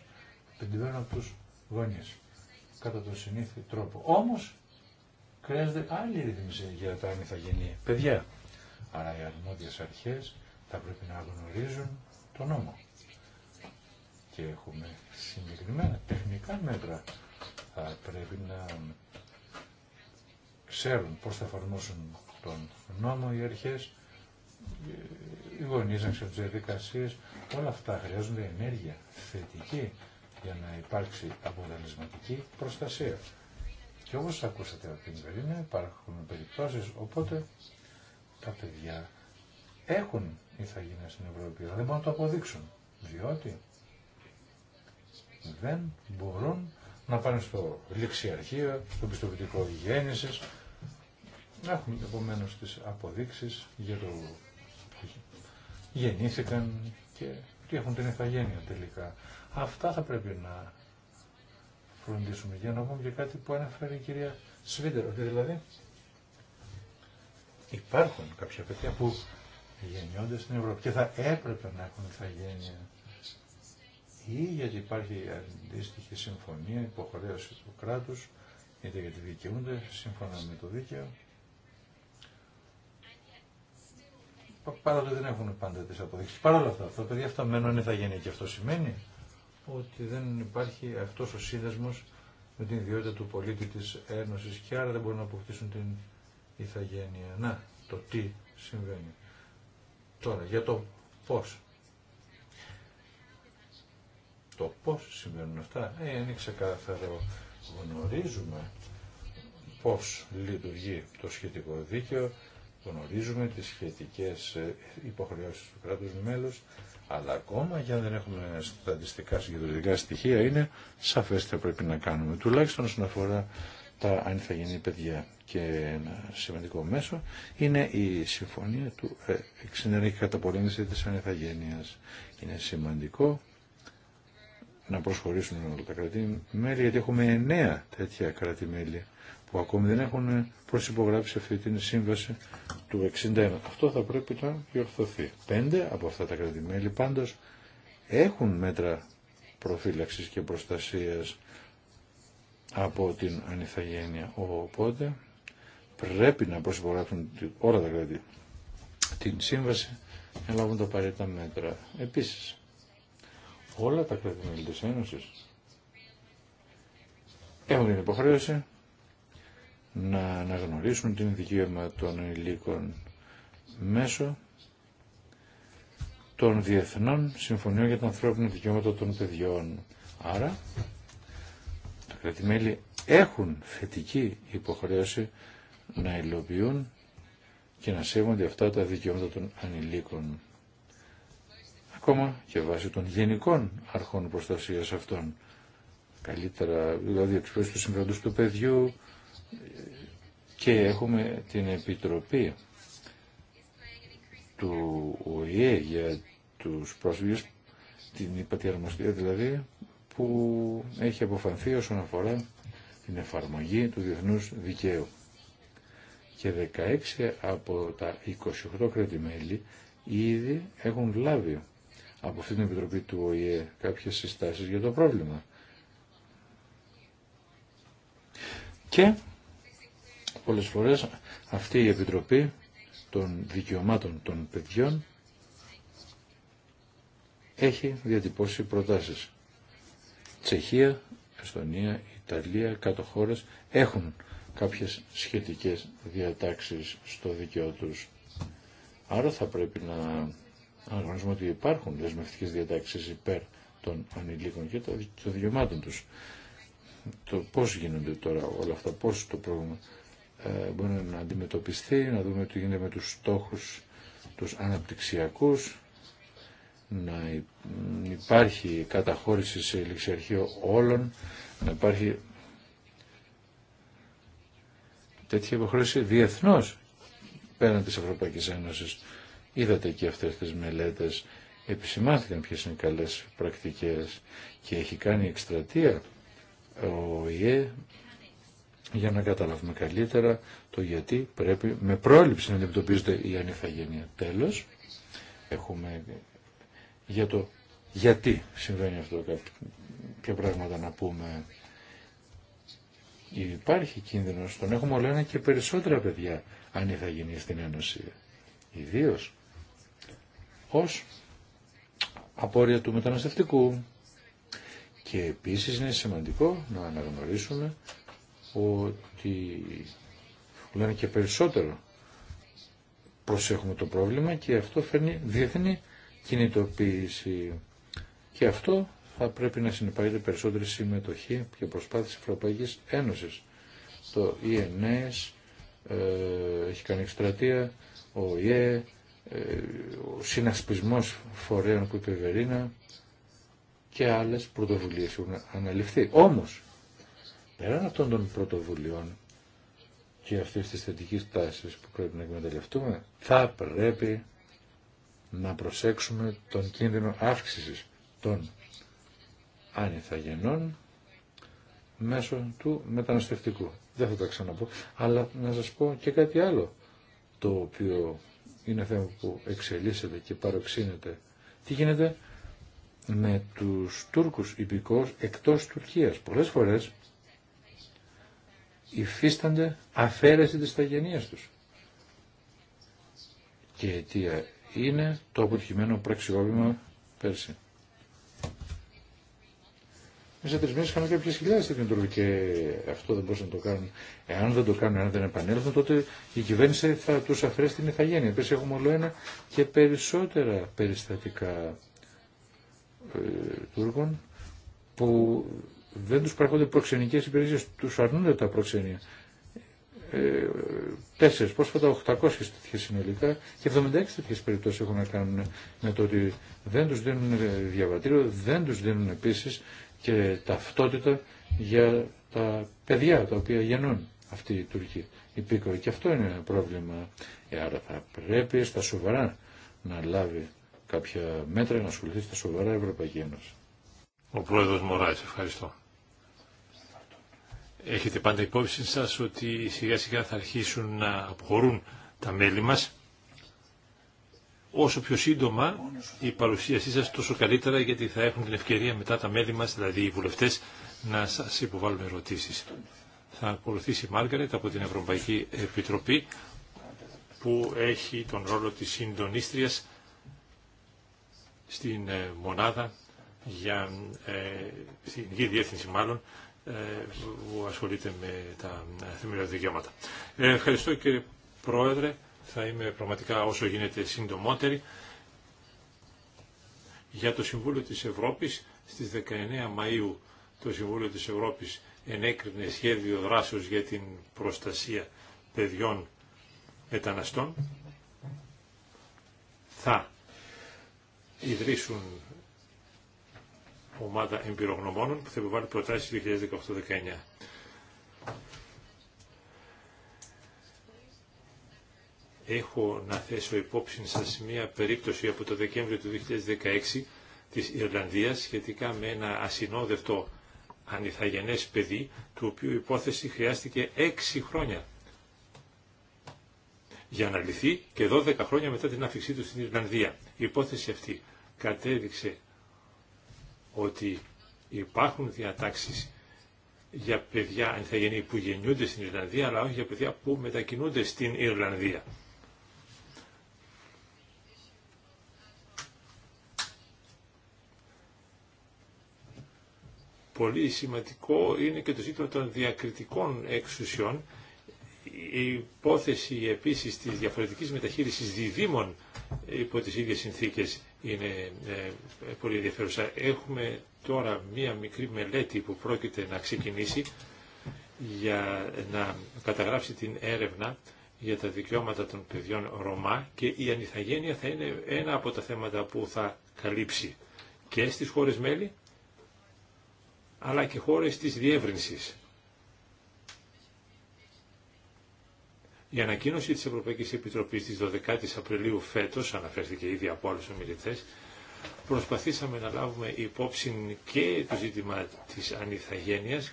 την από του γονεί κατά τον συνήθι τρόπο. Όμως χρειάζεται άλλη ρύθμιση για τα ανηθαγενή παιδιά. Άρα οι αρμόδιες αρχές θα πρέπει να γνωρίζουν τον νόμο. Και έχουμε συγκεκριμένα τεχνικά μέτρα. Θα πρέπει να ξέρουν πώς θα εφαρμόσουν τον νόμο οι αρχές, οι γονείς να ξέρουν τις διαδικασίες. Όλα αυτά χρειάζονται ενέργεια θετική για να υπάρξει αποδανεισματική προστασία. Και όπως ακούσατε από την Περίνα υπάρχουν περιπτώσεις οπότε τα παιδιά έχουν ηθαγένεια στην Ευρώπη αλλά δεν δηλαδή μπορούν να το αποδείξουν διότι δεν μπορούν να πάνε στο ληξιαρχείο, στο πιστοποιητικό γέννησης έχουν επομένω τις αποδείξεις για το γεννήθηκαν και τι έχουν την ηθαγένεια τελικά. Αυτά θα πρέπει να φροντίσουμε. Για να πούμε και κάτι που αναφέρει η κυρία Σβίτερο, Δηλαδή υπάρχουν κάποια παιδιά που γεννιόνται στην Ευρώπη και θα έπρεπε να έχουν ηθαγένεια ή γιατί υπάρχει αντίστοιχη συμφωνία, υποχρέωση του κράτους, είτε γιατί δικαιούνται σύμφωνα με το δίκαιο. Παρά δεν έχουν πάντα τις αποδείξεις. Παρ' όλα αυτά, τα παιδιά αυτά μένουν ηθαγένεια και αυτό σημαίνει ότι δεν υπάρχει αυτός ο σύνδεσμος με την ιδιότητα του πολίτη της Ένωσης και άρα δεν μπορούν να αποκτήσουν την ηθαγένεια. Να, το τι συμβαίνει. Τώρα, για το πώς. Το πώς συμβαίνουν αυτά, ε, είναι ξεκάθαρο. Γνωρίζουμε πώς λειτουργεί το σχετικό δίκαιο, γνωρίζουμε τις σχετικές υποχρεώσεις του κράτους μέλους, αλλά ακόμα για αν δεν έχουμε στατιστικά συγκεντρωτικά στοιχεία είναι σαφές τι πρέπει να κάνουμε. Τουλάχιστον όσον αφορά τα αν παιδιά. Και ένα σημαντικό μέσο είναι η συμφωνία του ε, εξενερή καταπολέμηση της ανεθαγένειας. Είναι σημαντικό να προσχωρήσουν όλα τα κρατή μέλη γιατί έχουμε εννέα τέτοια κρατή μέλη που ακόμη δεν έχουν προσυπογράψει αυτή την σύμβαση του 61. Αυτό θα πρέπει να διορθωθεί. Πέντε από αυτά τα κρατημέλη πάντως έχουν μέτρα προφύλαξης και προστασίας από την ανιθαγένεια. Οπότε πρέπει να προσυπογράψουν όλα τα κράτη την σύμβαση να λάβουν τα απαραίτητα μέτρα. Επίσης, όλα τα κράτη-μέλη της Ένωσης έχουν την υποχρέωση να αναγνωρίσουν την δικαίωμα των υλίκων μέσω των διεθνών συμφωνιών για τα ανθρώπινα δικαιώματα των παιδιών. Άρα, τα κρατημέλη έχουν θετική υποχρέωση να υλοποιούν και να σέβονται αυτά τα δικαιώματα των ανηλίκων. Ακόμα και βάσει των γενικών αρχών προστασίας αυτών. Καλύτερα, δηλαδή εξπρόσεις του συμφέροντος του παιδιού, και έχουμε την Επιτροπή του ΟΗΕ για τους πρόσφυγες, την υπατιαρμοστία δηλαδή, που έχει αποφανθεί όσον αφορά την εφαρμογή του διεθνούς δικαίου. Και 16 από τα 28 κρατημέλη ήδη έχουν λάβει από αυτή την Επιτροπή του ΟΗΕ κάποιες συστάσεις για το πρόβλημα. Και πολλές φορές αυτή η Επιτροπή των Δικαιωμάτων των Παιδιών έχει διατυπώσει προτάσεις. Τσεχία, Εστονία, Ιταλία, κάτω χώρες έχουν κάποιες σχετικές διατάξεις στο δικαιό τους. Άρα θα πρέπει να αναγνωρίζουμε ότι υπάρχουν δεσμευτικές διατάξεις υπέρ των ανηλίκων και των δικαιωμάτων τους. Το πώς γίνονται τώρα όλα αυτά, πώς το πρόβλημα... Ε, μπορεί να αντιμετωπιστεί, να δούμε τι γίνεται με τους στόχους τους αναπτυξιακούς, να υπάρχει καταχώρηση σε ληξιαρχείο όλων, να υπάρχει τέτοια υποχρέωση διεθνώς πέραν της Ευρωπαϊκής Ένωσης. Είδατε και αυτές τις μελέτες, επισημάθηκαν ποιες είναι καλές πρακτικές και έχει κάνει εκστρατεία ο ΙΕ για να καταλάβουμε καλύτερα το γιατί πρέπει με πρόληψη να αντιμετωπίζεται η ανηθαγένεια. Τέλος, έχουμε για το γιατί συμβαίνει αυτό, και πράγματα να πούμε. Υπάρχει κίνδυνο τον έχουμε όλα ένα και περισσότερα παιδιά γίνει στην Ένωση. ιδίω ως απόρρια του μεταναστευτικού. Και επίσης είναι σημαντικό να αναγνωρίσουμε ότι λένε και περισσότερο προσέχουμε το πρόβλημα και αυτό φέρνει διεθνή κινητοποίηση. Και αυτό θα πρέπει να συνεπάγεται περισσότερη συμμετοχή και προσπάθεια της Ευρωπαϊκής Ένωσης. Το ΙΕΝΕΣ ε, έχει κάνει εκστρατεία, ο ΙΕ, ε, ο συνασπισμός φορέων που είπε η και άλλες πρωτοβουλίες που έχουν αναλυφθεί. Όμως, Πέραν αυτών των πρωτοβουλειών και αυτή τη θετική τάση που πρέπει να εκμεταλλευτούμε, θα πρέπει να προσέξουμε τον κίνδυνο αύξηση των ανιθαγενών μέσω του μεταναστευτικού. Δεν θα τα ξαναπώ, αλλά να σας πω και κάτι άλλο, το οποίο είναι θέμα που εξελίσσεται και παροξύνεται. Τι γίνεται με τους Τούρκους υπηκός εκτός Τουρκίας. Πολλές φορές υφίστανται αφαίρεση της ταγενείας τους. Και η αιτία είναι το αποτυχημένο πραξιόβημα πέρσι. Μέσα σε τρει μέρε είχαμε κάποιε χιλιάδε στην και αυτό δεν μπορούσαν να το κάνουν. Εάν δεν το κάνουν, εάν δεν επανέλθουν, τότε η κυβέρνηση θα του αφαιρέσει την ηθαγένεια. Πέρσι έχουμε όλο ένα και περισσότερα περιστατικά ε, Τούρκων που δεν τους παρέχονται προξενικές υπηρεσίες, τους αρνούνται τα προξενία. Ε, τέσσερις, πρόσφατα 800 τέτοιες συνολικά και 76 τέτοιες περιπτώσεις έχουν να κάνουν με το ότι δεν τους δίνουν ε, διαβατήριο, δεν τους δίνουν επίσης και ταυτότητα για τα παιδιά τα οποία γεννούν αυτοί οι Τουρκοί υπήκοοι. Και αυτό είναι ένα πρόβλημα. Ε, άρα θα πρέπει στα σοβαρά να λάβει κάποια μέτρα να ασχοληθεί στα σοβαρά Ευρωπαϊκή Ένωση. Ο πρόεδρος Μωράης, ευχαριστώ έχετε πάντα υπόψη σας ότι σιγά σιγά θα αρχίσουν να αποχωρούν τα μέλη μας. Όσο πιο σύντομα η παρουσίασή σας τόσο καλύτερα γιατί θα έχουν την ευκαιρία μετά τα μέλη μας, δηλαδή οι βουλευτές, να σας υποβάλουν ερωτήσεις. Θα ακολουθήσει η Μάργαρετ από την Ευρωπαϊκή Επιτροπή που έχει τον ρόλο της συντονίστριας στην ε, μονάδα για ε, στην Διεύθυνση μάλλον ε, που ασχολείται με τα ε, θεμελιώδη δικαιώματα. Ε, ευχαριστώ κύριε Πρόεδρε. Θα είμαι πραγματικά όσο γίνεται συντομότερη. Για το Συμβούλιο της Ευρώπης, στις 19 Μαΐου το Συμβούλιο της Ευρώπης ενέκρινε σχέδιο δράσεως για την προστασία παιδιών μεταναστών. Θα ιδρύσουν ομάδα εμπειρογνωμόνων που θα επιβαλλει προτασεις προτάσεις 2018-19. Έχω να θέσω υπόψη σας μια περίπτωση από το Δεκέμβριο του 2016 της Ιρλανδίας σχετικά με ένα ασυνόδευτο ανιθαγενές παιδί, του οποίου υπόθεση χρειάστηκε 6 χρόνια για να λυθεί και 12 χρόνια μετά την άφηξή του στην Ιρλανδία. Η υπόθεση αυτή κατέδειξε ότι υπάρχουν διατάξεις για παιδιά ανθαγενή που γεννιούνται στην Ιρλανδία, αλλά όχι για παιδιά που μετακινούνται στην Ιρλανδία. Πολύ σημαντικό είναι και το ζήτημα των διακριτικών εξουσιών. Η υπόθεση επίσης της διαφορετικής μεταχείρισης διδήμων υπό τις ίδιες συνθήκες είναι ε, πολύ ενδιαφέρουσα. Έχουμε τώρα μία μικρή μελέτη που πρόκειται να ξεκινήσει για να καταγράψει την έρευνα για τα δικαιώματα των παιδιών Ρωμά και η ανιθαγένεια θα είναι ένα από τα θέματα που θα καλύψει και στις χώρες μέλη αλλά και χώρες της διεύρυνσης. Η ανακοίνωση της Ευρωπαϊκής Επιτροπής της 12ης Απριλίου φέτος, αναφέρθηκε ήδη από άλλους ομιλητές, προσπαθήσαμε να λάβουμε υπόψη και το ζήτημα της ανιθαγένειας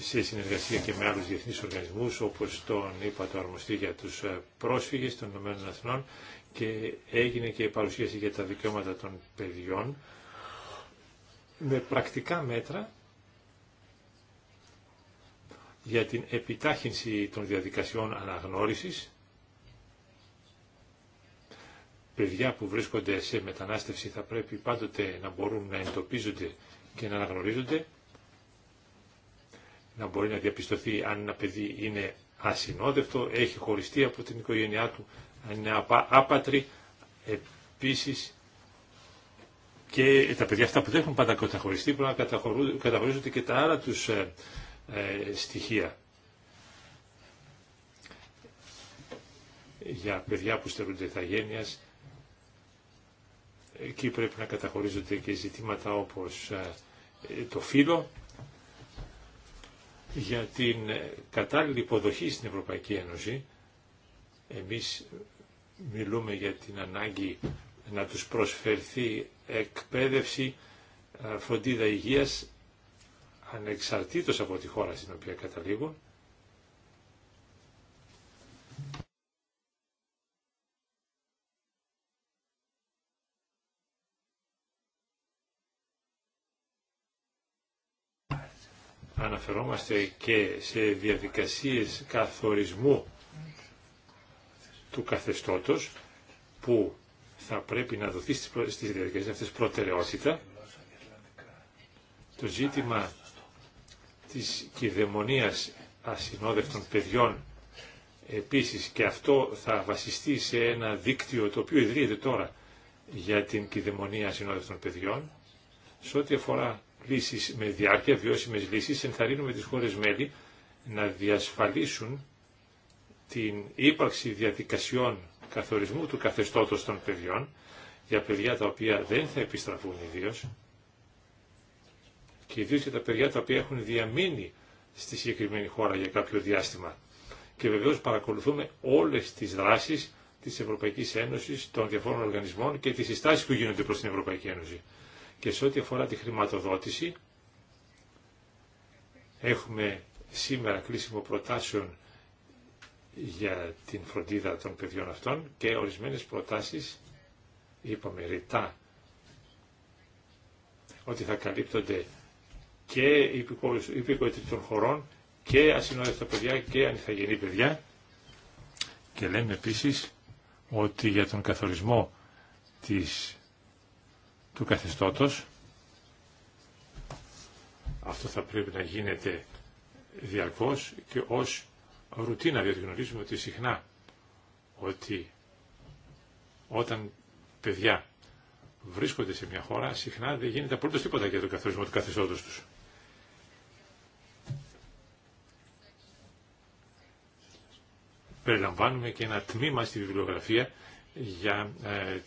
σε συνεργασία και με άλλους διεθνείς οργανισμούς όπως τον είπα το αρμοστή για τους ε, πρόσφυγες των ΗΠΑ και έγινε και η παρουσίαση για τα δικαιώματα των παιδιών με πρακτικά μέτρα για την επιτάχυνση των διαδικασιών αναγνώρισης. Παιδιά που βρίσκονται σε μετανάστευση θα πρέπει πάντοτε να μπορούν να εντοπίζονται και να αναγνωρίζονται, να μπορεί να διαπιστωθεί αν ένα παιδί είναι ασυνόδευτο, έχει χωριστεί από την οικογένειά του, αν είναι άπατρη, επίσης και τα παιδιά αυτά που δεν έχουν πάντα καταχωριστεί πρέπει να καταχωρίζονται και τα άλλα τους ε, ε, στοιχεία για παιδιά που στερούνται ηθαγένειας. Εκεί πρέπει να καταχωρίζονται και ζητήματα όπως ε, το φύλλο για την ε, κατάλληλη υποδοχή στην Ευρωπαϊκή Ένωση. Εμείς μιλούμε για την ανάγκη να τους προσφερθεί εκπαίδευση, φροντίδα υγείας ανεξαρτήτως από τη χώρα στην οποία καταλήγουν, αναφερόμαστε και σε διαδικασίες καθορισμού του καθεστώτος που θα πρέπει να δοθεί στις διαδικασίες αυτές προτεραιότητα. Το ζήτημα της κυδαιμονίας ασυνόδευτων παιδιών επίσης και αυτό θα βασιστεί σε ένα δίκτυο το οποίο ιδρύεται τώρα για την κυδαιμονία ασυνόδευτων παιδιών. Σε ό,τι αφορά λύσεις με διάρκεια, βιώσιμες λύσεις, ενθαρρύνουμε τις χώρες μέλη να διασφαλίσουν την ύπαρξη διαδικασιών καθορισμού του καθεστώτος των παιδιών για παιδιά τα οποία δεν θα επιστραφούν ιδίως και ιδίω για τα παιδιά τα οποία έχουν διαμείνει στη συγκεκριμένη χώρα για κάποιο διάστημα. Και βεβαίως παρακολουθούμε όλες τις δράσεις της Ευρωπαϊκής Ένωσης, των διαφόρων οργανισμών και τι συστάσεις που γίνονται προς την Ευρωπαϊκή Ένωση. Και σε ό,τι αφορά τη χρηματοδότηση, έχουμε σήμερα κλείσιμο προτάσεων για την φροντίδα των παιδιών αυτών και ορισμένες προτάσεις, είπαμε ρητά, ότι θα καλύπτονται και υπηκοητή των χωρών και ασυνόδευτα παιδιά και ανηθαγενή παιδιά. Και λέμε επίσης ότι για τον καθορισμό της, του καθεστώτος αυτό θα πρέπει να γίνεται διαρκώς και ως ρουτίνα, διότι γνωρίζουμε ότι συχνά ότι όταν παιδιά βρίσκονται σε μια χώρα, συχνά δεν γίνεται απολύτως τίποτα για τον καθορισμό του καθεστώτος τους. περιλαμβάνουμε και ένα τμήμα στη βιβλιογραφία για,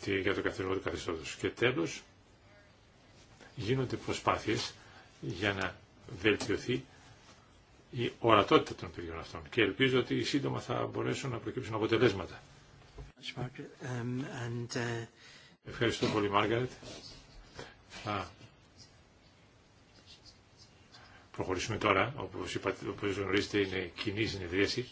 ε, το καθημερινό του καθεστώτος. Και τέλος, γίνονται προσπάθειες για να βελτιωθεί η ορατότητα των παιδιών αυτών και ελπίζω ότι σύντομα θα μπορέσουν να προκύψουν αποτελέσματα. Ευχαριστώ πολύ Μάργαρετ. προχωρήσουμε τώρα, όπως, είπατε, όπως γνωρίζετε είναι κοινή συνεδρίαση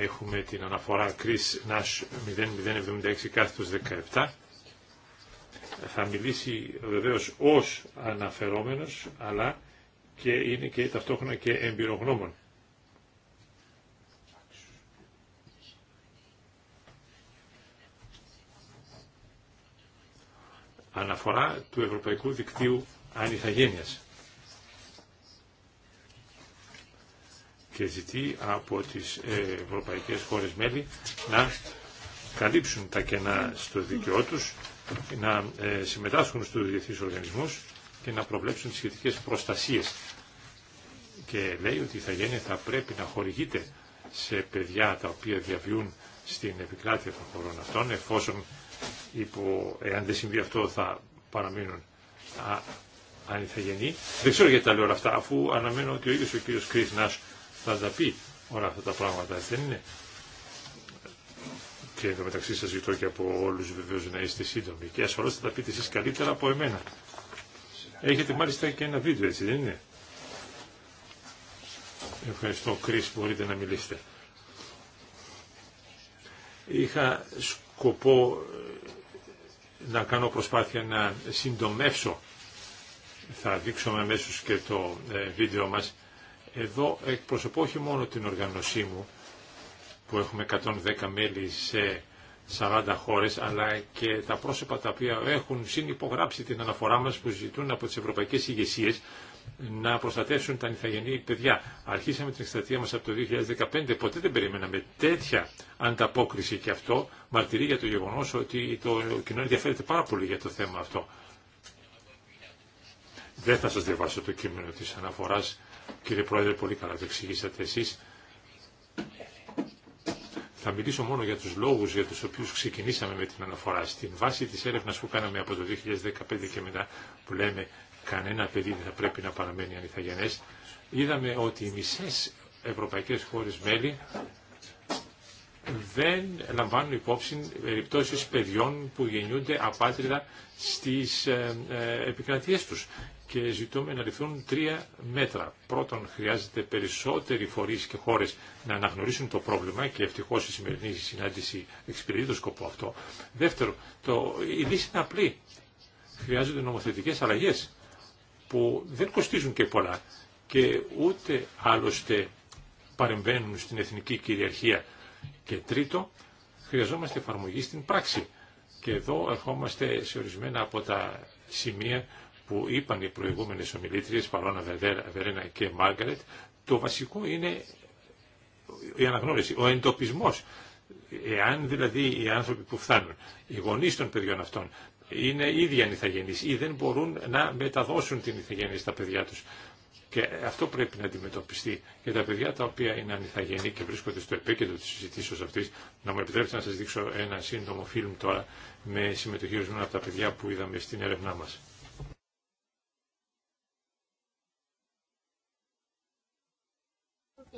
Έχουμε την αναφορά Chris Nash 0076 κάθετος 17. Θα μιλήσει βεβαίως ως αναφερόμενος, αλλά και είναι και ταυτόχρονα και εμπειρογνώμων. Αναφορά του Ευρωπαϊκού Δικτύου Ανιθαγένειας. και ζητεί από τις ε, ευρωπαϊκές χώρες μέλη να καλύψουν τα κενά στο δίκαιό τους, να ε, συμμετάσχουν στους διεθνείς οργανισμούς και να προβλέψουν τις σχετικές προστασίες. Και λέει ότι η Ιθαγένεια θα πρέπει να χορηγείται σε παιδιά τα οποία διαβιούν στην επικράτεια των χωρών αυτών, εφόσον υπό, εάν δεν συμβεί αυτό θα παραμείνουν η Δεν ξέρω γιατί τα λέω όλα αυτά, αφού αναμένω ότι ο ίδιος ο κύριος Κρίθνας θα τα πει όλα αυτά τα πράγματα, δεν είναι. Και εδώ μεταξύ σας ζητώ και από όλους βεβαίως να είστε σύντομοι και ασφαλώς θα τα πείτε εσείς καλύτερα από εμένα. Έχετε μάλιστα και ένα βίντεο έτσι δεν είναι. Ευχαριστώ Κρίς, μπορείτε να μιλήσετε. Είχα σκοπό ε, να κάνω προσπάθεια να συντομεύσω. Θα δείξω αμέσως και το ε, βίντεο μας. Εδώ εκπροσωπώ όχι μόνο την οργανωσή μου, που έχουμε 110 μέλη σε 40 χώρες, αλλά και τα πρόσωπα τα οποία έχουν συνυπογράψει την αναφορά μας που ζητούν από τις ευρωπαϊκές ηγεσίε να προστατεύσουν τα νηθαγενή παιδιά. Αρχίσαμε την εκστρατεία μας από το 2015, ποτέ δεν περιμέναμε τέτοια ανταπόκριση και αυτό μαρτυρεί για το γεγονός ότι το κοινό ενδιαφέρεται πάρα πολύ για το θέμα αυτό. Δεν θα σας διαβάσω το κείμενο της αναφοράς, Κύριε Πρόεδρε, πολύ καλά το εξηγήσατε εσείς. Θα μιλήσω μόνο για τους λόγους για τους οποίους ξεκινήσαμε με την αναφορά. Στην βάση της έρευνας που κάναμε από το 2015 και μετά που λέμε κανένα παιδί δεν θα πρέπει να παραμένει ανιθαγενές, είδαμε ότι οι μισές ευρωπαϊκές χώρες μέλη δεν λαμβάνουν υπόψη περιπτώσεις παιδιών που γεννιούνται απάτριδα στις ε, ε, επικρατείες τους και ζητούμε να ληφθούν τρία μέτρα. Πρώτον, χρειάζεται περισσότεροι φορείς και χώρες να αναγνωρίσουν το πρόβλημα και ευτυχώς η σημερινή συνάντηση εξυπηρετεί το σκοπό αυτό. Δεύτερον, το, η λύση είναι απλή. Χρειάζονται νομοθετικές αλλαγές που δεν κοστίζουν και πολλά και ούτε άλλωστε παρεμβαίνουν στην εθνική κυριαρχία. Και τρίτο, χρειαζόμαστε εφαρμογή στην πράξη. Και εδώ ερχόμαστε σε ορισμένα από τα σημεία που είπαν οι προηγούμενες ομιλήτριες, Παλώνα Βερένα και Μάγκαρετ, το βασικό είναι η αναγνώριση, ο εντοπισμός. Εάν δηλαδή οι άνθρωποι που φτάνουν, οι γονείς των παιδιών αυτών, είναι ήδη ανηθαγενείς ή δεν μπορούν να μεταδώσουν την ηθαγένεια στα παιδιά τους. Και αυτό πρέπει να αντιμετωπιστεί. Και τα παιδιά τα οποία είναι ανηθαγενή και βρίσκονται στο επίκεντρο τη συζητήσεω αυτή, να μου επιτρέψετε να σα δείξω ένα σύντομο φιλμ τώρα με συμμετοχή ορισμένων από τα παιδιά που είδαμε στην έρευνά μα.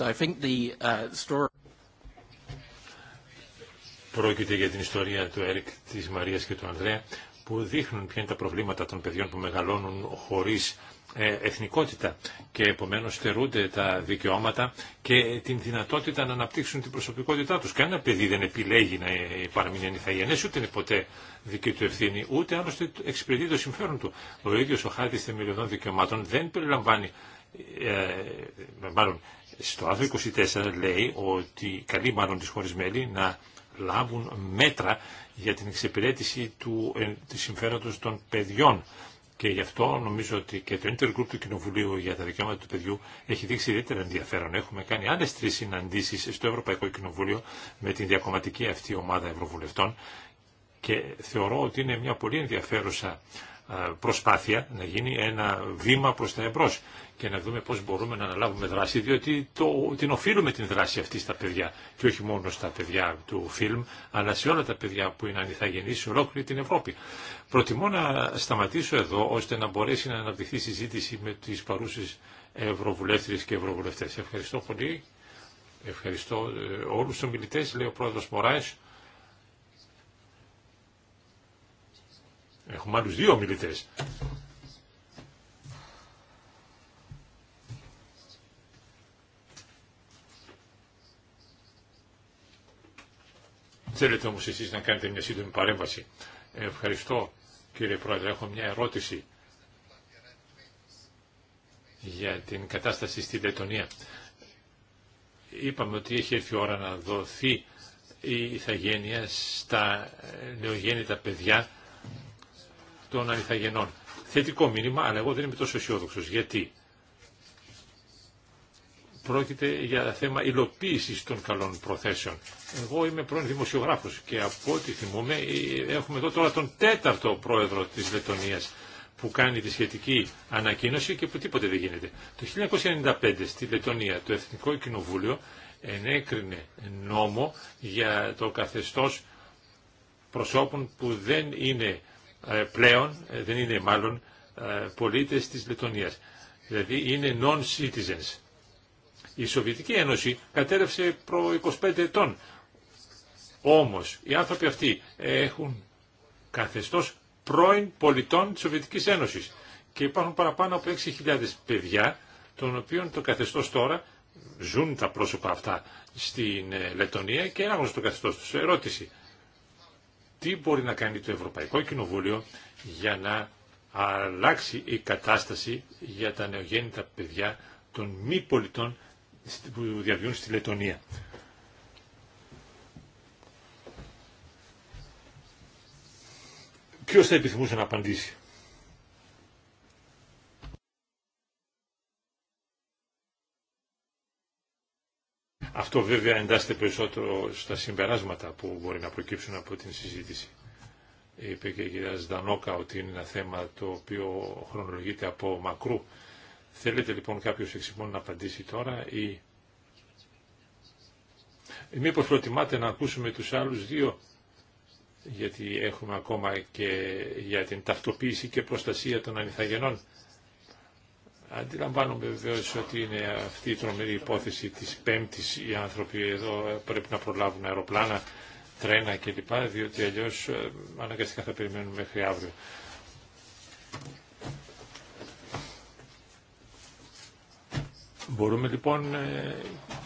I think the, uh, story... Πρόκειται για την ιστορία του Έρικ, της Μαρίας και του Ανδρέα που δείχνουν ποια είναι τα προβλήματα των παιδιών που μεγαλώνουν χωρίς ε, εθνικότητα και επομένως στερούνται τα δικαιώματα και την δυνατότητα να αναπτύξουν την προσωπικότητά τους. Κανένα παιδί δεν επιλέγει να ε, παραμείνει ανηθαγενές, ούτε είναι ποτέ δική του ευθύνη, ούτε άλλωστε εξυπηρετεί το συμφέρον του. Ο ίδιος ο χάρτης θεμελιωδών δικαιωμάτων δεν περιλαμβάνει, ε, μάλλον στο άρθρο 24 λέει ότι καλεί μάλλον τις χώρες μέλη να λάβουν μέτρα για την εξυπηρέτηση του, ε, του συμφέροντος των παιδιών. Και γι' αυτό νομίζω ότι και το Intergroup του Κοινοβουλίου για τα Δικαιώματα του Παιδιού έχει δείξει ιδιαίτερα ενδιαφέρον. Έχουμε κάνει άλλε τρει συναντήσει στο Ευρωπαϊκό Κοινοβούλιο με την διακομματική αυτή ομάδα Ευρωβουλευτών και θεωρώ ότι είναι μια πολύ ενδιαφέρουσα ε, προσπάθεια να γίνει ένα βήμα προς τα εμπρός και να δούμε πώς μπορούμε να αναλάβουμε δράση, διότι το, την οφείλουμε την δράση αυτή στα παιδιά και όχι μόνο στα παιδιά του φιλμ, αλλά σε όλα τα παιδιά που είναι ανιθαγενείς σε ολόκληρη την Ευρώπη. Προτιμώ να σταματήσω εδώ ώστε να μπορέσει να αναπτυχθεί η συζήτηση με τις παρούσες ευρωβουλεύτριες και ευρωβουλευτές. Ευχαριστώ πολύ. Ευχαριστώ ε, όλους τους ομιλητές, λέει ο πρόεδρος Μωράης. Έχουμε άλλους δύο ομιλητές. Θέλετε όμως εσείς να κάνετε μια σύντομη παρέμβαση. Ευχαριστώ κύριε Πρόεδρε. Έχω μια ερώτηση για την κατάσταση στη Λετωνία. Είπαμε ότι έχει έρθει η ώρα να δοθεί η ηθαγένεια στα νεογέννητα παιδιά των ανηθαγενών. Θετικό μήνυμα, αλλά εγώ δεν είμαι τόσο αισιόδοξο. Γιατί πρόκειται για θέμα υλοποίηση των καλών προθέσεων. Εγώ είμαι πρώην δημοσιογράφος και από ό,τι θυμούμε ε, έχουμε εδώ τώρα τον τέταρτο πρόεδρο της Λετωνία που κάνει τη σχετική ανακοίνωση και που τίποτε δεν γίνεται. Το 1995 στη Λετωνία το Εθνικό Κοινοβούλιο ενέκρινε νόμο για το καθεστώς προσώπων που δεν είναι ε, πλέον ε, δεν είναι μάλλον ε, πολίτες της Λετωνίας. Δηλαδή είναι non-citizens. Η Σοβιετική Ένωση κατέρευσε προ 25 ετών. Όμως οι άνθρωποι αυτοί έχουν καθεστώς πρώην πολιτών της Σοβιετικής Ένωσης και υπάρχουν παραπάνω από 6.000 παιδιά των οποίων το καθεστώς τώρα ζουν τα πρόσωπα αυτά στην Λετωνία και είναι άγνωστο το καθεστώς τους. Ερώτηση τι μπορεί να κάνει το Ευρωπαϊκό Κοινοβούλιο για να αλλάξει η κατάσταση για τα νεογέννητα παιδιά των μη πολιτών που διαβιούν στη Λετωνία. Ποιος θα επιθυμούσε να απαντήσει. Αυτό βέβαια εντάσσεται περισσότερο στα συμπεράσματα που μπορεί να προκύψουν από την συζήτηση. Είπε και η κυρία Σδανόκα ότι είναι ένα θέμα το οποίο χρονολογείται από μακρού. Θέλετε λοιπόν κάποιο εξημών να απαντήσει τώρα ή... Μήπως προτιμάτε να ακούσουμε τους άλλους δύο, γιατί έχουμε ακόμα και για την ταυτοποίηση και προστασία των ανιθαγενών. Αντιλαμβάνομαι βεβαίω ότι είναι αυτή η τρομερή υπόθεση τη πέμπτη. Οι άνθρωποι εδώ πρέπει να προλάβουν αεροπλάνα, τρένα κλπ. Διότι αλλιώ ε, αναγκαστικά θα περιμένουν μέχρι αύριο. Μπορούμε λοιπόν, ε,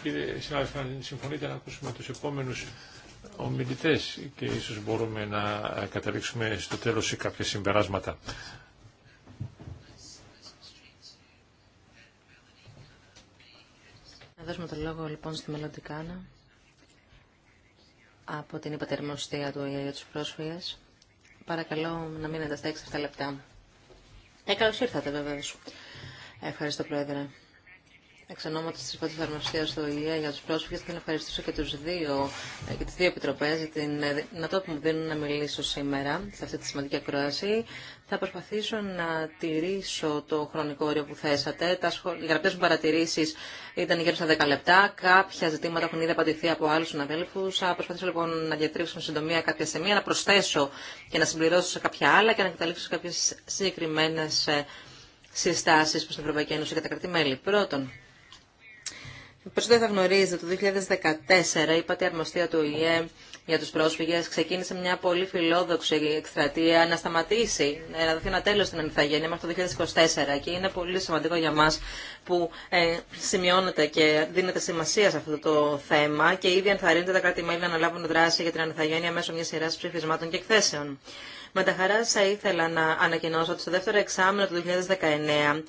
κύριε συνάδελφοι, αν συμφωνείτε, να ακούσουμε τους επόμενους ομιλητές και ίσως μπορούμε να καταλήξουμε στο τέλο σε κάποια συμπεράσματα. δώσουμε το λόγο λοιπόν στη Μελλοντικάνα από την υπατερμοστία του για τους Παρακαλώ να μείνετε στα 6-7 λεπτά. Ε, καλώς ήρθατε βεβαίως. Ευχαριστώ Πρόεδρε. Εξ ονόματο τη Υπότιτλη Αρμοσία του ΙΕ για του πρόσφυγε, θέλω να ευχαριστήσω και, τους δύο, ε, και τι δύο επιτροπέ για την δυνατότητα ε, που μου δίνουν να μιλήσω σήμερα σε αυτή τη σημαντική ακρόαση. Θα προσπαθήσω να τηρήσω το χρονικό όριο που θέσατε. Τα Οι γραπτέ μου παρατηρήσει ήταν γύρω στα 10 λεπτά. Κάποια ζητήματα έχουν ήδη απαντηθεί από άλλου συναδέλφου. Θα προσπαθήσω λοιπόν να διατρέψω συντομία κάποια σημεία, να προσθέσω και να συμπληρώσω σε κάποια άλλα και να καταλήξω σε κάποιε συγκεκριμένε ε, συστάσει προ την Ευρωπαϊκή Ένωση για τα κρατημέλη. Πρώτον, δεν θα γνωρίζετε, το 2014 η αρμοστία του ΙΕ για τους πρόσφυγες ξεκίνησε μια πολύ φιλόδοξη εκστρατεία να σταματήσει, να δοθεί ένα τέλος στην ανηθαγένεια μέχρι το 2024 και είναι πολύ σημαντικό για μας που ε, σημειώνεται και δίνεται σημασία σε αυτό το θέμα και ήδη ενθαρρύνεται τα κράτη-μέλη να αναλάβουν δράση για την ανηθαγένεια μέσω μιας σειράς ψηφισμάτων και εκθέσεων. Με τα χαρά σας ήθελα να ανακοινώσω ότι στο δεύτερο εξάμεινο του 2019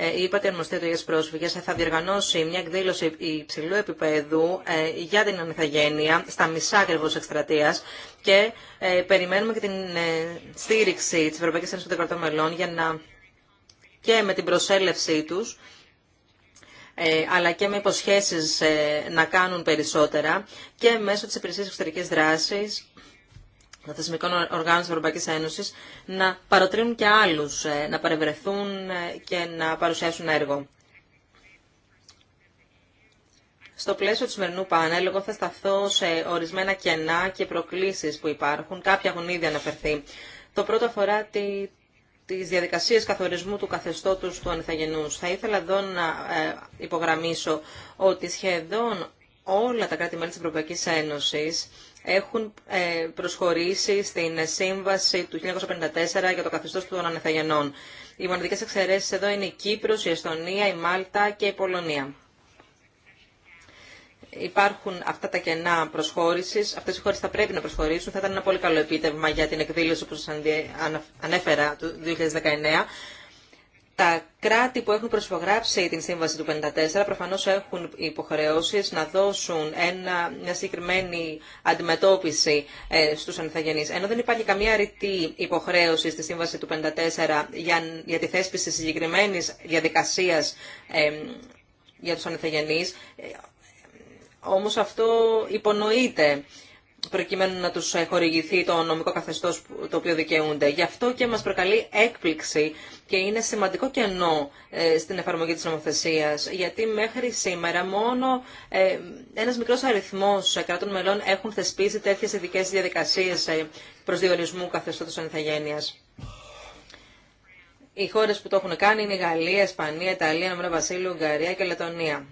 ε, είπατε αρμοστέτο για τις πρόσφυγες, θα διοργανώσει μια εκδήλωση υψηλού επίπεδου ε, για την ανηθαγένεια στα μισά ακριβώ εκστρατεία και ε, περιμένουμε και την στήριξη της Ευρωπαϊκής Ένωσης των Κρατών Μελών για να και με την προσέλευσή τους αλλά και με υποσχέσεις να κάνουν περισσότερα και μέσω της υπηρεσίας εξωτερικής δράσης θεσμικών οργάνων της Ευρωπαϊκής Ένωσης να παροτρύνουν και άλλους ε, να παρευρεθούν ε, και να παρουσιάσουν έργο. Στο πλαίσιο του σημερινού πάνελ, εγώ θα σταθώ σε ορισμένα κενά και προκλήσεις που υπάρχουν. Κάποια έχουν ήδη αναφερθεί. Το πρώτο αφορά τη, τις διαδικασίες καθορισμού του καθεστώτος του ανεθαγενούς. Θα ήθελα εδώ να ε, υπογραμμίσω ότι σχεδόν όλα τα κράτη-μέλη της Ευρωπαϊκής Ένωσης έχουν ε, προσχωρήσει στην σύμβαση του 1954 για το καθεστώς των ανεθαγενών. Οι μοναδικές εξαιρέσεις εδώ είναι η Κύπρος, η Εστονία, η Μάλτα και η Πολωνία. Υπάρχουν αυτά τα κενά προσχώρηση. Αυτέ οι χώρε θα πρέπει να προσχωρήσουν. Θα ήταν ένα πολύ καλό επίτευγμα για την εκδήλωση που σα ανέφερα το 2019. Τα κράτη που έχουν προσφογράψει την Σύμβαση του 54 προφανώς έχουν υποχρεώσεις να δώσουν ένα, μια συγκεκριμένη αντιμετώπιση ε, στους ανθαγενείς. Ενώ δεν υπάρχει καμία ρητή υποχρέωση στη Σύμβαση του 54 για, για τη θέσπιση συγκεκριμένης διαδικασίας ε, για τους ανθαγενείς, ε, όμως αυτό υπονοείται προκειμένου να τους χορηγηθεί το νομικό καθεστώς το οποίο δικαιούνται. Γι' αυτό και μας προκαλεί έκπληξη και είναι σημαντικό κενό ε, στην εφαρμογή της νομοθεσίας, γιατί μέχρι σήμερα μόνο ε, ένας μικρός αριθμός κρατών μελών έχουν θεσπίσει τέτοιες ειδικέ διαδικασίες ε, προς διορισμού καθεστώτος ανθαγένειας. Οι χώρες που το έχουν κάνει είναι η Γαλλία, Ισπανία, Ιταλία, Νομένα Βασίλειο, Ουγγαρία και Λετωνία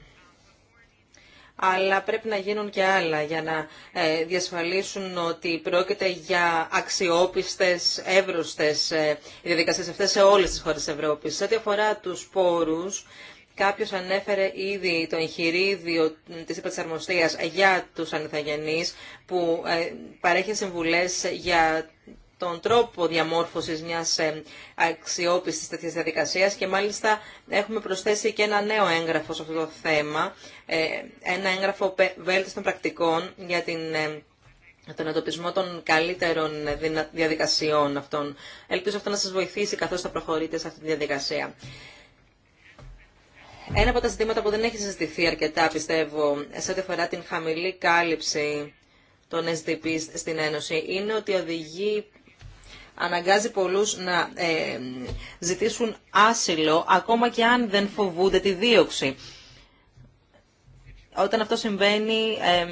αλλά πρέπει να γίνουν και άλλα για να ε, διασφαλίσουν ότι πρόκειται για αξιόπιστες, εύρωστες ε, διαδικασίες αυτές σε όλες τις χώρες της Ευρώπης. Σε ό,τι αφορά τους πόρους, κάποιος ανέφερε ήδη το εγχειρίδιο της υπερσαρμοστίας για τους ανεθαγενείς που ε, παρέχει συμβουλές για τον τρόπο διαμόρφωσης μιας ε, αξιόπιστης τέτοιας διαδικασίας και μάλιστα έχουμε προσθέσει και ένα νέο έγγραφο σε αυτό το θέμα, ε, ένα έγγραφο βέλτιστων πρακτικών για την ε, τον εντοπισμό των καλύτερων διαδικασιών αυτών. Ελπίζω αυτό να σας βοηθήσει καθώς θα προχωρείτε σε αυτή τη διαδικασία. Ένα από τα ζητήματα που δεν έχει συζητηθεί αρκετά, πιστεύω, σε ό,τι αφορά την χαμηλή κάλυψη των SDP στην Ένωση, είναι ότι οδηγεί αναγκάζει πολλούς να ε, ζητήσουν άσυλο ακόμα και αν δεν φοβούνται τη δίωξη. Όταν αυτό συμβαίνει ε,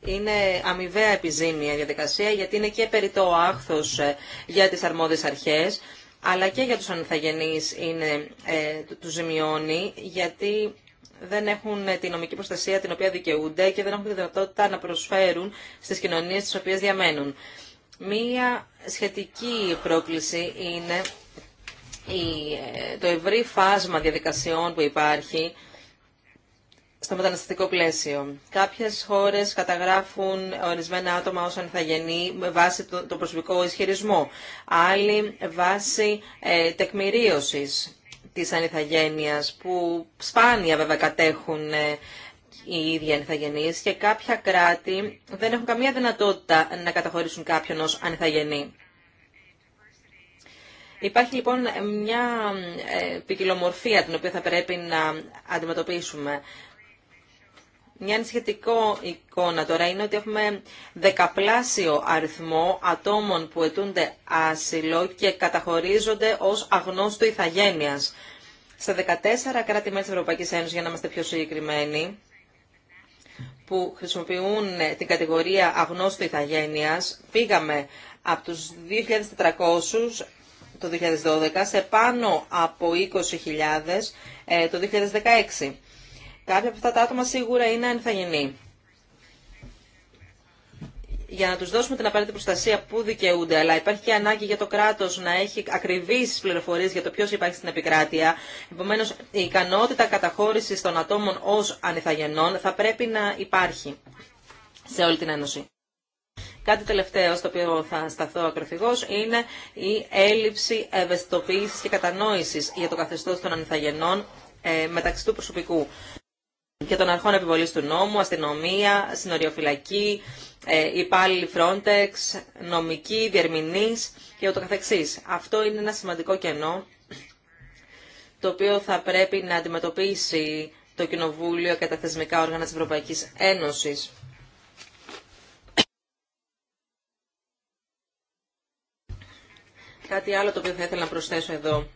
είναι αμοιβαία επιζήμια διαδικασία γιατί είναι και περί το άχθος ε, για τις αρμόδιες αρχές αλλά και για τους ανθαγενείς είναι, του ζημιώνει γιατί δεν έχουν τη νομική προστασία την οποία δικαιούνται και δεν έχουν τη δυνατότητα να προσφέρουν στις κοινωνίες τις οποίες διαμένουν. Μία σχετική πρόκληση είναι ε, το ευρύ φάσμα διαδικασιών που υπάρχει στο μεταναστευτικό πλαίσιο. Κάποιες χώρες καταγράφουν ορισμένα άτομα ως ανθαγενή με βάση το προσωπικό ισχυρισμό. Άλλοι βάση ε, τεκμηρίωσης της ανιθαγένειας που σπάνια βέβαια κατέχουν ε, η ίδια ανηθαγενείς και κάποια κράτη δεν έχουν καμία δυνατότητα να καταχωρήσουν κάποιον ως ανιθαγενή. Υπάρχει λοιπόν μια ε, ποικιλομορφία την οποία θα πρέπει να αντιμετωπίσουμε. Μια ανησυχητικό εικόνα τώρα είναι ότι έχουμε δεκαπλάσιο αριθμό ατόμων που αιτούνται άσυλο και καταχωρίζονται ως αγνώστου ηθαγένειας. Στα 14 κράτη-μέλη της Ευρωπαϊκής Ένωσης, για να είμαστε πιο συγκεκριμένοι, που χρησιμοποιούν ε, την κατηγορία αγνώστου ηθαγένειας, πήγαμε από τους 2.400 το 2012 σε πάνω από 20.000 ε, το 2016. Κάποια από αυτά τα άτομα σίγουρα είναι ενθαγενή για να τους δώσουμε την απαραίτητη προστασία που δικαιούνται, αλλά υπάρχει και ανάγκη για το κράτος να έχει ακριβείς πληροφορίες για το ποιος υπάρχει στην επικράτεια. Επομένως, η ικανότητα καταχώρησης των ατόμων ως ανιθαγενών θα πρέπει να υπάρχει σε όλη την Ένωση. Κάτι τελευταίο στο οποίο θα σταθώ ακροφηγώ είναι η έλλειψη ευαισθητοποίησης και κατανόησης για το καθεστώς των ανιθαγενών ε, μεταξύ του προσωπικού και των αρχών επιβολή του νόμου, αστυνομία, συνοριοφυλακή, ε, υπάλληλοι Frontex, νομική, διερμηνείς και ούτω καθεξής. Αυτό είναι ένα σημαντικό κενό το οποίο θα πρέπει να αντιμετωπίσει το Κοινοβούλιο και τα θεσμικά όργανα της Ευρωπαϊκής Ένωσης. Κάτι άλλο το οποίο θα ήθελα να προσθέσω εδώ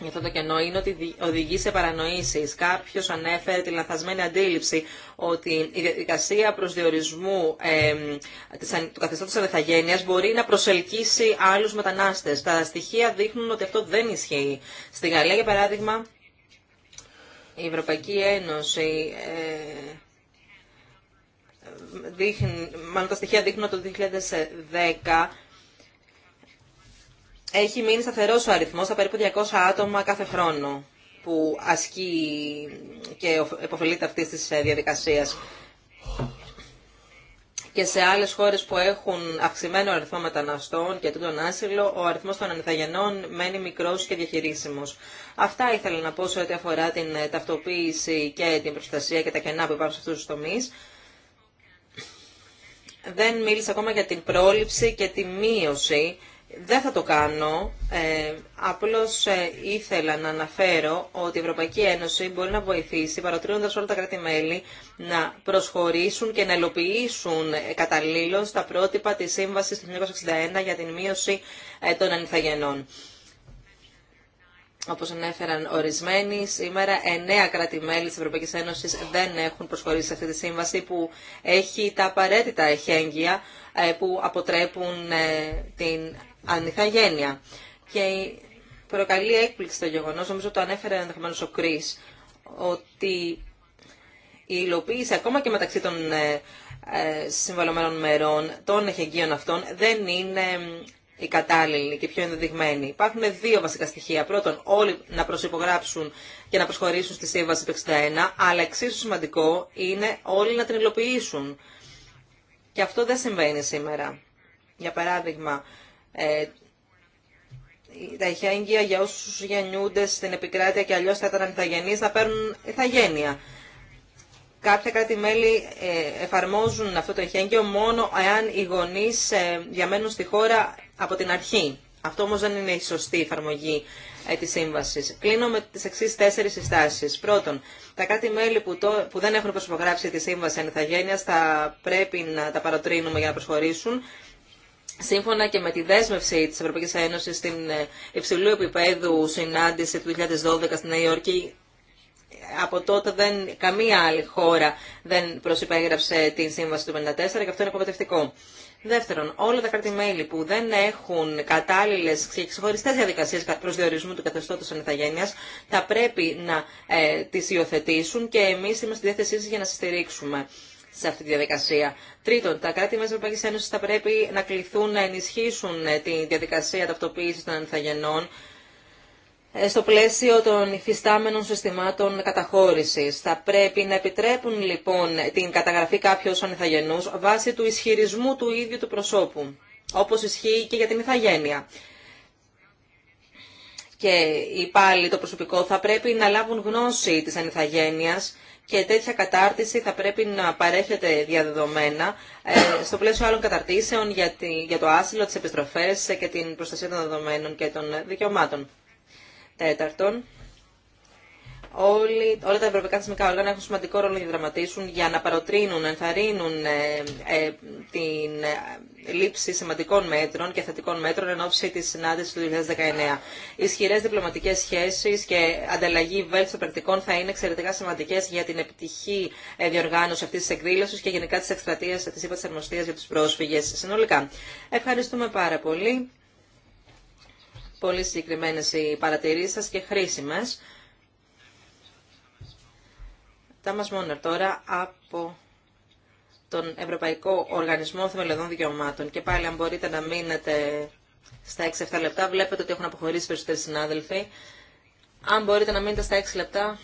Γι' αυτό το κενό είναι ότι οδηγεί σε παρανοήσει. Κάποιο ανέφερε τη λανθασμένη αντίληψη ότι η διαδικασία προσδιορισμού ε, του καθεστώτος ανεθαγένεια μπορεί να προσελκύσει άλλους μετανάστες. Τα στοιχεία δείχνουν ότι αυτό δεν ισχύει. Στη Γαλλία, για παράδειγμα, η Ευρωπαϊκή Ένωση... Ε, μάλλον τα στοιχεία δείχνουν ότι το 2010 έχει μείνει σταθερό ο αριθμός, στα περίπου 200 άτομα κάθε χρόνο που ασκεί και επωφελείται αυτή τη ε, διαδικασία. Και σε άλλες χώρες που έχουν αυξημένο αριθμό μεταναστών και τούτον άσυλο, ο αριθμός των ανεθαγενών μένει μικρός και διαχειρίσιμος. Αυτά ήθελα να πω σε ό,τι αφορά την ε, ταυτοποίηση και την προστασία και τα κενά που υπάρχουν σε αυτού του τομεί. Δεν μίλησα ακόμα για την πρόληψη και τη μείωση δεν θα το κάνω, ε, απλώς ε, ήθελα να αναφέρω ότι η Ευρωπαϊκή Ένωση μπορεί να βοηθήσει παροτρύνοντας όλα τα κράτη-μέλη να προσχωρήσουν και να ελοποιήσουν ε, καταλήλως τα πρότυπα της Σύμβασης του 1961 για την μείωση ε, των ανιθαγενών. Όπως ανέφεραν ορισμένοι, σήμερα εννέα κράτη-μέλη της Ευρωπαϊκής Ένωσης δεν έχουν προσχωρήσει σε αυτή τη σύμβαση που έχει τα απαραίτητα εχέγγυα που αποτρέπουν την γένεια. Και προκαλεί έκπληξη το γεγονό, νομίζω το ανέφερε ενδεχομένω ο Κρί, ότι η υλοποίηση ακόμα και μεταξύ των ε, ε, συμβαλωμένων μερών των εχεγγύων αυτών δεν είναι η κατάλληλη και πιο ενδεδειγμένη. Υπάρχουν δύο βασικά στοιχεία. Πρώτον, όλοι να προσυπογράψουν και να προσχωρήσουν στη Σύμβαση του 61, αλλά εξίσου σημαντικό είναι όλοι να την υλοποιήσουν. Και αυτό δεν συμβαίνει σήμερα. Για παράδειγμα, ε, τα ηχέγγυα για όσου γεννιούνται στην επικράτεια και αλλιώ θα ήταν ανηθαγενεί να παίρνουν ηθαγένεια. Κάποια κράτη-μέλη ε, εφαρμόζουν αυτό το ηχέγγυο μόνο εάν οι γονεί ε, διαμένουν στη χώρα από την αρχή. Αυτό όμω δεν είναι η σωστή εφαρμογή τη σύμβαση. Κλείνω με τι εξή τέσσερι συστάσει. Πρώτον, τα κράτη-μέλη που, που δεν έχουν προσυπογράψει τη σύμβαση ανηθαγένεια θα πρέπει να τα παροτρύνουμε για να προσχωρήσουν. Σύμφωνα και με τη δέσμευση τη Ευρωπαϊκή Ένωση στην ε, υψηλού επίπεδου συνάντηση του 2012 στη Νέα Υόρκη, από τότε δεν, καμία άλλη χώρα δεν προσυπέγραψε την σύμβαση του 1954 και αυτό είναι απογοητευτικό. Δεύτερον, όλα τα κράτη-μέλη που δεν έχουν κατάλληλε και ξεχωριστέ διαδικασίε διορισμού του καθεστώτο ανεθαγένεια θα πρέπει να ε, τι υιοθετήσουν και εμεί είμαστε στη διάθεσή για να σα στηρίξουμε σε αυτή τη διαδικασία. Τρίτον, τα κράτη μέσα Ευρωπαϊκή Ένωση θα πρέπει να κληθούν να ενισχύσουν ε, τη διαδικασία ταυτοποίηση των ανθαγενών ε, στο πλαίσιο των υφιστάμενων συστημάτων καταχώρησης. Θα πρέπει να επιτρέπουν λοιπόν την καταγραφή κάποιου ως βάσει του ισχυρισμού του ίδιου του προσώπου, όπως ισχύει και για την ηθαγένεια. Και οι πάλι το προσωπικό θα πρέπει να λάβουν γνώση της ανηθαγένειας και τέτοια κατάρτιση θα πρέπει να παρέχεται διαδεδομένα ε, στο πλαίσιο άλλων καταρτήσεων για το άσυλο, τις επιστροφές ε, και την προστασία των δεδομένων και των δικαιωμάτων. Τέταρτον, Όλοι, όλα τα ευρωπαϊκά θεσμικά όργανα έχουν σημαντικό ρόλο να δραματίσουν για να παροτρύνουν, να ενθαρρύνουν ε, ε, την ε, λήψη σημαντικών μέτρων και θετικών μέτρων εν ώψη τη συνάντηση του 2019. Ισχυρέ διπλωματικέ σχέσει και ανταλλαγή βέλτιστων πρακτικών θα είναι εξαιρετικά σημαντικέ για την επιτυχή ε, διοργάνωση αυτή τη εκδήλωση και γενικά τη εκστρατεία τη ΥΠΑ Αρμοστία για του πρόσφυγε συνολικά. Ευχαριστούμε πάρα πολύ. Πολύ συγκεκριμένε οι παρατηρήσει σα και χρήσιμε μας μόνο τώρα από τον Ευρωπαϊκό Οργανισμό Θεμελιωδών Δικαιωμάτων. Και πάλι αν μπορείτε να μείνετε στα 6-7 λεπτά, βλέπετε ότι έχουν αποχωρήσει περισσότεροι συνάδελφοι. Αν μπορείτε να μείνετε στα 6 λεπτά,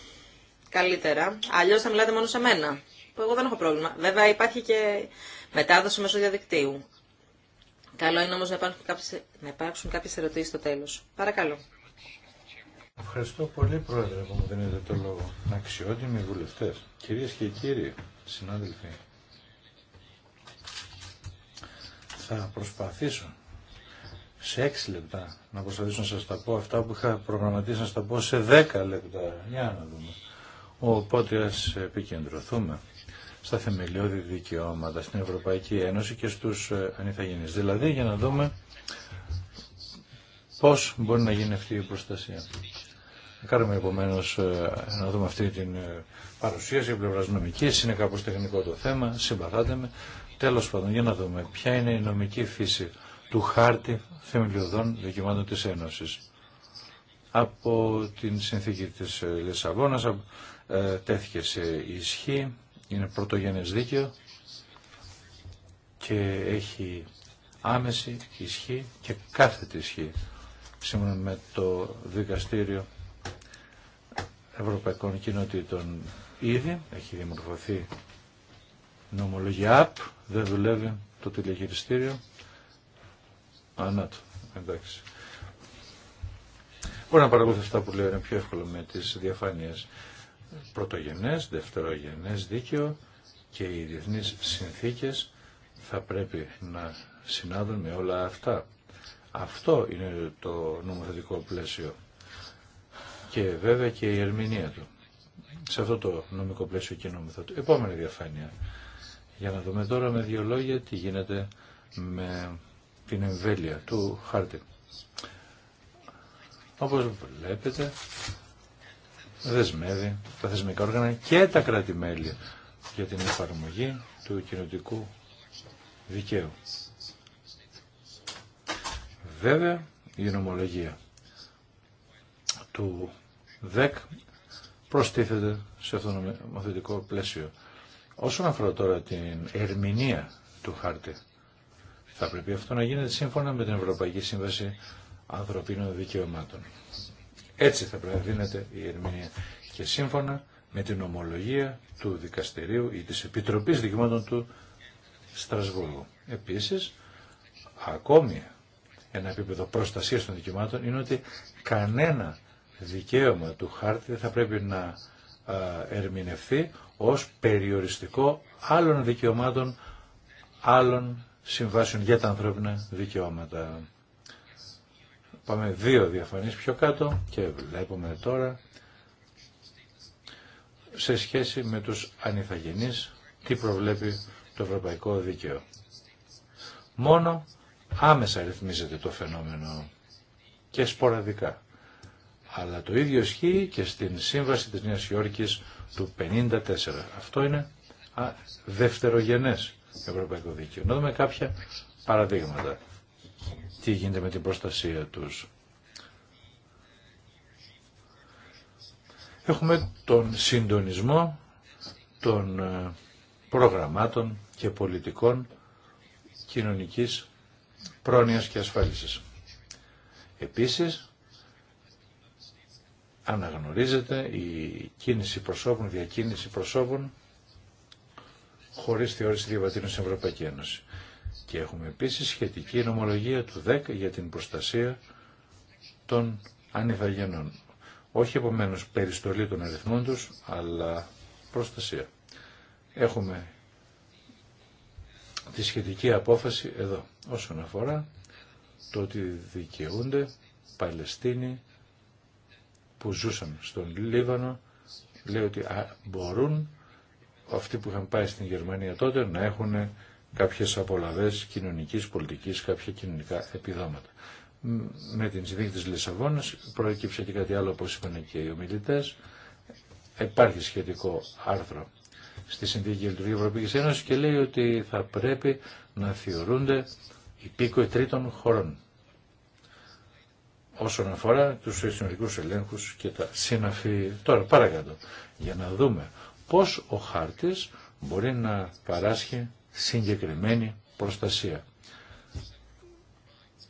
καλύτερα. Αλλιώς θα μιλάτε μόνο σε μένα, που εγώ δεν έχω πρόβλημα. Βέβαια υπάρχει και μετάδοση μέσω διαδικτύου. Καλό είναι όμως να υπάρξουν κάποιες, να κάποιες ερωτήσεις στο τέλος. Παρακαλώ. Ευχαριστώ πολύ, Πρόεδρε, που μου δίνετε το λόγο. Αξιότιμοι βουλευτέ, κυρίε και κύριοι, συνάδελφοι, θα προσπαθήσω σε έξι λεπτά να προσπαθήσω να σα τα πω αυτά που είχα προγραμματίσει να σα τα πω σε δέκα λεπτά. Για να δούμε. Οπότε α επικεντρωθούμε στα θεμελιώδη δικαιώματα στην Ευρωπαϊκή Ένωση και στου ε, ανιθαγενείς. Δηλαδή για να δούμε πώς μπορεί να γίνει αυτή η προστασία. Κάνουμε επομένω ε, να δούμε αυτή την ε, παρουσίαση από πλευρά νομική. Είναι κάπω τεχνικό το θέμα, συμπαράτε με. Τέλο πάντων, για να δούμε ποια είναι η νομική φύση του χάρτη θεμελιωδών δικαιωμάτων τη Ένωση. Από την συνθήκη τη ε, Λισαβόνα τέθηκε σε ισχύ, είναι πρωτογενέ δίκαιο και έχει άμεση ισχύ και κάθετη ισχύ σύμφωνα με το δικαστήριο Ευρωπαϊκών Κοινοτήτων. Ήδη έχει δημορφωθεί νομολογία ΑΠ, δεν δουλεύει το τηλεχειριστήριο. Ανάτο, εντάξει. Μπορεί να παρακολουθήσω αυτά που λέω, είναι πιο εύκολο με τις διαφάνειες. Πρωτογενές, δευτερογενές δίκαιο και οι διεθνείς συνθήκες θα πρέπει να συνάδουν με όλα αυτά. Αυτό είναι το νομοθετικό πλαίσιο και βέβαια και η ερμηνεία του σε αυτό το νομικό πλαίσιο και του. Επόμενη διαφάνεια. Για να δούμε τώρα με δύο λόγια τι γίνεται με την εμβέλεια του χάρτη. Όπως βλέπετε, δεσμεύει τα θεσμικά όργανα και τα κράτη-μέλη για την εφαρμογή του κοινωτικού δικαίου. Βέβαια, η νομολογία του ΔΕΚ προστίθεται σε αυτό το νομοθετικό πλαίσιο. Όσον αφορά τώρα την ερμηνεία του χάρτη, θα πρέπει αυτό να γίνεται σύμφωνα με την Ευρωπαϊκή Σύμβαση Ανθρωπίνων Δικαιωμάτων. Έτσι θα πρέπει να δίνεται η ερμηνεία και σύμφωνα με την ομολογία του Δικαστηρίου ή της Επιτροπής Δικαιωμάτων του Στρασβούργου. Επίσης, ακόμη ένα επίπεδο προστασίας των δικαιωμάτων είναι ότι κανένα δικαίωμα του χάρτη θα πρέπει να ερμηνευθεί ως περιοριστικό άλλων δικαιωμάτων, άλλων συμβάσεων για τα ανθρώπινα δικαιώματα. Πάμε δύο διαφανείς πιο κάτω και βλέπουμε τώρα σε σχέση με τους ανιθαγενείς τι προβλέπει το ευρωπαϊκό δίκαιο. Μόνο άμεσα ρυθμίζεται το φαινόμενο και σποραδικά. Αλλά το ίδιο ισχύει και στην σύμβαση της Νέας Υόρκης του 54. Αυτό είναι α, δευτερογενές ευρωπαϊκό δίκαιο. Να δούμε κάποια παραδείγματα. Τι γίνεται με την προστασία τους. Έχουμε τον συντονισμό των ε, προγραμμάτων και πολιτικών κοινωνικής πρόνοιας και ασφάλισης. Επίσης, αναγνωρίζεται η κίνηση προσώπων, διακίνηση προσώπων χωρίς θεώρηση διαβατήρων στην Ευρωπαϊκή Ένωση. Και έχουμε επίσης σχετική νομολογία του ΔΕΚ για την προστασία των ανιβαγενών. Όχι επομένως περιστολή των αριθμών τους, αλλά προστασία. Έχουμε τη σχετική απόφαση εδώ, όσον αφορά το ότι δικαιούνται Παλαιστίνοι, που ζούσαν στον Λίβανο λέει ότι μπορούν αυτοί που είχαν πάει στην Γερμανία τότε να έχουν κάποιες απολαβές κοινωνικής πολιτικής, κάποια κοινωνικά επιδόματα. Με την συνθήκη της Λισαβόνας προέκυψε και κάτι άλλο όπως είπαν και οι ομιλητές. Υπάρχει σχετικό άρθρο στη Συνθήκη Λειτουργία Ευρωπαϊκής Ένωσης και λέει ότι θα πρέπει να θεωρούνται υπήκοοι τρίτων χωρών όσον αφορά τους συνολικούς ελέγχους και τα σύναφη. Τώρα παρακάτω, για να δούμε πώς ο χάρτης μπορεί να παράσχει συγκεκριμένη προστασία.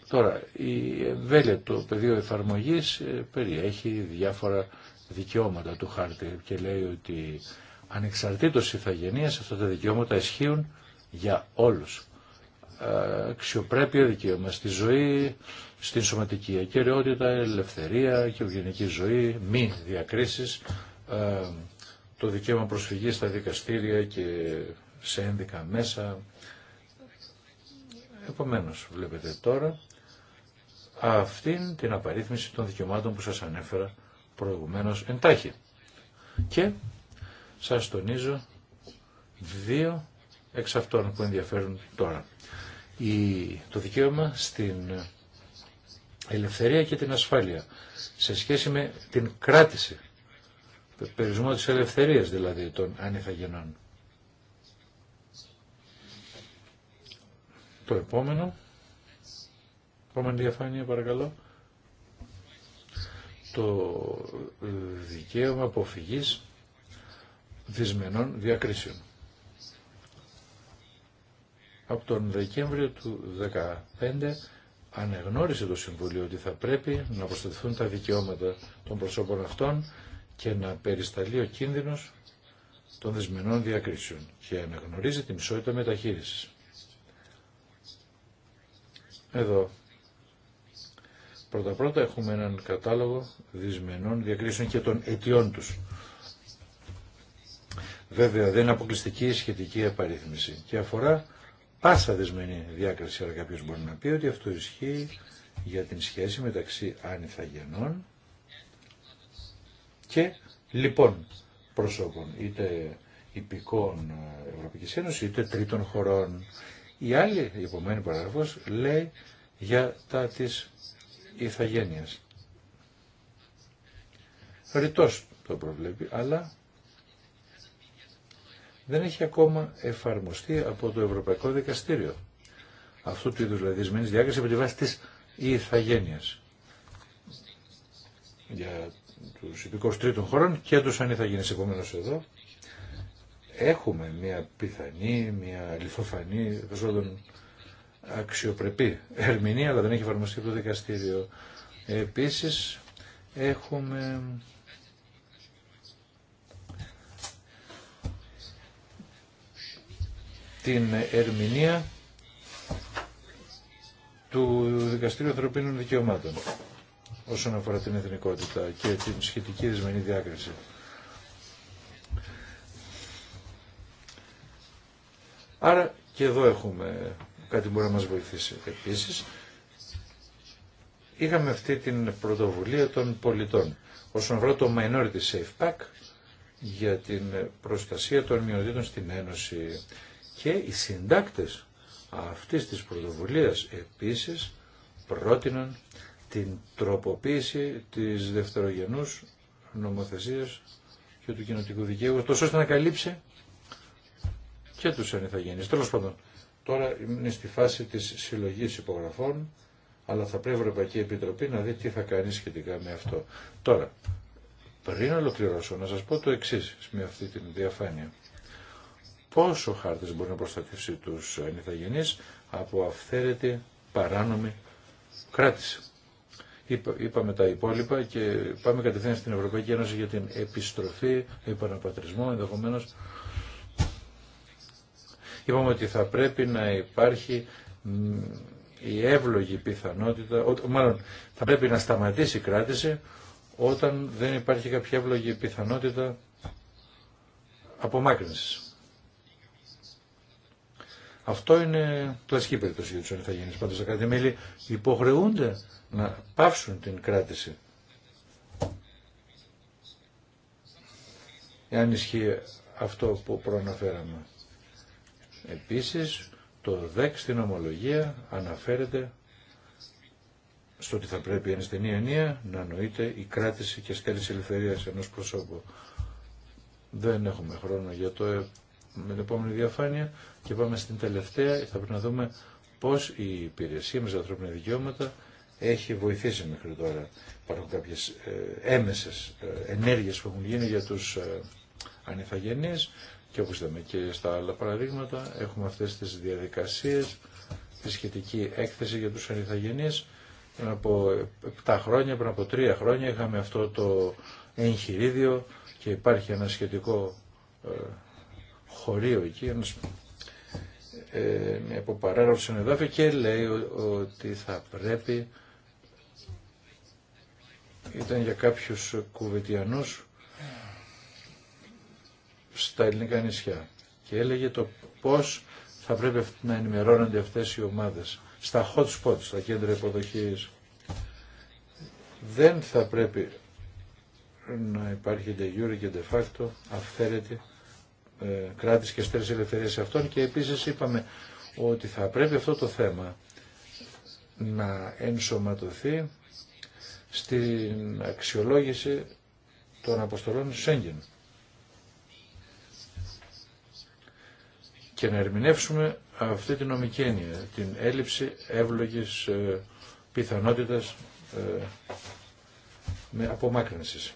Τώρα, η εμβέλεια του πεδίο εφαρμογής ε, περιέχει διάφορα δικαιώματα του χάρτη και λέει ότι ανεξαρτήτως ηθαγενείας αυτά τα δικαιώματα ισχύουν για όλους. Ε, Αξιοπρέπεια, δικαίωμα στη ζωή, στην σωματική ακαιρεότητα, ελευθερία και ευγενική ζωή, μη διακρίσεις, ε, το δικαίωμα προσφυγής στα δικαστήρια και σε ένδικα μέσα. Επομένως, βλέπετε τώρα αυτήν την απαρίθμηση των δικαιωμάτων που σας ανέφερα προηγουμένως εντάχει. Και σας τονίζω δύο εξ αυτών που ενδιαφέρουν τώρα. Η, το δικαίωμα στην ελευθερία και την ασφάλεια σε σχέση με την κράτηση, περισμό της ελευθερίας δηλαδή των ανιθαγενών. Το επόμενο, επόμενη διαφάνεια παρακαλώ, το ε, δικαίωμα αποφυγής δυσμενών διακρίσεων. Από τον Δεκέμβριο του 2015 Ανεγνώρισε το Συμβούλιο ότι θα πρέπει να προστατευτούν τα δικαιώματα των προσώπων αυτών και να περισταλεί ο κίνδυνος των δεσμενών διακρίσεων και αναγνωρίζει την ισότητα μεταχείρισης. Εδώ πρώτα-πρώτα έχουμε έναν κατάλογο δυσμενών διακρίσεων και των αιτιών τους. Βέβαια δεν είναι αποκλειστική η σχετική επαρρύθμιση και αφορά πάσα δεσμενή διάκριση, αλλά κάποιο μπορεί να πει ότι αυτό ισχύει για την σχέση μεταξύ ανιθαγενών και λοιπόν προσώπων, είτε υπηκών ε, Ευρωπαϊκής Ένωσης, είτε τρίτων χωρών. Η άλλη, η επομένη παράγραφος, λέει για τα της ηθαγένειας. Ρητός το προβλέπει, αλλά δεν έχει ακόμα εφαρμοστεί από το Ευρωπαϊκό Δικαστήριο. Αυτού του είδου δηλαδή διάκριση από τη βάση τη ηθαγένεια. Για του υπηκόου τρίτων χωρών και του ανηθαγενεί. Επομένω εδώ έχουμε μια πιθανή, μια λιθοφανή, τέλο αξιοπρεπή ερμηνεία, αλλά δεν έχει εφαρμοστεί από το δικαστήριο. Επίσης, έχουμε την ερμηνεία του Δικαστήριου Ανθρωπίνων Δικαιωμάτων όσον αφορά την εθνικότητα και την σχετική δυσμενή διάκριση. Άρα και εδώ έχουμε κάτι που μπορεί να μας βοηθήσει. Επίσης, είχαμε αυτή την πρωτοβουλία των πολιτών όσον αφορά το Minority Safe Pack για την προστασία των μειονοτήτων στην Ένωση και οι συντάκτες αυτής της πρωτοβουλίας επίσης πρότειναν την τροποποίηση της δευτερογενούς νομοθεσίας και του κοινοτικού δικαίου, τόσο ώστε να καλύψει και τους ανηθαγενείς. Τέλος πάντων, τώρα είναι στη φάση της συλλογής υπογραφών, αλλά θα πρέπει η Ευρωπαϊκή Επιτροπή να δει τι θα κάνει σχετικά με αυτό. Τώρα, πριν ολοκληρώσω, να σας πω το εξής με αυτή την διαφάνεια πόσο ο χάρτης μπορεί να προστατεύσει τους ανηθαγενείς από αυθαίρετη παράνομη κράτηση. Είπα, είπαμε τα υπόλοιπα και πάμε κατευθείαν στην Ευρωπαϊκή Ένωση για την επιστροφή, επαναπατρισμό ενδεχομένω. Είπαμε ότι θα πρέπει να υπάρχει η εύλογη πιθανότητα, μάλλον θα πρέπει να σταματήσει η κράτηση όταν δεν υπάρχει κάποια εύλογη πιθανότητα απομάκρυνσης. Αυτό είναι κλασική περίπτωση για του ανεθαγενεί. Πάντω τα κράτη-μέλη υποχρεούνται να πάυσουν την κράτηση. Εάν ισχύει αυτό που προαναφέραμε. Επίσης, το ΔΕΚ στην ομολογία αναφέρεται στο ότι θα πρέπει εν στενή ενία να νοείται η κράτηση και στέλνηση ελευθερίας ενός προσώπου. Δεν έχουμε χρόνο για το με την επόμενη διαφάνεια και πάμε στην τελευταία. Θα πρέπει να δούμε πώς η υπηρεσία με τα ανθρώπινα δικαιώματα έχει βοηθήσει μέχρι τώρα. Υπάρχουν κάποιες ε, έμεσες ε, ενέργειες που έχουν γίνει για τους ε, και όπως είδαμε και στα άλλα παραδείγματα έχουμε αυτές τις διαδικασίες, τη σχετική έκθεση για τους ανηθαγενείς. Πριν από 7 χρόνια, πριν από 3 χρόνια είχαμε αυτό το εγχειρίδιο και υπάρχει ένα σχετικό ε, χωρίο εκεί, ένας ε, από παράγραφο εδάφιο και λέει ότι θα πρέπει ήταν για κάποιους κουβετιανούς στα ελληνικά νησιά και έλεγε το πώς θα πρέπει να ενημερώνονται αυτές οι ομάδες στα hot spots, στα κέντρα υποδοχής. Δεν θα πρέπει να υπάρχει de jure και de facto αυθαίρετη ε, κράτης και στέρες ελευθερίας αυτών και επίσης είπαμε ότι θα πρέπει αυτό το θέμα να ενσωματωθεί στην αξιολόγηση των αποστολών Σέγγεν. Και να ερμηνεύσουμε αυτή την νομική έννοια, την έλλειψη εύλογης ε, πιθανότητας ε, με απομάκρυνσης.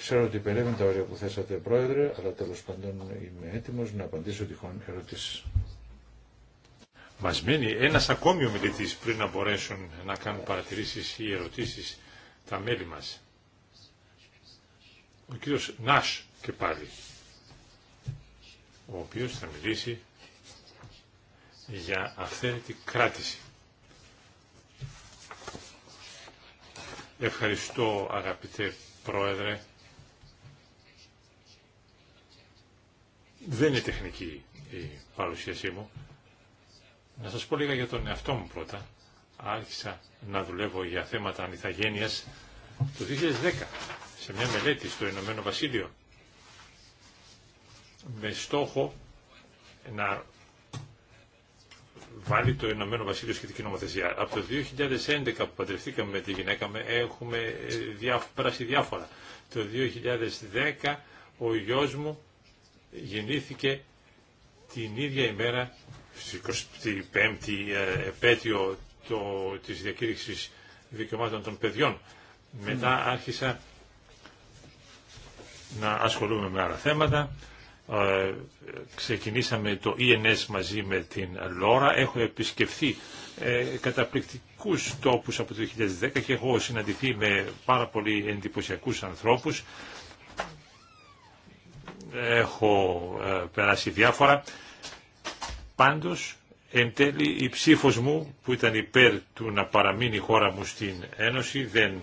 Ξέρω ότι υπερεύουν τα όρια που θέσατε, Πρόεδρε, αλλά τέλο πάντων είμαι έτοιμο να απαντήσω τυχόν ερωτήσεις. Μας μένει ένα ακόμη ομιλητή πριν να μπορέσουν να κάνουν παρατηρήσει ή ερωτήσεις τα μέλη μας. Ο κύριος Νάσ και πάλι, ο οποίο θα μιλήσει για αυθαίρετη κράτηση. Ευχαριστώ αγαπητέ Πρόεδρε. Δεν είναι τεχνική η παρουσίασή μου. Να σας πω λίγα για τον εαυτό μου πρώτα. Άρχισα να δουλεύω για θέματα ανιθαγένειας το 2010 σε μια μελέτη στο Ηνωμένο Βασίλειο με στόχο να βάλει το Ηνωμένο Βασίλειο σχετική νομοθεσία. Από το 2011 που παντρευθήκαμε με τη γυναίκα μου έχουμε ε, περάσει διάφορα. Το 2010 ο γιος μου γεννήθηκε την ίδια ημέρα, στις 25η ε, επέτειο το, της διακήρυξης δικαιωμάτων των παιδιών. Μετά άρχισα να ασχολούμαι με άλλα θέματα. Ε, ξεκινήσαμε το ENS μαζί με την Λόρα. Έχω επισκεφθεί ε, καταπληκτικούς τόπους από το 2010 και έχω συναντηθεί με πάρα πολύ εντυπωσιακούς ανθρώπους έχω ε, περάσει διάφορα. Πάντως, εν τέλει η ψήφος μου που ήταν υπέρ του να παραμείνει η χώρα μου στην Ένωση δεν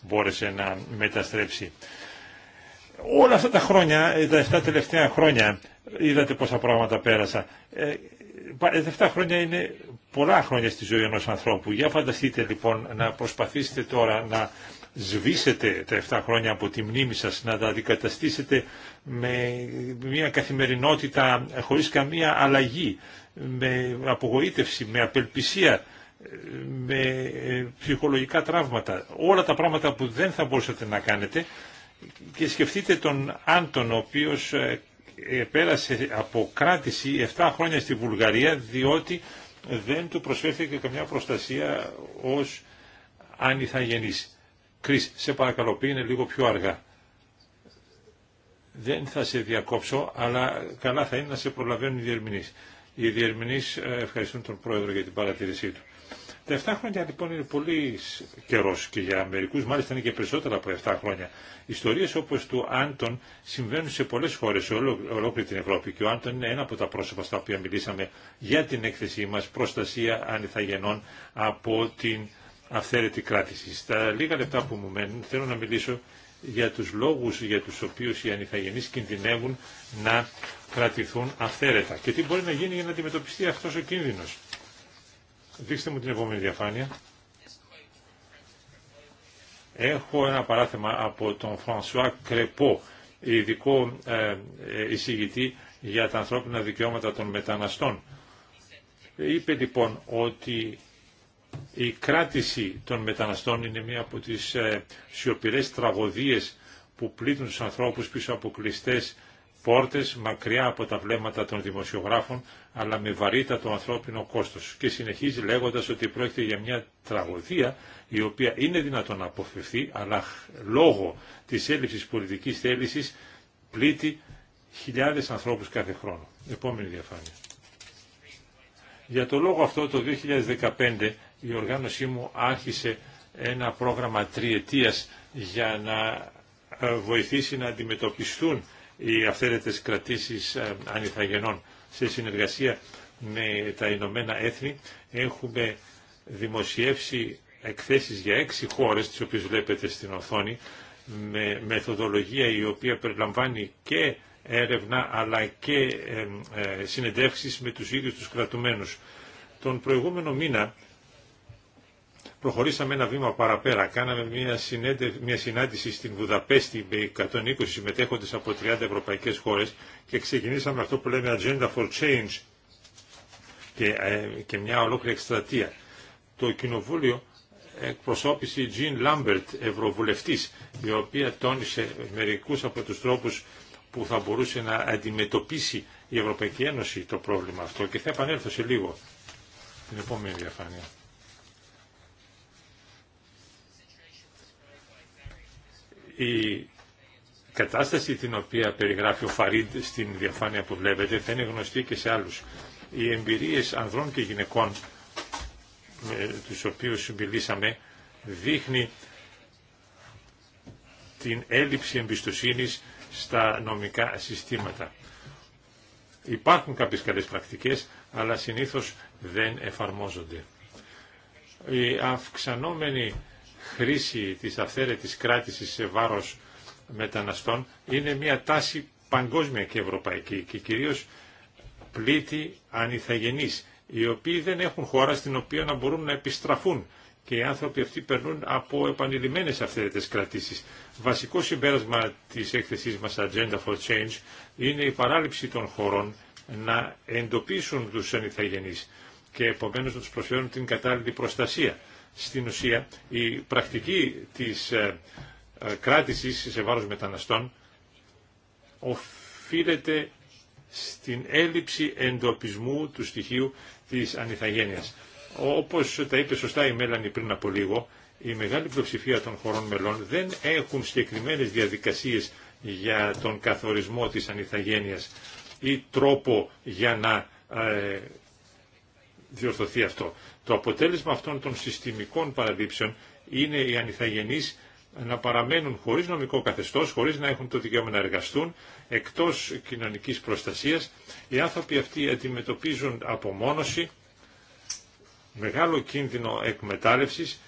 μπόρεσε να μεταστρέψει. Όλα αυτά τα χρόνια, ε, τα 7 τελευταία χρόνια, είδατε πόσα πράγματα πέρασα. Ε, τα 7 χρόνια είναι πολλά χρόνια στη ζωή ενός ανθρώπου. Για φανταστείτε λοιπόν να προσπαθήσετε τώρα να σβήσετε τα 7 χρόνια από τη μνήμη σας, να τα αντικαταστήσετε με μια καθημερινότητα χωρίς καμία αλλαγή, με απογοήτευση, με απελπισία, με ε, ψυχολογικά τραύματα, όλα τα πράγματα που δεν θα μπορούσατε να κάνετε και σκεφτείτε τον Άντων ο οποίος ε, πέρασε από κράτηση 7 χρόνια στη Βουλγαρία διότι δεν του προσφέρθηκε καμιά προστασία ως αν θα κρίση, σε παρακαλώ, είναι λίγο πιο αργά. Δεν θα σε διακόψω, αλλά καλά θα είναι να σε προλαβαίνουν οι διερμηνείς. Οι διερμηνείς ε, ευχαριστούν τον Πρόεδρο για την παρατήρησή του. Τα 7 χρόνια λοιπόν είναι πολύ καιρό και για μερικού μάλιστα είναι και περισσότερα από 7 χρόνια. Ιστορίε όπω του Άντων συμβαίνουν σε πολλέ χώρε, σε ολόκληρη την Ευρώπη. Και ο Άντων είναι ένα από τα πρόσωπα στα οποία μιλήσαμε για την έκθεσή μα προστασία ανιθαγενών από την αυθαίρετη κράτηση. Στα λίγα λεπτά που μου μένουν θέλω να μιλήσω για τους λόγους για τους οποίους οι ανιθαγενείς κινδυνεύουν να κρατηθούν αυθαίρετα. Και τι μπορεί να γίνει για να αντιμετωπιστεί αυτός ο κίνδυνος. Δείξτε μου την επόμενη διαφάνεια. Έχω ένα παράθεμα από τον Φρανσουά Κρεπό, ειδικό ε, εισηγητή για τα ανθρώπινα δικαιώματα των μεταναστών. Είπε λοιπόν ότι η κράτηση των μεταναστών είναι μία από τις ε, σιωπηρές τραγωδίες που πλήττουν τους ανθρώπους πίσω από κλειστές πόρτες, μακριά από τα βλέμματα των δημοσιογράφων, αλλά με το ανθρώπινο κόστος. Και συνεχίζει λέγοντας ότι πρόκειται για μια τραγωδία η οποία είναι δυνατόν να αποφευθεί, αλλά λόγω της έλλειψης πολιτικής θέλησης πλήττει χιλιάδες ανθρώπους κάθε χρόνο. Επόμενη διαφάνεια. Για το λόγο αυτό το 2015 η οργάνωσή μου άρχισε ένα πρόγραμμα τριετίας για να ε, βοηθήσει να αντιμετωπιστούν οι αυθαίρετες κρατήσεις ε, ανιθαγενών. Σε συνεργασία με τα Ηνωμένα Έθνη έχουμε δημοσιεύσει εκθέσεις για έξι χώρες, τις οποίες βλέπετε στην οθόνη, με μεθοδολογία η οποία περιλαμβάνει και έρευνα αλλά και ε, συνεντεύξεις με τους ίδιους τους κρατουμένους. Τον προηγούμενο μήνα προχωρήσαμε ένα βήμα παραπέρα. Κάναμε μια, συνέντε, μια συνάντηση στην Βουδαπέστη με 120 συμμετέχοντε από 30 ευρωπαϊκέ χώρε και ξεκινήσαμε αυτό που λέμε Agenda for Change και, ε, μια ολόκληρη εκστρατεία. Το κοινοβούλιο εκπροσώπησε η Jean Lambert, Ευρωβουλευτή, η οποία τόνισε μερικού από του τρόπου που θα μπορούσε να αντιμετωπίσει η Ευρωπαϊκή Ένωση το πρόβλημα αυτό και θα επανέλθω σε λίγο την επόμενη διαφάνεια. Η κατάσταση την οποία περιγράφει ο Φαρίντ στην διαφάνεια που βλέπετε θα είναι γνωστή και σε άλλους. Οι εμπειρίες ανδρών και γυναικών με τους οποίους μιλήσαμε δείχνει την έλλειψη εμπιστοσύνης στα νομικά συστήματα. Υπάρχουν κάποιες καλές πρακτικές, αλλά συνήθως δεν εφαρμόζονται. Η αυξανόμενη χρήση της αυθαίρετης κράτησης σε βάρος μεταναστών είναι μια τάση παγκόσμια και ευρωπαϊκή και κυρίως πλήττει ανιθαγενείς, οι οποίοι δεν έχουν χώρα στην οποία να μπορούν να επιστραφούν και οι άνθρωποι αυτοί περνούν από επανειλημμένες αυθαίρετες κρατήσεις. Βασικό συμπέρασμα της έκθεσής μας Agenda for Change είναι η παράληψη των χωρών να εντοπίσουν τους ανιθαγενείς και επομένως να τους προσφέρουν την κατάλληλη προστασία στην ουσία η πρακτική της ε, ε, κράτησης σε βάρος μεταναστών οφείλεται στην έλλειψη εντοπισμού του στοιχείου της ανιθαγένειας. Όπως τα είπε σωστά η Μέλανη πριν από λίγο, η μεγάλη πλειοψηφία των χωρών μελών δεν έχουν συγκεκριμένες διαδικασίες για τον καθορισμό της ανιθαγένειας ή τρόπο για να ε, διορθωθεί αυτό. Το αποτέλεσμα αυτών των συστημικών παραλήψεων είναι οι ανιθαγενείς να παραμένουν χωρίς νομικό καθεστώς, χωρίς να έχουν το δικαίωμα να εργαστούν, εκτός κοινωνικής προστασίας. Οι άνθρωποι αυτοί αντιμετωπίζουν απομόνωση, μεγάλο κίνδυνο εκμετάλλευσης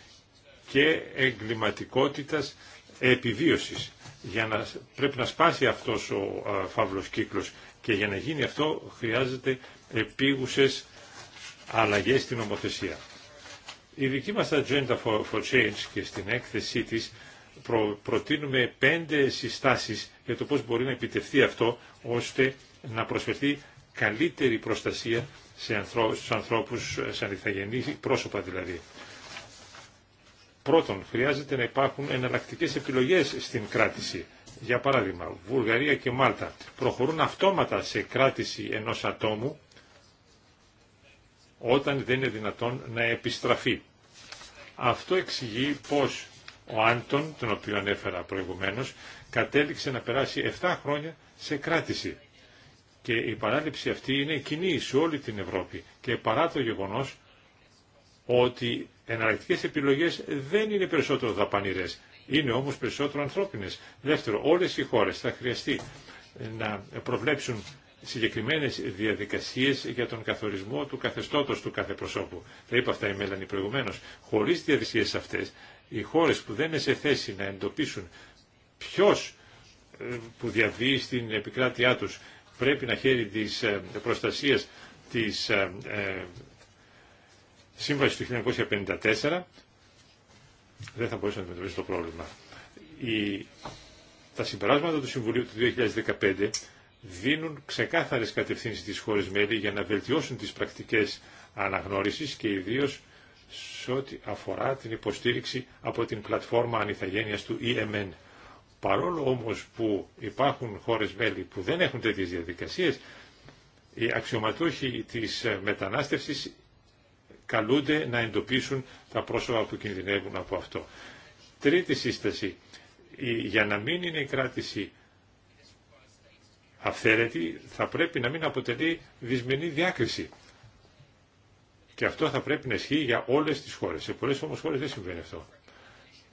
και εγκληματικότητας επιβίωσης. Για να, πρέπει να σπάσει αυτός ο φαύλος κύκλος και για να γίνει αυτό χρειάζεται επίγουσες αλλαγές στην νομοθεσία. Η δική μας Agenda for, for Change και στην έκθεσή της προ, προτείνουμε πέντε συστάσεις για το πώς μπορεί να επιτευχθεί αυτό ώστε να προσφερθεί καλύτερη προστασία σε ανθρώπους, στους ανθρώπους, σε ανηθαγενή πρόσωπα δηλαδή. Πρώτον, χρειάζεται να υπάρχουν εναλλακτικέ επιλογές στην κράτηση. Για παράδειγμα, Βουλγαρία και Μάλτα προχωρούν αυτόματα σε κράτηση ενός ατόμου όταν δεν είναι δυνατόν να επιστραφεί. Αυτό εξηγεί πως ο Άντων, τον οποίο ανέφερα προηγουμένως, κατέληξε να περάσει 7 χρόνια σε κράτηση. Και η παράληψη αυτή είναι κοινή σε όλη την Ευρώπη και παρά το γεγονός ότι εναλλακτικέ επιλογές δεν είναι περισσότερο δαπανηρές, είναι όμως περισσότερο ανθρώπινες. Δεύτερο, όλες οι χώρες θα χρειαστεί να προβλέψουν συγκεκριμένες διαδικασίες για τον καθορισμό του καθεστώτος του κάθε προσώπου. Τα είπα αυτά η Μέλανη προηγουμένως. Χωρίς διαδικασίες αυτές, οι χώρες που δεν είναι σε θέση να εντοπίσουν ποιος ε, που διαβεί στην επικράτειά τους πρέπει να χαίρει τις προστασίες της ε, ε, σύμβασης του 1954, δεν θα μπορούσε να αντιμετωπίσει το πρόβλημα. Τα συμπεράσματα του Συμβουλίου του 2015 δίνουν ξεκάθαρες κατευθύνσεις στις χώρες μέλη για να βελτιώσουν τις πρακτικές αναγνώρισης και ιδίως σε ό,τι αφορά την υποστήριξη από την πλατφόρμα ανιθαγένειας του EMN. Παρόλο όμως που υπάρχουν χώρες μέλη που δεν έχουν τέτοιες διαδικασίες, οι αξιωματούχοι της μετανάστευσης καλούνται να εντοπίσουν τα πρόσωπα που κινδυνεύουν από αυτό. Τρίτη σύσταση, για να μην είναι η κράτηση αυθαίρετη θα πρέπει να μην αποτελεί δυσμενή διάκριση. Και αυτό θα πρέπει να ισχύει για όλες τις χώρες. Σε πολλές όμως χώρες δεν συμβαίνει αυτό.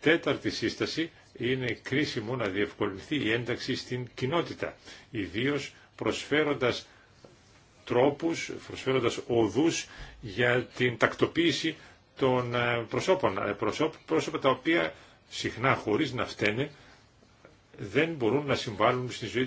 Τέταρτη σύσταση είναι κρίσιμο να διευκολυνθεί η ένταξη στην κοινότητα, ιδίως προσφέροντας τρόπους, προσφέροντας οδούς για την τακτοποίηση των ε, προσώπων, ε, πρόσωπα τα οποία συχνά χωρίς να φταίνε δεν μπορούν να συμβάλλουν στη ζωή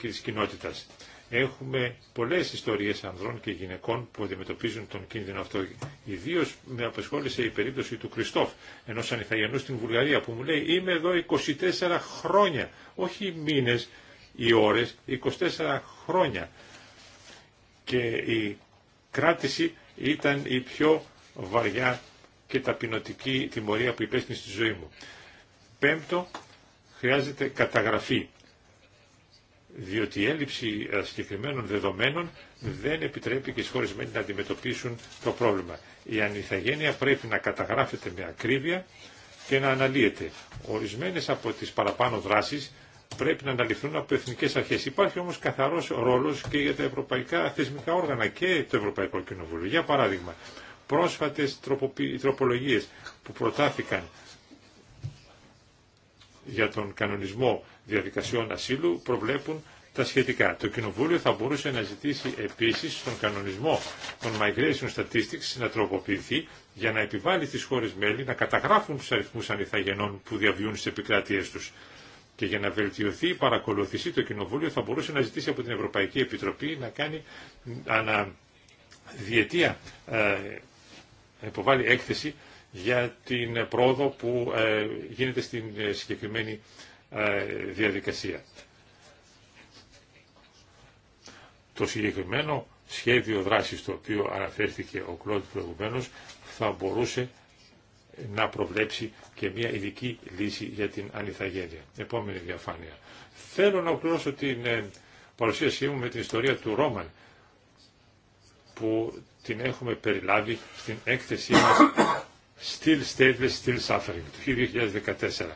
της κοινότητας. Έχουμε πολλές ιστορίες ανδρών και γυναικών που αντιμετωπίζουν τον κίνδυνο αυτό. Ιδίως με απασχόλησε η περίπτωση του Κριστόφ, ενός ανιθαγενού στην Βουλγαρία, που μου λέει «Είμαι εδώ 24 χρόνια, όχι μήνες ή ώρες, 24 χρόνια». Και η κράτηση ήταν η πιο βαριά και ταπεινωτική τιμωρία που υπέστη στη ζωή μου. Πέμπτο, χρειάζεται καταγραφή, διότι η έλλειψη ε, συγκεκριμένων δεδομένων δεν επιτρέπει και οι να αντιμετωπίσουν το πρόβλημα. Η ανηθαγένεια πρέπει να καταγράφεται με ακρίβεια και να αναλύεται. Ορισμένες από τις παραπάνω δράσεις πρέπει να αναλυθούν από εθνικές αρχές. Υπάρχει όμω καθαρό ρόλο και για τα ευρωπαϊκά θεσμικά όργανα και το Ευρωπαϊκό Κοινοβούλιο. Για παράδειγμα, πρόσφατε τροπολογίε που προτάθηκαν για τον κανονισμό διαδικασιών ασύλου προβλέπουν τα σχετικά. Το Κοινοβούλιο θα μπορούσε να ζητήσει επίσης τον κανονισμό των Migration Statistics να τροποποιηθεί για να επιβάλλει στις χώρες μέλη να καταγράφουν τους αριθμούς ανιθαγενών που διαβιούν στις επικράτειές τους. Και για να βελτιωθεί η παρακολουθήση, το Κοινοβούλιο θα μπορούσε να ζητήσει από την Ευρωπαϊκή Επιτροπή να κάνει ανα διετία, ε, υποβάλει έκθεση για την πρόοδο που ε, γίνεται στην ε, συγκεκριμένη ε, διαδικασία. Το συγκεκριμένο σχέδιο δράσης το οποίο αναφέρθηκε ο Κλόντ προηγουμένως θα μπορούσε να προβλέψει και μια ειδική λύση για την ανιθαγένεια. Επόμενη διαφάνεια. Θέλω να οκλώσω την παρουσίασή μου με την ιστορία του Ρόμαν που την έχουμε περιλάβει στην έκθεσή μας Still Stateless, Still Suffering το 2014.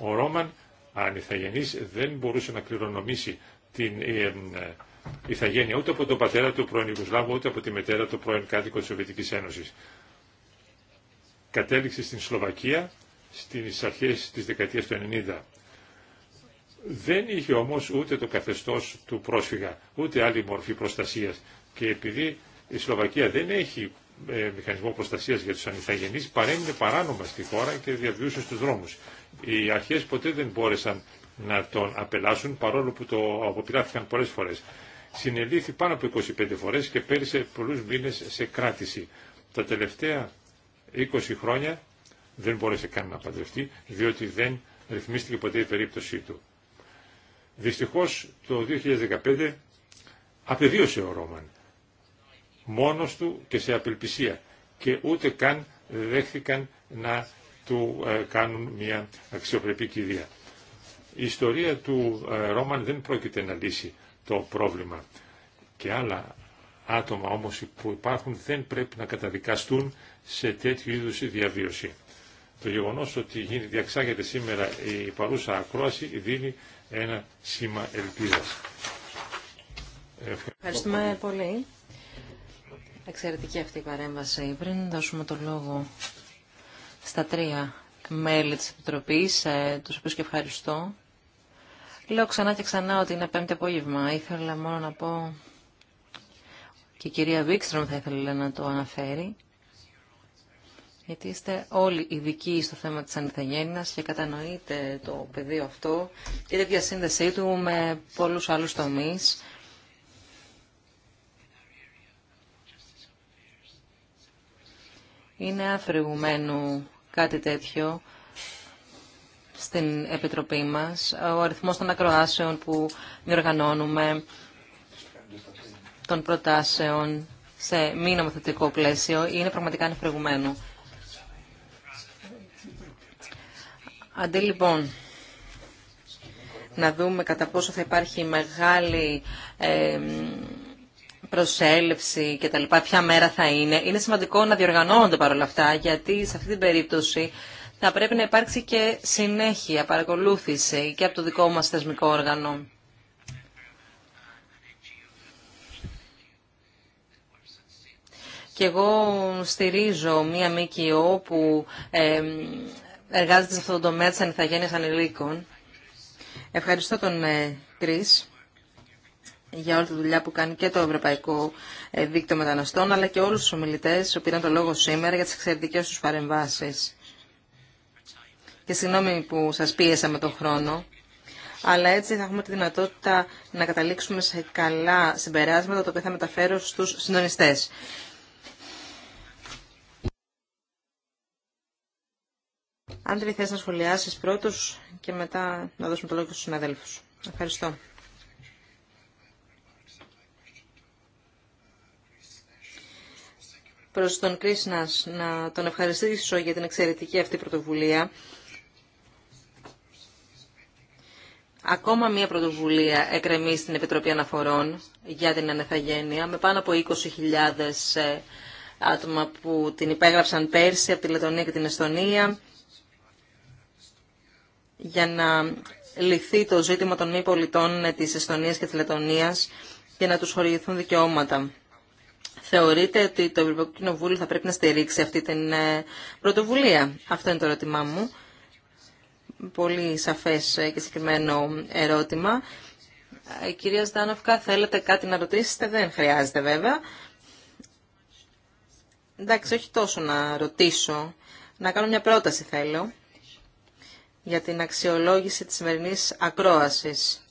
Ο Ρόμαν ανιθαγενής δεν μπορούσε να κληρονομήσει την ε, ε, ηθαγένεια ούτε από τον πατέρα του πρώην Ιουγκοσλάβου ούτε από τη μετέρα του πρώην κάτοικο της Σοβιετικής Ένωσης. Κατέληξε στην Σλοβακία στις αρχές της δεκαετίας του 90. Δεν είχε όμως ούτε το καθεστώς του πρόσφυγα, ούτε άλλη μορφή προστασίας. Και επειδή η Σλοβακία δεν έχει ε, μηχανισμό προστασίας για τους ανηθαγενεί παρέμεινε παράνομα στη χώρα και διαβιούσε στους δρόμους. Οι αρχέ ποτέ δεν μπόρεσαν να τον απελάσουν παρόλο που το αποπειράθηκαν πολλές φορές. Συνελήφθη πάνω από 25 φορές και πέρυσε πολλούς μήνε σε κράτηση. Τα τελευταία 20 χρόνια δεν μπόρεσε καν να παντρευτεί διότι δεν ρυθμίστηκε ποτέ η περίπτωσή του. Δυστυχώς το 2015 απεδίωσε ο Ρόμαν μόνος του και σε απελπισία και ούτε καν δέχθηκαν να του ε, κάνουν μια αξιοπρεπή κηδεία. Η ιστορία του ε, Ρόμαν δεν πρόκειται να λύσει το πρόβλημα και άλλα άτομα όμως που υπάρχουν δεν πρέπει να καταδικαστούν σε τέτοιου είδους διαβίωση. Το γεγονός ότι διαξάγεται σήμερα η παρούσα ακρόαση δίνει ένα σήμα ελπίδας. Ευχαριστούμε πολύ. Εξαιρετική αυτή η παρέμβαση. Πριν δώσουμε το λόγο στα τρία μέλη της Επιτροπής, ε, τους οποίους και ευχαριστώ, λέω ξανά και ξανά ότι είναι πέμπτη απόγευμα. Ήθελα μόνο να πω και η κυρία Βίξτρον θα ήθελε να το αναφέρει, γιατί είστε όλοι ειδικοί στο θέμα της ανηθαγένειας και κατανοείτε το πεδίο αυτό και τη διασύνδεσή του με πολλούς άλλους τομείς Είναι αφρηγουμένου κάτι τέτοιο στην Επιτροπή μας. Ο αριθμός των ακροάσεων που διοργανώνουμε, των προτάσεων σε μη νομοθετικό πλαίσιο, είναι πραγματικά ανεφρεγουμένου. Αντί λοιπόν να δούμε κατά πόσο θα υπάρχει μεγάλη ε, προσέλευση και τα λοιπά, ποια μέρα θα είναι. Είναι σημαντικό να διοργανώνονται παρόλα αυτά, γιατί σε αυτή την περίπτωση θα πρέπει να υπάρξει και συνέχεια, παρακολούθηση και από το δικό μας θεσμικό όργανο. Και εγώ στηρίζω μία ΜΚΟ που εργάζεται σε αυτό το τομέα της ανηθαγένειας ανηλίκων. Ευχαριστώ τον ε, Κρίς για όλη τη δουλειά που κάνει και το Ευρωπαϊκό ε, Δίκτυο Μεταναστών, αλλά και όλους τους ομιλητές που πήραν το λόγο σήμερα για τις εξαιρετικές τους παρεμβάσεις. Και συγγνώμη που σας πίεσα με τον χρόνο, αλλά έτσι θα έχουμε τη δυνατότητα να καταλήξουμε σε καλά συμπεράσματα, το οποίο θα μεταφέρω στους συντονιστές. Άντρη, θες να σχολιάσεις πρώτος και μετά να δώσουμε το λόγο στους συναδέλφους. Ευχαριστώ. προς τον Κρίσνας να τον ευχαριστήσω για την εξαιρετική αυτή πρωτοβουλία. Ακόμα μία πρωτοβουλία εκρεμεί στην Επιτροπή Αναφορών για την Ανεθαγένεια με πάνω από 20.000 ε, άτομα που την υπέγραψαν πέρσι από τη Λετωνία και την Εστονία για να λυθεί το ζήτημα των μη πολιτών ε, της Εστονίας και της Λετωνίας και να τους χορηγηθούν δικαιώματα. Θεωρείτε ότι το Ευρωπαϊκό Κοινοβούλιο θα πρέπει να στηρίξει αυτή την ε, πρωτοβουλία. Αυτό είναι το ερώτημά μου. Πολύ σαφές ε, και συγκεκριμένο ερώτημα. Ε, κυρία Στάνοφκα, θέλετε κάτι να ρωτήσετε. Δεν χρειάζεται βέβαια. Εντάξει, όχι τόσο να ρωτήσω. Να κάνω μια πρόταση θέλω για την αξιολόγηση της σημερινή ακρόασης.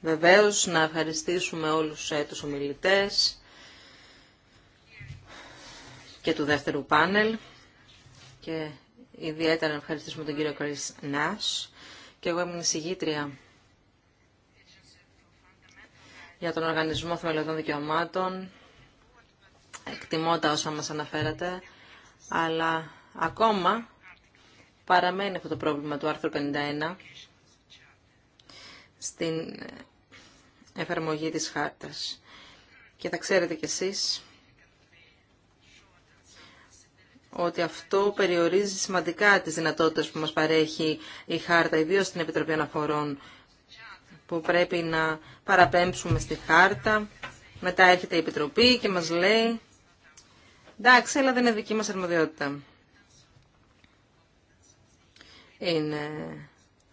Βεβαίως να ευχαριστήσουμε όλους ε, τους ομιλητές και του δεύτερου πάνελ και ιδιαίτερα να ευχαριστήσουμε τον κύριο Κρίς Νάς και εγώ ήμουν εισηγήτρια για τον Οργανισμό Θεμελιωτών Δικαιωμάτων. Εκτιμώ τα όσα μας αναφέρατε, αλλά ακόμα παραμένει αυτό το πρόβλημα του άρθρου 51 στην εφαρμογή της χάρτας. Και θα ξέρετε κι εσείς ότι αυτό περιορίζει σημαντικά τις δυνατότητες που μας παρέχει η χάρτα, ιδίως στην Επιτροπή Αναφορών, που πρέπει να παραπέμψουμε στη χάρτα. Μετά έρχεται η Επιτροπή και μας λέει «Εντάξει, αλλά δεν είναι δική μας αρμοδιότητα». Είναι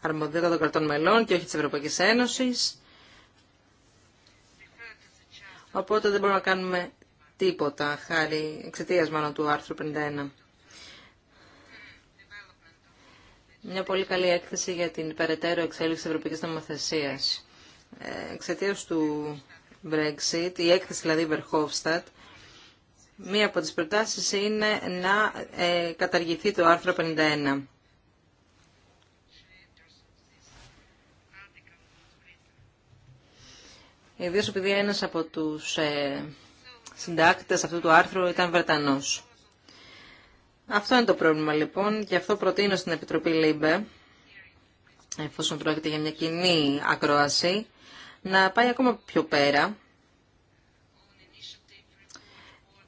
αρμοδιότητα των κρατών μελών και όχι της Ευρωπαϊκής Ένωσης. Οπότε δεν μπορούμε να κάνουμε τίποτα χάρη εξαιτία μάλλον του άρθρου 51. Μια πολύ καλή έκθεση για την περαιτέρω εξέλιξη της Ευρωπαϊκής Νομοθεσίας. Ε, εξαιτία του Brexit, η έκθεση δηλαδή Verhofstadt, μία από τις προτάσεις είναι να ε, καταργηθεί το άρθρο 51. Ιδίω επειδή ένα από τους ε, συντάκτε αυτού του άρθρου ήταν Βρετανό. Αυτό είναι το πρόβλημα λοιπόν. Γι' αυτό προτείνω στην Επιτροπή ΛΥΜΠΕ, εφόσον πρόκειται για μια κοινή ακρόαση, να πάει ακόμα πιο πέρα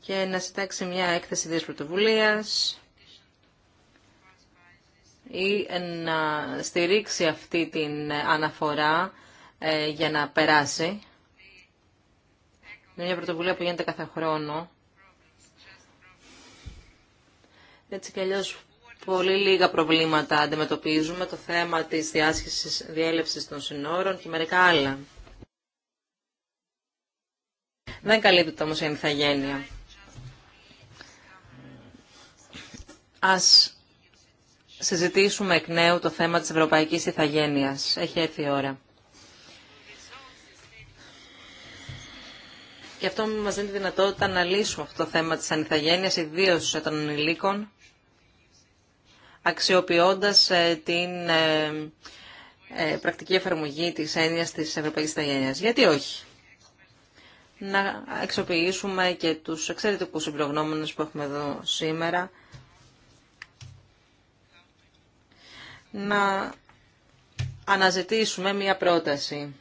και να συντάξει μια έκθεση δύο πρωτοβουλία ή να στηρίξει αυτή την αναφορά ε, για να περάσει είναι μια πρωτοβουλία που γίνεται κάθε χρόνο. Έτσι κι αλλιώς πολύ λίγα προβλήματα αντιμετωπίζουμε. Το θέμα της διάσχεσης διέλευσης των συνόρων και μερικά άλλα. Δεν καλύπτεται όμως η ενθαγένεια. Ας συζητήσουμε εκ νέου το θέμα της ευρωπαϊκής ηθαγένειας. Έχει έρθει η ώρα. Και αυτό μας δίνει τη δυνατότητα να λύσουμε αυτό το θέμα της ανηθαγένειας, ιδίως των ανηλίκων, αξιοποιώντας ε, την ε, ε, πρακτική εφαρμογή της έννοιας της Ευρωπαϊκής Ιθαγένειας. Γιατί όχι. Να αξιοποιήσουμε και τους εξαιρετικούς συμπληρογνώμενους που έχουμε εδώ σήμερα, να αναζητήσουμε μία πρόταση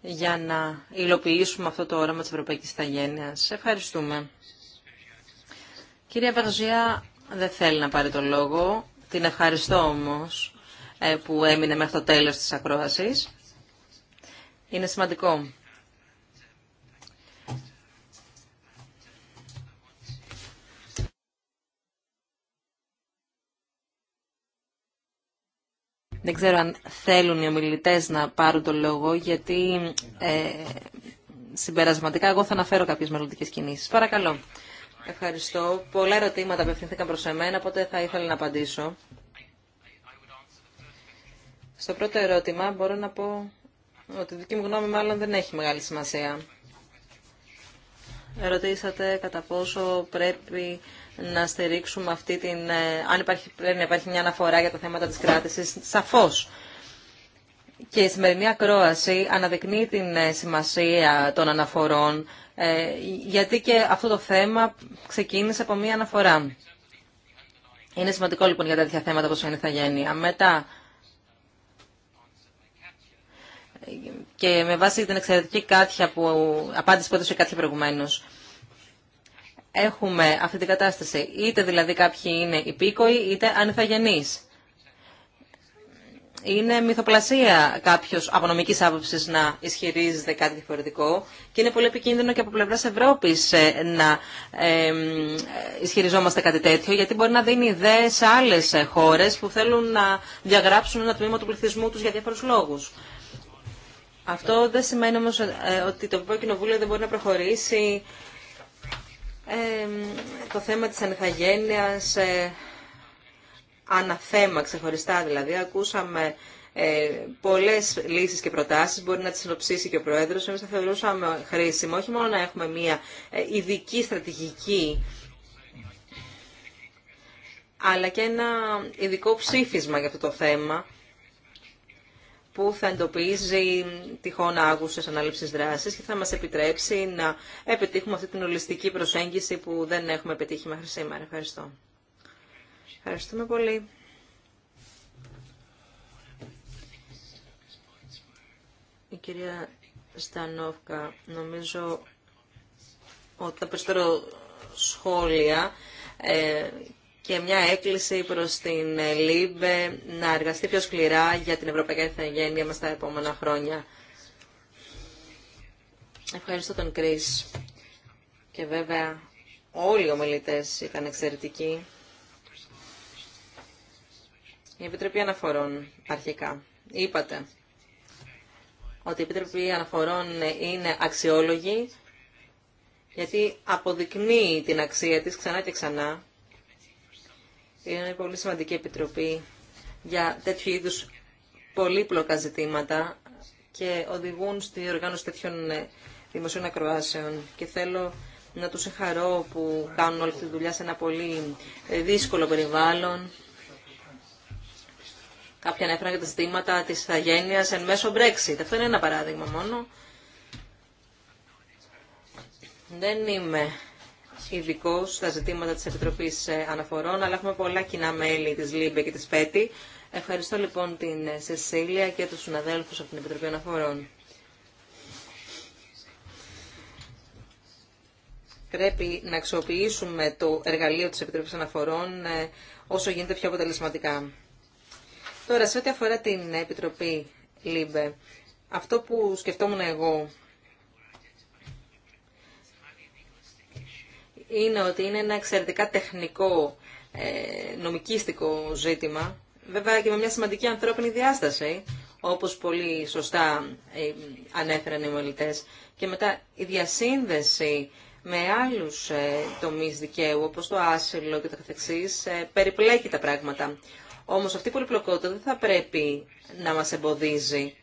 για να υλοποιήσουμε αυτό το όραμα της Ευρωπαϊκής Σε Ευχαριστούμε. Κυρία Βαρζία δεν θέλει να πάρει το λόγο. Την ευχαριστώ όμως ε, που έμεινε μέχρι το τέλος της ακρόασης. Είναι σημαντικό Δεν ξέρω αν θέλουν οι ομιλητές να πάρουν το λόγο, γιατί ε, συμπερασματικά εγώ θα αναφέρω κάποιες μελλοντικέ κινήσεις. Παρακαλώ. Ευχαριστώ. Πολλά ερωτήματα απευθυνθήκαν προς εμένα, οπότε θα ήθελα να απαντήσω. Στο πρώτο ερώτημα μπορώ να πω ότι η δική μου γνώμη μάλλον δεν έχει μεγάλη σημασία. Ερωτήσατε κατά πόσο πρέπει να στηρίξουμε αυτή την... Ε, αν υπάρχει, πρέπει να υπάρχει μια αναφορά για τα θέματα της κράτησης, σαφώς. Και η σημερινή ακρόαση αναδεικνύει την ε, σημασία των αναφορών, ε, γιατί και αυτό το θέμα ξεκίνησε από μια αναφορά. Είναι σημαντικό λοιπόν για τέτοια θέματα όπως είναι η Θαγένεια. Μετά, και με βάση την εξαιρετική κάτια που, απάντησε που έδωσε προηγουμένω έχουμε αυτή την κατάσταση. Είτε δηλαδή κάποιοι είναι υπήκοοι, είτε ανηθαγενείς. Είναι μυθοπλασία κάποιος από νομική άποψης να ισχυρίζεται κάτι διαφορετικό και είναι πολύ επικίνδυνο και από πλευρά Ευρώπης ε, να ισχυριζόμαστε κάτι τέτοιο γιατί μπορεί να δίνει ιδέε σε άλλες ε, χώρε που θέλουν να διαγράψουν ένα τμήμα του πληθυσμού του για διάφορους λόγους. Αυτό δεν σημαίνει όμως ε, ότι το Ευρωπαϊκό Κοινοβούλιο δεν μπορεί να προχωρήσει το θέμα της ε, αναθέμα ξεχωριστά δηλαδή. Ακούσαμε ε, πολλές λύσεις και προτάσεις, μπορεί να τις συνοψίσει και ο Πρόεδρος. Εμείς θα θεωρούσαμε χρήσιμο όχι μόνο να έχουμε μια ε, ειδική στρατηγική, αλλά και ένα ειδικό ψήφισμα για αυτό το θέμα που θα εντοπίζει τυχόν άγουσες ανάληψης δράσης και θα μας επιτρέψει να επιτύχουμε αυτή την ολιστική προσέγγιση που δεν έχουμε πετύχει μέχρι σήμερα. Ευχαριστώ. Ευχαριστούμε πολύ. Η κυρία Στανόφκα, νομίζω ότι τα περισσότερα σχόλια ε, και μια έκκληση προς την ε, ΛΥΜΠΕ να εργαστεί πιο σκληρά για την Ευρωπαϊκή Εθνογένεια μας τα επόμενα χρόνια. Ευχαριστώ τον Κρίς και βέβαια όλοι οι ομιλητές ήταν εξαιρετικοί. Η Επιτροπή Αναφορών αρχικά. Είπατε ότι η Επιτροπή Αναφορών είναι αξιόλογη γιατί αποδεικνύει την αξία της ξανά και ξανά είναι πολύ σημαντική επιτροπή για τέτοιου είδου πολύπλοκα ζητήματα και οδηγούν στη οργάνωση τέτοιων ε, δημοσίων ακροάσεων. Και θέλω να τους ευχαρώ που κάνουν όλη τη δουλειά σε ένα πολύ ε, δύσκολο περιβάλλον. Κάποια ανέφεραν για τα ζητήματα της Αγένεια εν μέσω Brexit. Αυτό είναι ένα παράδειγμα μόνο. Δεν είμαι ειδικό στα ζητήματα της Επιτροπής ε, Αναφορών, αλλά έχουμε πολλά κοινά μέλη τη ΛΥΜΠΕ και τη ΠΕΤΗ. Ευχαριστώ λοιπόν την ε, Σεσίλια και του συναδέλφου από την Επιτροπή Αναφορών. Πρέπει να αξιοποιήσουμε το εργαλείο της Επιτροπής Αναφορών ε, όσο γίνεται πιο αποτελεσματικά. Τώρα, σε ό,τι αφορά την Επιτροπή ΛΥΜΠΕ, αυτό που σκεφτόμουν εγώ είναι ότι είναι ένα εξαιρετικά τεχνικό, ε, νομικίστικο ζήτημα, βέβαια και με μια σημαντική ανθρώπινη διάσταση, όπως πολύ σωστά ε, ανέφεραν οι μολυτές. Και μετά η διασύνδεση με άλλους ε, τομείς δικαίου, όπως το άσυλο και το καθεξής, περιπλέκει τα πράγματα. Όμως αυτή η πολυπλοκότητα δεν θα πρέπει να μας εμποδίζει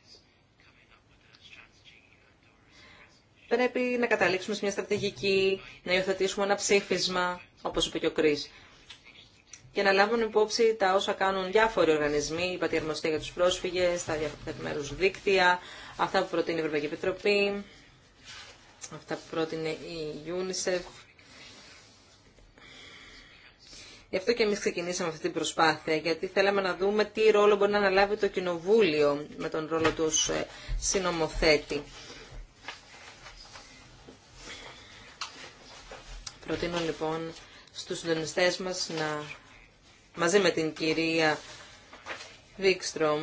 πρέπει να καταλήξουμε σε μια στρατηγική, να υιοθετήσουμε ένα ψήφισμα, όπω είπε και ο Κρίς. Και να λάβουν υπόψη τα όσα κάνουν διάφοροι οργανισμοί, η Πατιαρμοστία για του πρόσφυγε, τα διάφορα δίκτυα, αυτά που προτείνει η Ευρωπαϊκή Επιτροπή, αυτά που πρότεινε η UNICEF. Γι' αυτό και εμεί ξεκινήσαμε αυτή την προσπάθεια, γιατί θέλαμε να δούμε τι ρόλο μπορεί να αναλάβει το Κοινοβούλιο με τον ρόλο του ως ε, συνομοθέτη. Προτείνω λοιπόν στους συντονιστές μας να μαζί με την κυρία Βίκστρομ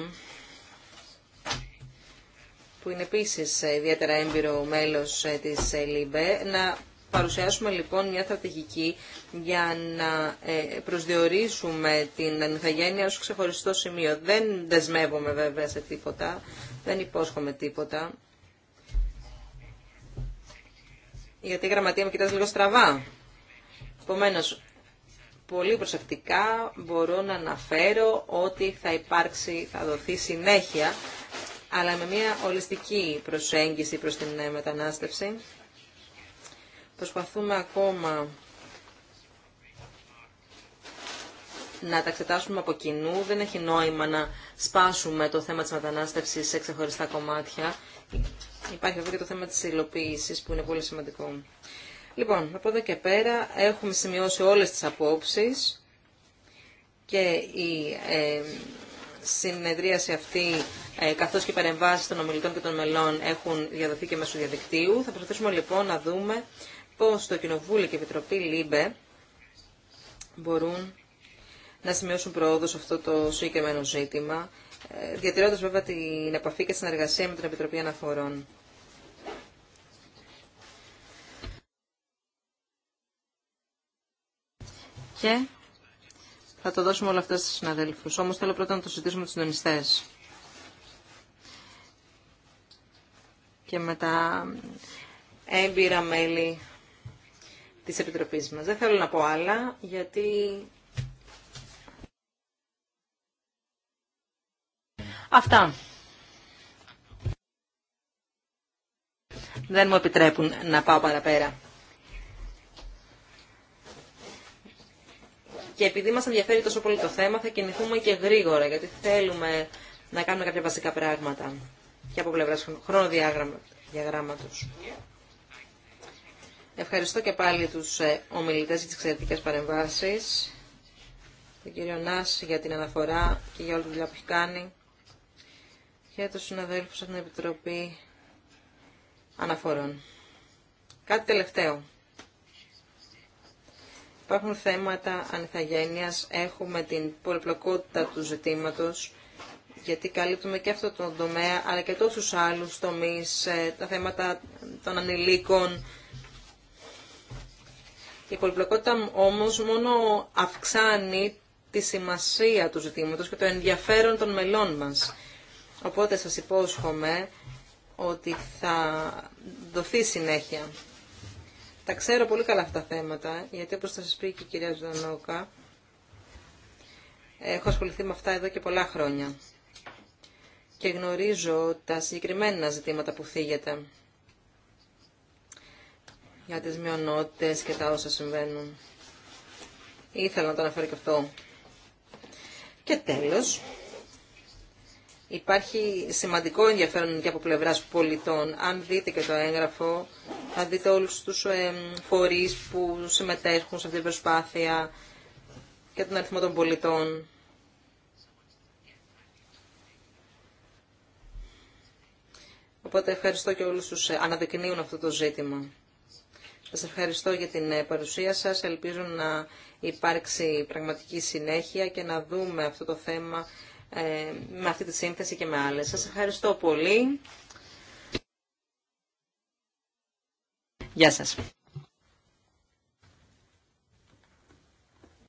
που είναι επίσης ιδιαίτερα έμπειρο μέλος ε, της ε, ΛΥΜΠΕ, να παρουσιάσουμε λοιπόν μια στρατηγική για να ε, προσδιορίσουμε την ανηθαγένεια ως ξεχωριστό σημείο. Δεν δεσμεύομαι βέβαια σε τίποτα, δεν υπόσχομαι τίποτα. γιατί η γραμματεία μου κοιτάζει λίγο στραβά. Επομένω, πολύ προσεκτικά μπορώ να αναφέρω ότι θα υπάρξει, θα δοθεί συνέχεια, αλλά με μια ολιστική προσέγγιση προς την ε, μετανάστευση. Προσπαθούμε ακόμα να τα εξετάσουμε από κοινού. Δεν έχει νόημα να σπάσουμε το θέμα της μετανάστευσης σε ξεχωριστά κομμάτια. Υπάρχει βέβαια και το θέμα της υλοποίησης που είναι πολύ σημαντικό. Λοιπόν, από εδώ και πέρα έχουμε σημειώσει όλες τις απόψεις και η ε, συνεδρίαση αυτή, ε, καθώς και οι παρεμβάσεις των ομιλητών και των μελών έχουν διαδοθεί και μέσω διαδικτύου. Θα προσπαθήσουμε λοιπόν να δούμε πώς το Κοινοβούλιο και η Επιτροπή ΛΥΜΠΕ μπορούν να σημειώσουν πρόοδο σε αυτό το συγκεκριμένο ζήτημα ε, διατηρώντας βέβαια την επαφή και συνεργασία με την Επιτροπή Αναφορών. Και θα το δώσουμε όλα αυτά στους συναδέλφους. Όμως θέλω πρώτα να το συζητήσουμε με τους συντονιστές. Και με τα έμπειρα μέλη της Επιτροπής μας. Δεν θέλω να πω άλλα, γιατί Αυτά. Δεν μου επιτρέπουν να πάω παραπέρα. Και επειδή μας ενδιαφέρει τόσο πολύ το θέμα, θα κινηθούμε και γρήγορα, γιατί θέλουμε να κάνουμε κάποια βασικά πράγματα και από πλευράς χρονοδιαγράμματος. Ευχαριστώ και πάλι τους ε, ομιλητές για τις εξαιρετικές παρεμβάσεις, τον κύριο Νάση για την αναφορά και για όλη τη δουλειά που έχει κάνει για τους συναδέλφους από την Επιτροπή Αναφορών. Κάτι τελευταίο. Υπάρχουν θέματα ανθαγένειας, έχουμε την πολυπλοκότητα του ζητήματος, γιατί καλύπτουμε και αυτό το τομέα, αλλά και τόσους άλλους τομείς, ε, τα θέματα των ανηλίκων. Η πολυπλοκότητα όμως μόνο αυξάνει τη σημασία του ζητήματος και το ενδιαφέρον των μελών μας. Οπότε σας υπόσχομαι ότι θα δοθεί συνέχεια. Τα ξέρω πολύ καλά αυτά τα θέματα, γιατί όπως θα σας πει και η κυρία Ζωνόκα, έχω ασχοληθεί με αυτά εδώ και πολλά χρόνια και γνωρίζω τα συγκεκριμένα ζητήματα που θίγεται για τις μειονότητες και τα όσα συμβαίνουν. Ήθελα να το αναφέρω και αυτό. Και τέλος, Υπάρχει σημαντικό ενδιαφέρον και από πλευράς πολιτών. Αν δείτε και το έγγραφο, θα δείτε όλους τους φορείς που συμμετέχουν σε αυτή την προσπάθεια και τον αριθμό των πολιτών. Οπότε ευχαριστώ και όλους τους ε, αναδεικνύουν αυτό το ζήτημα. Σας ευχαριστώ για την ε, παρουσία σας. Ελπίζω να υπάρξει πραγματική συνέχεια και να δούμε αυτό το θέμα ε, με αυτή τη σύνθεση και με άλλες. Σας ευχαριστώ πολύ. Γεια σας.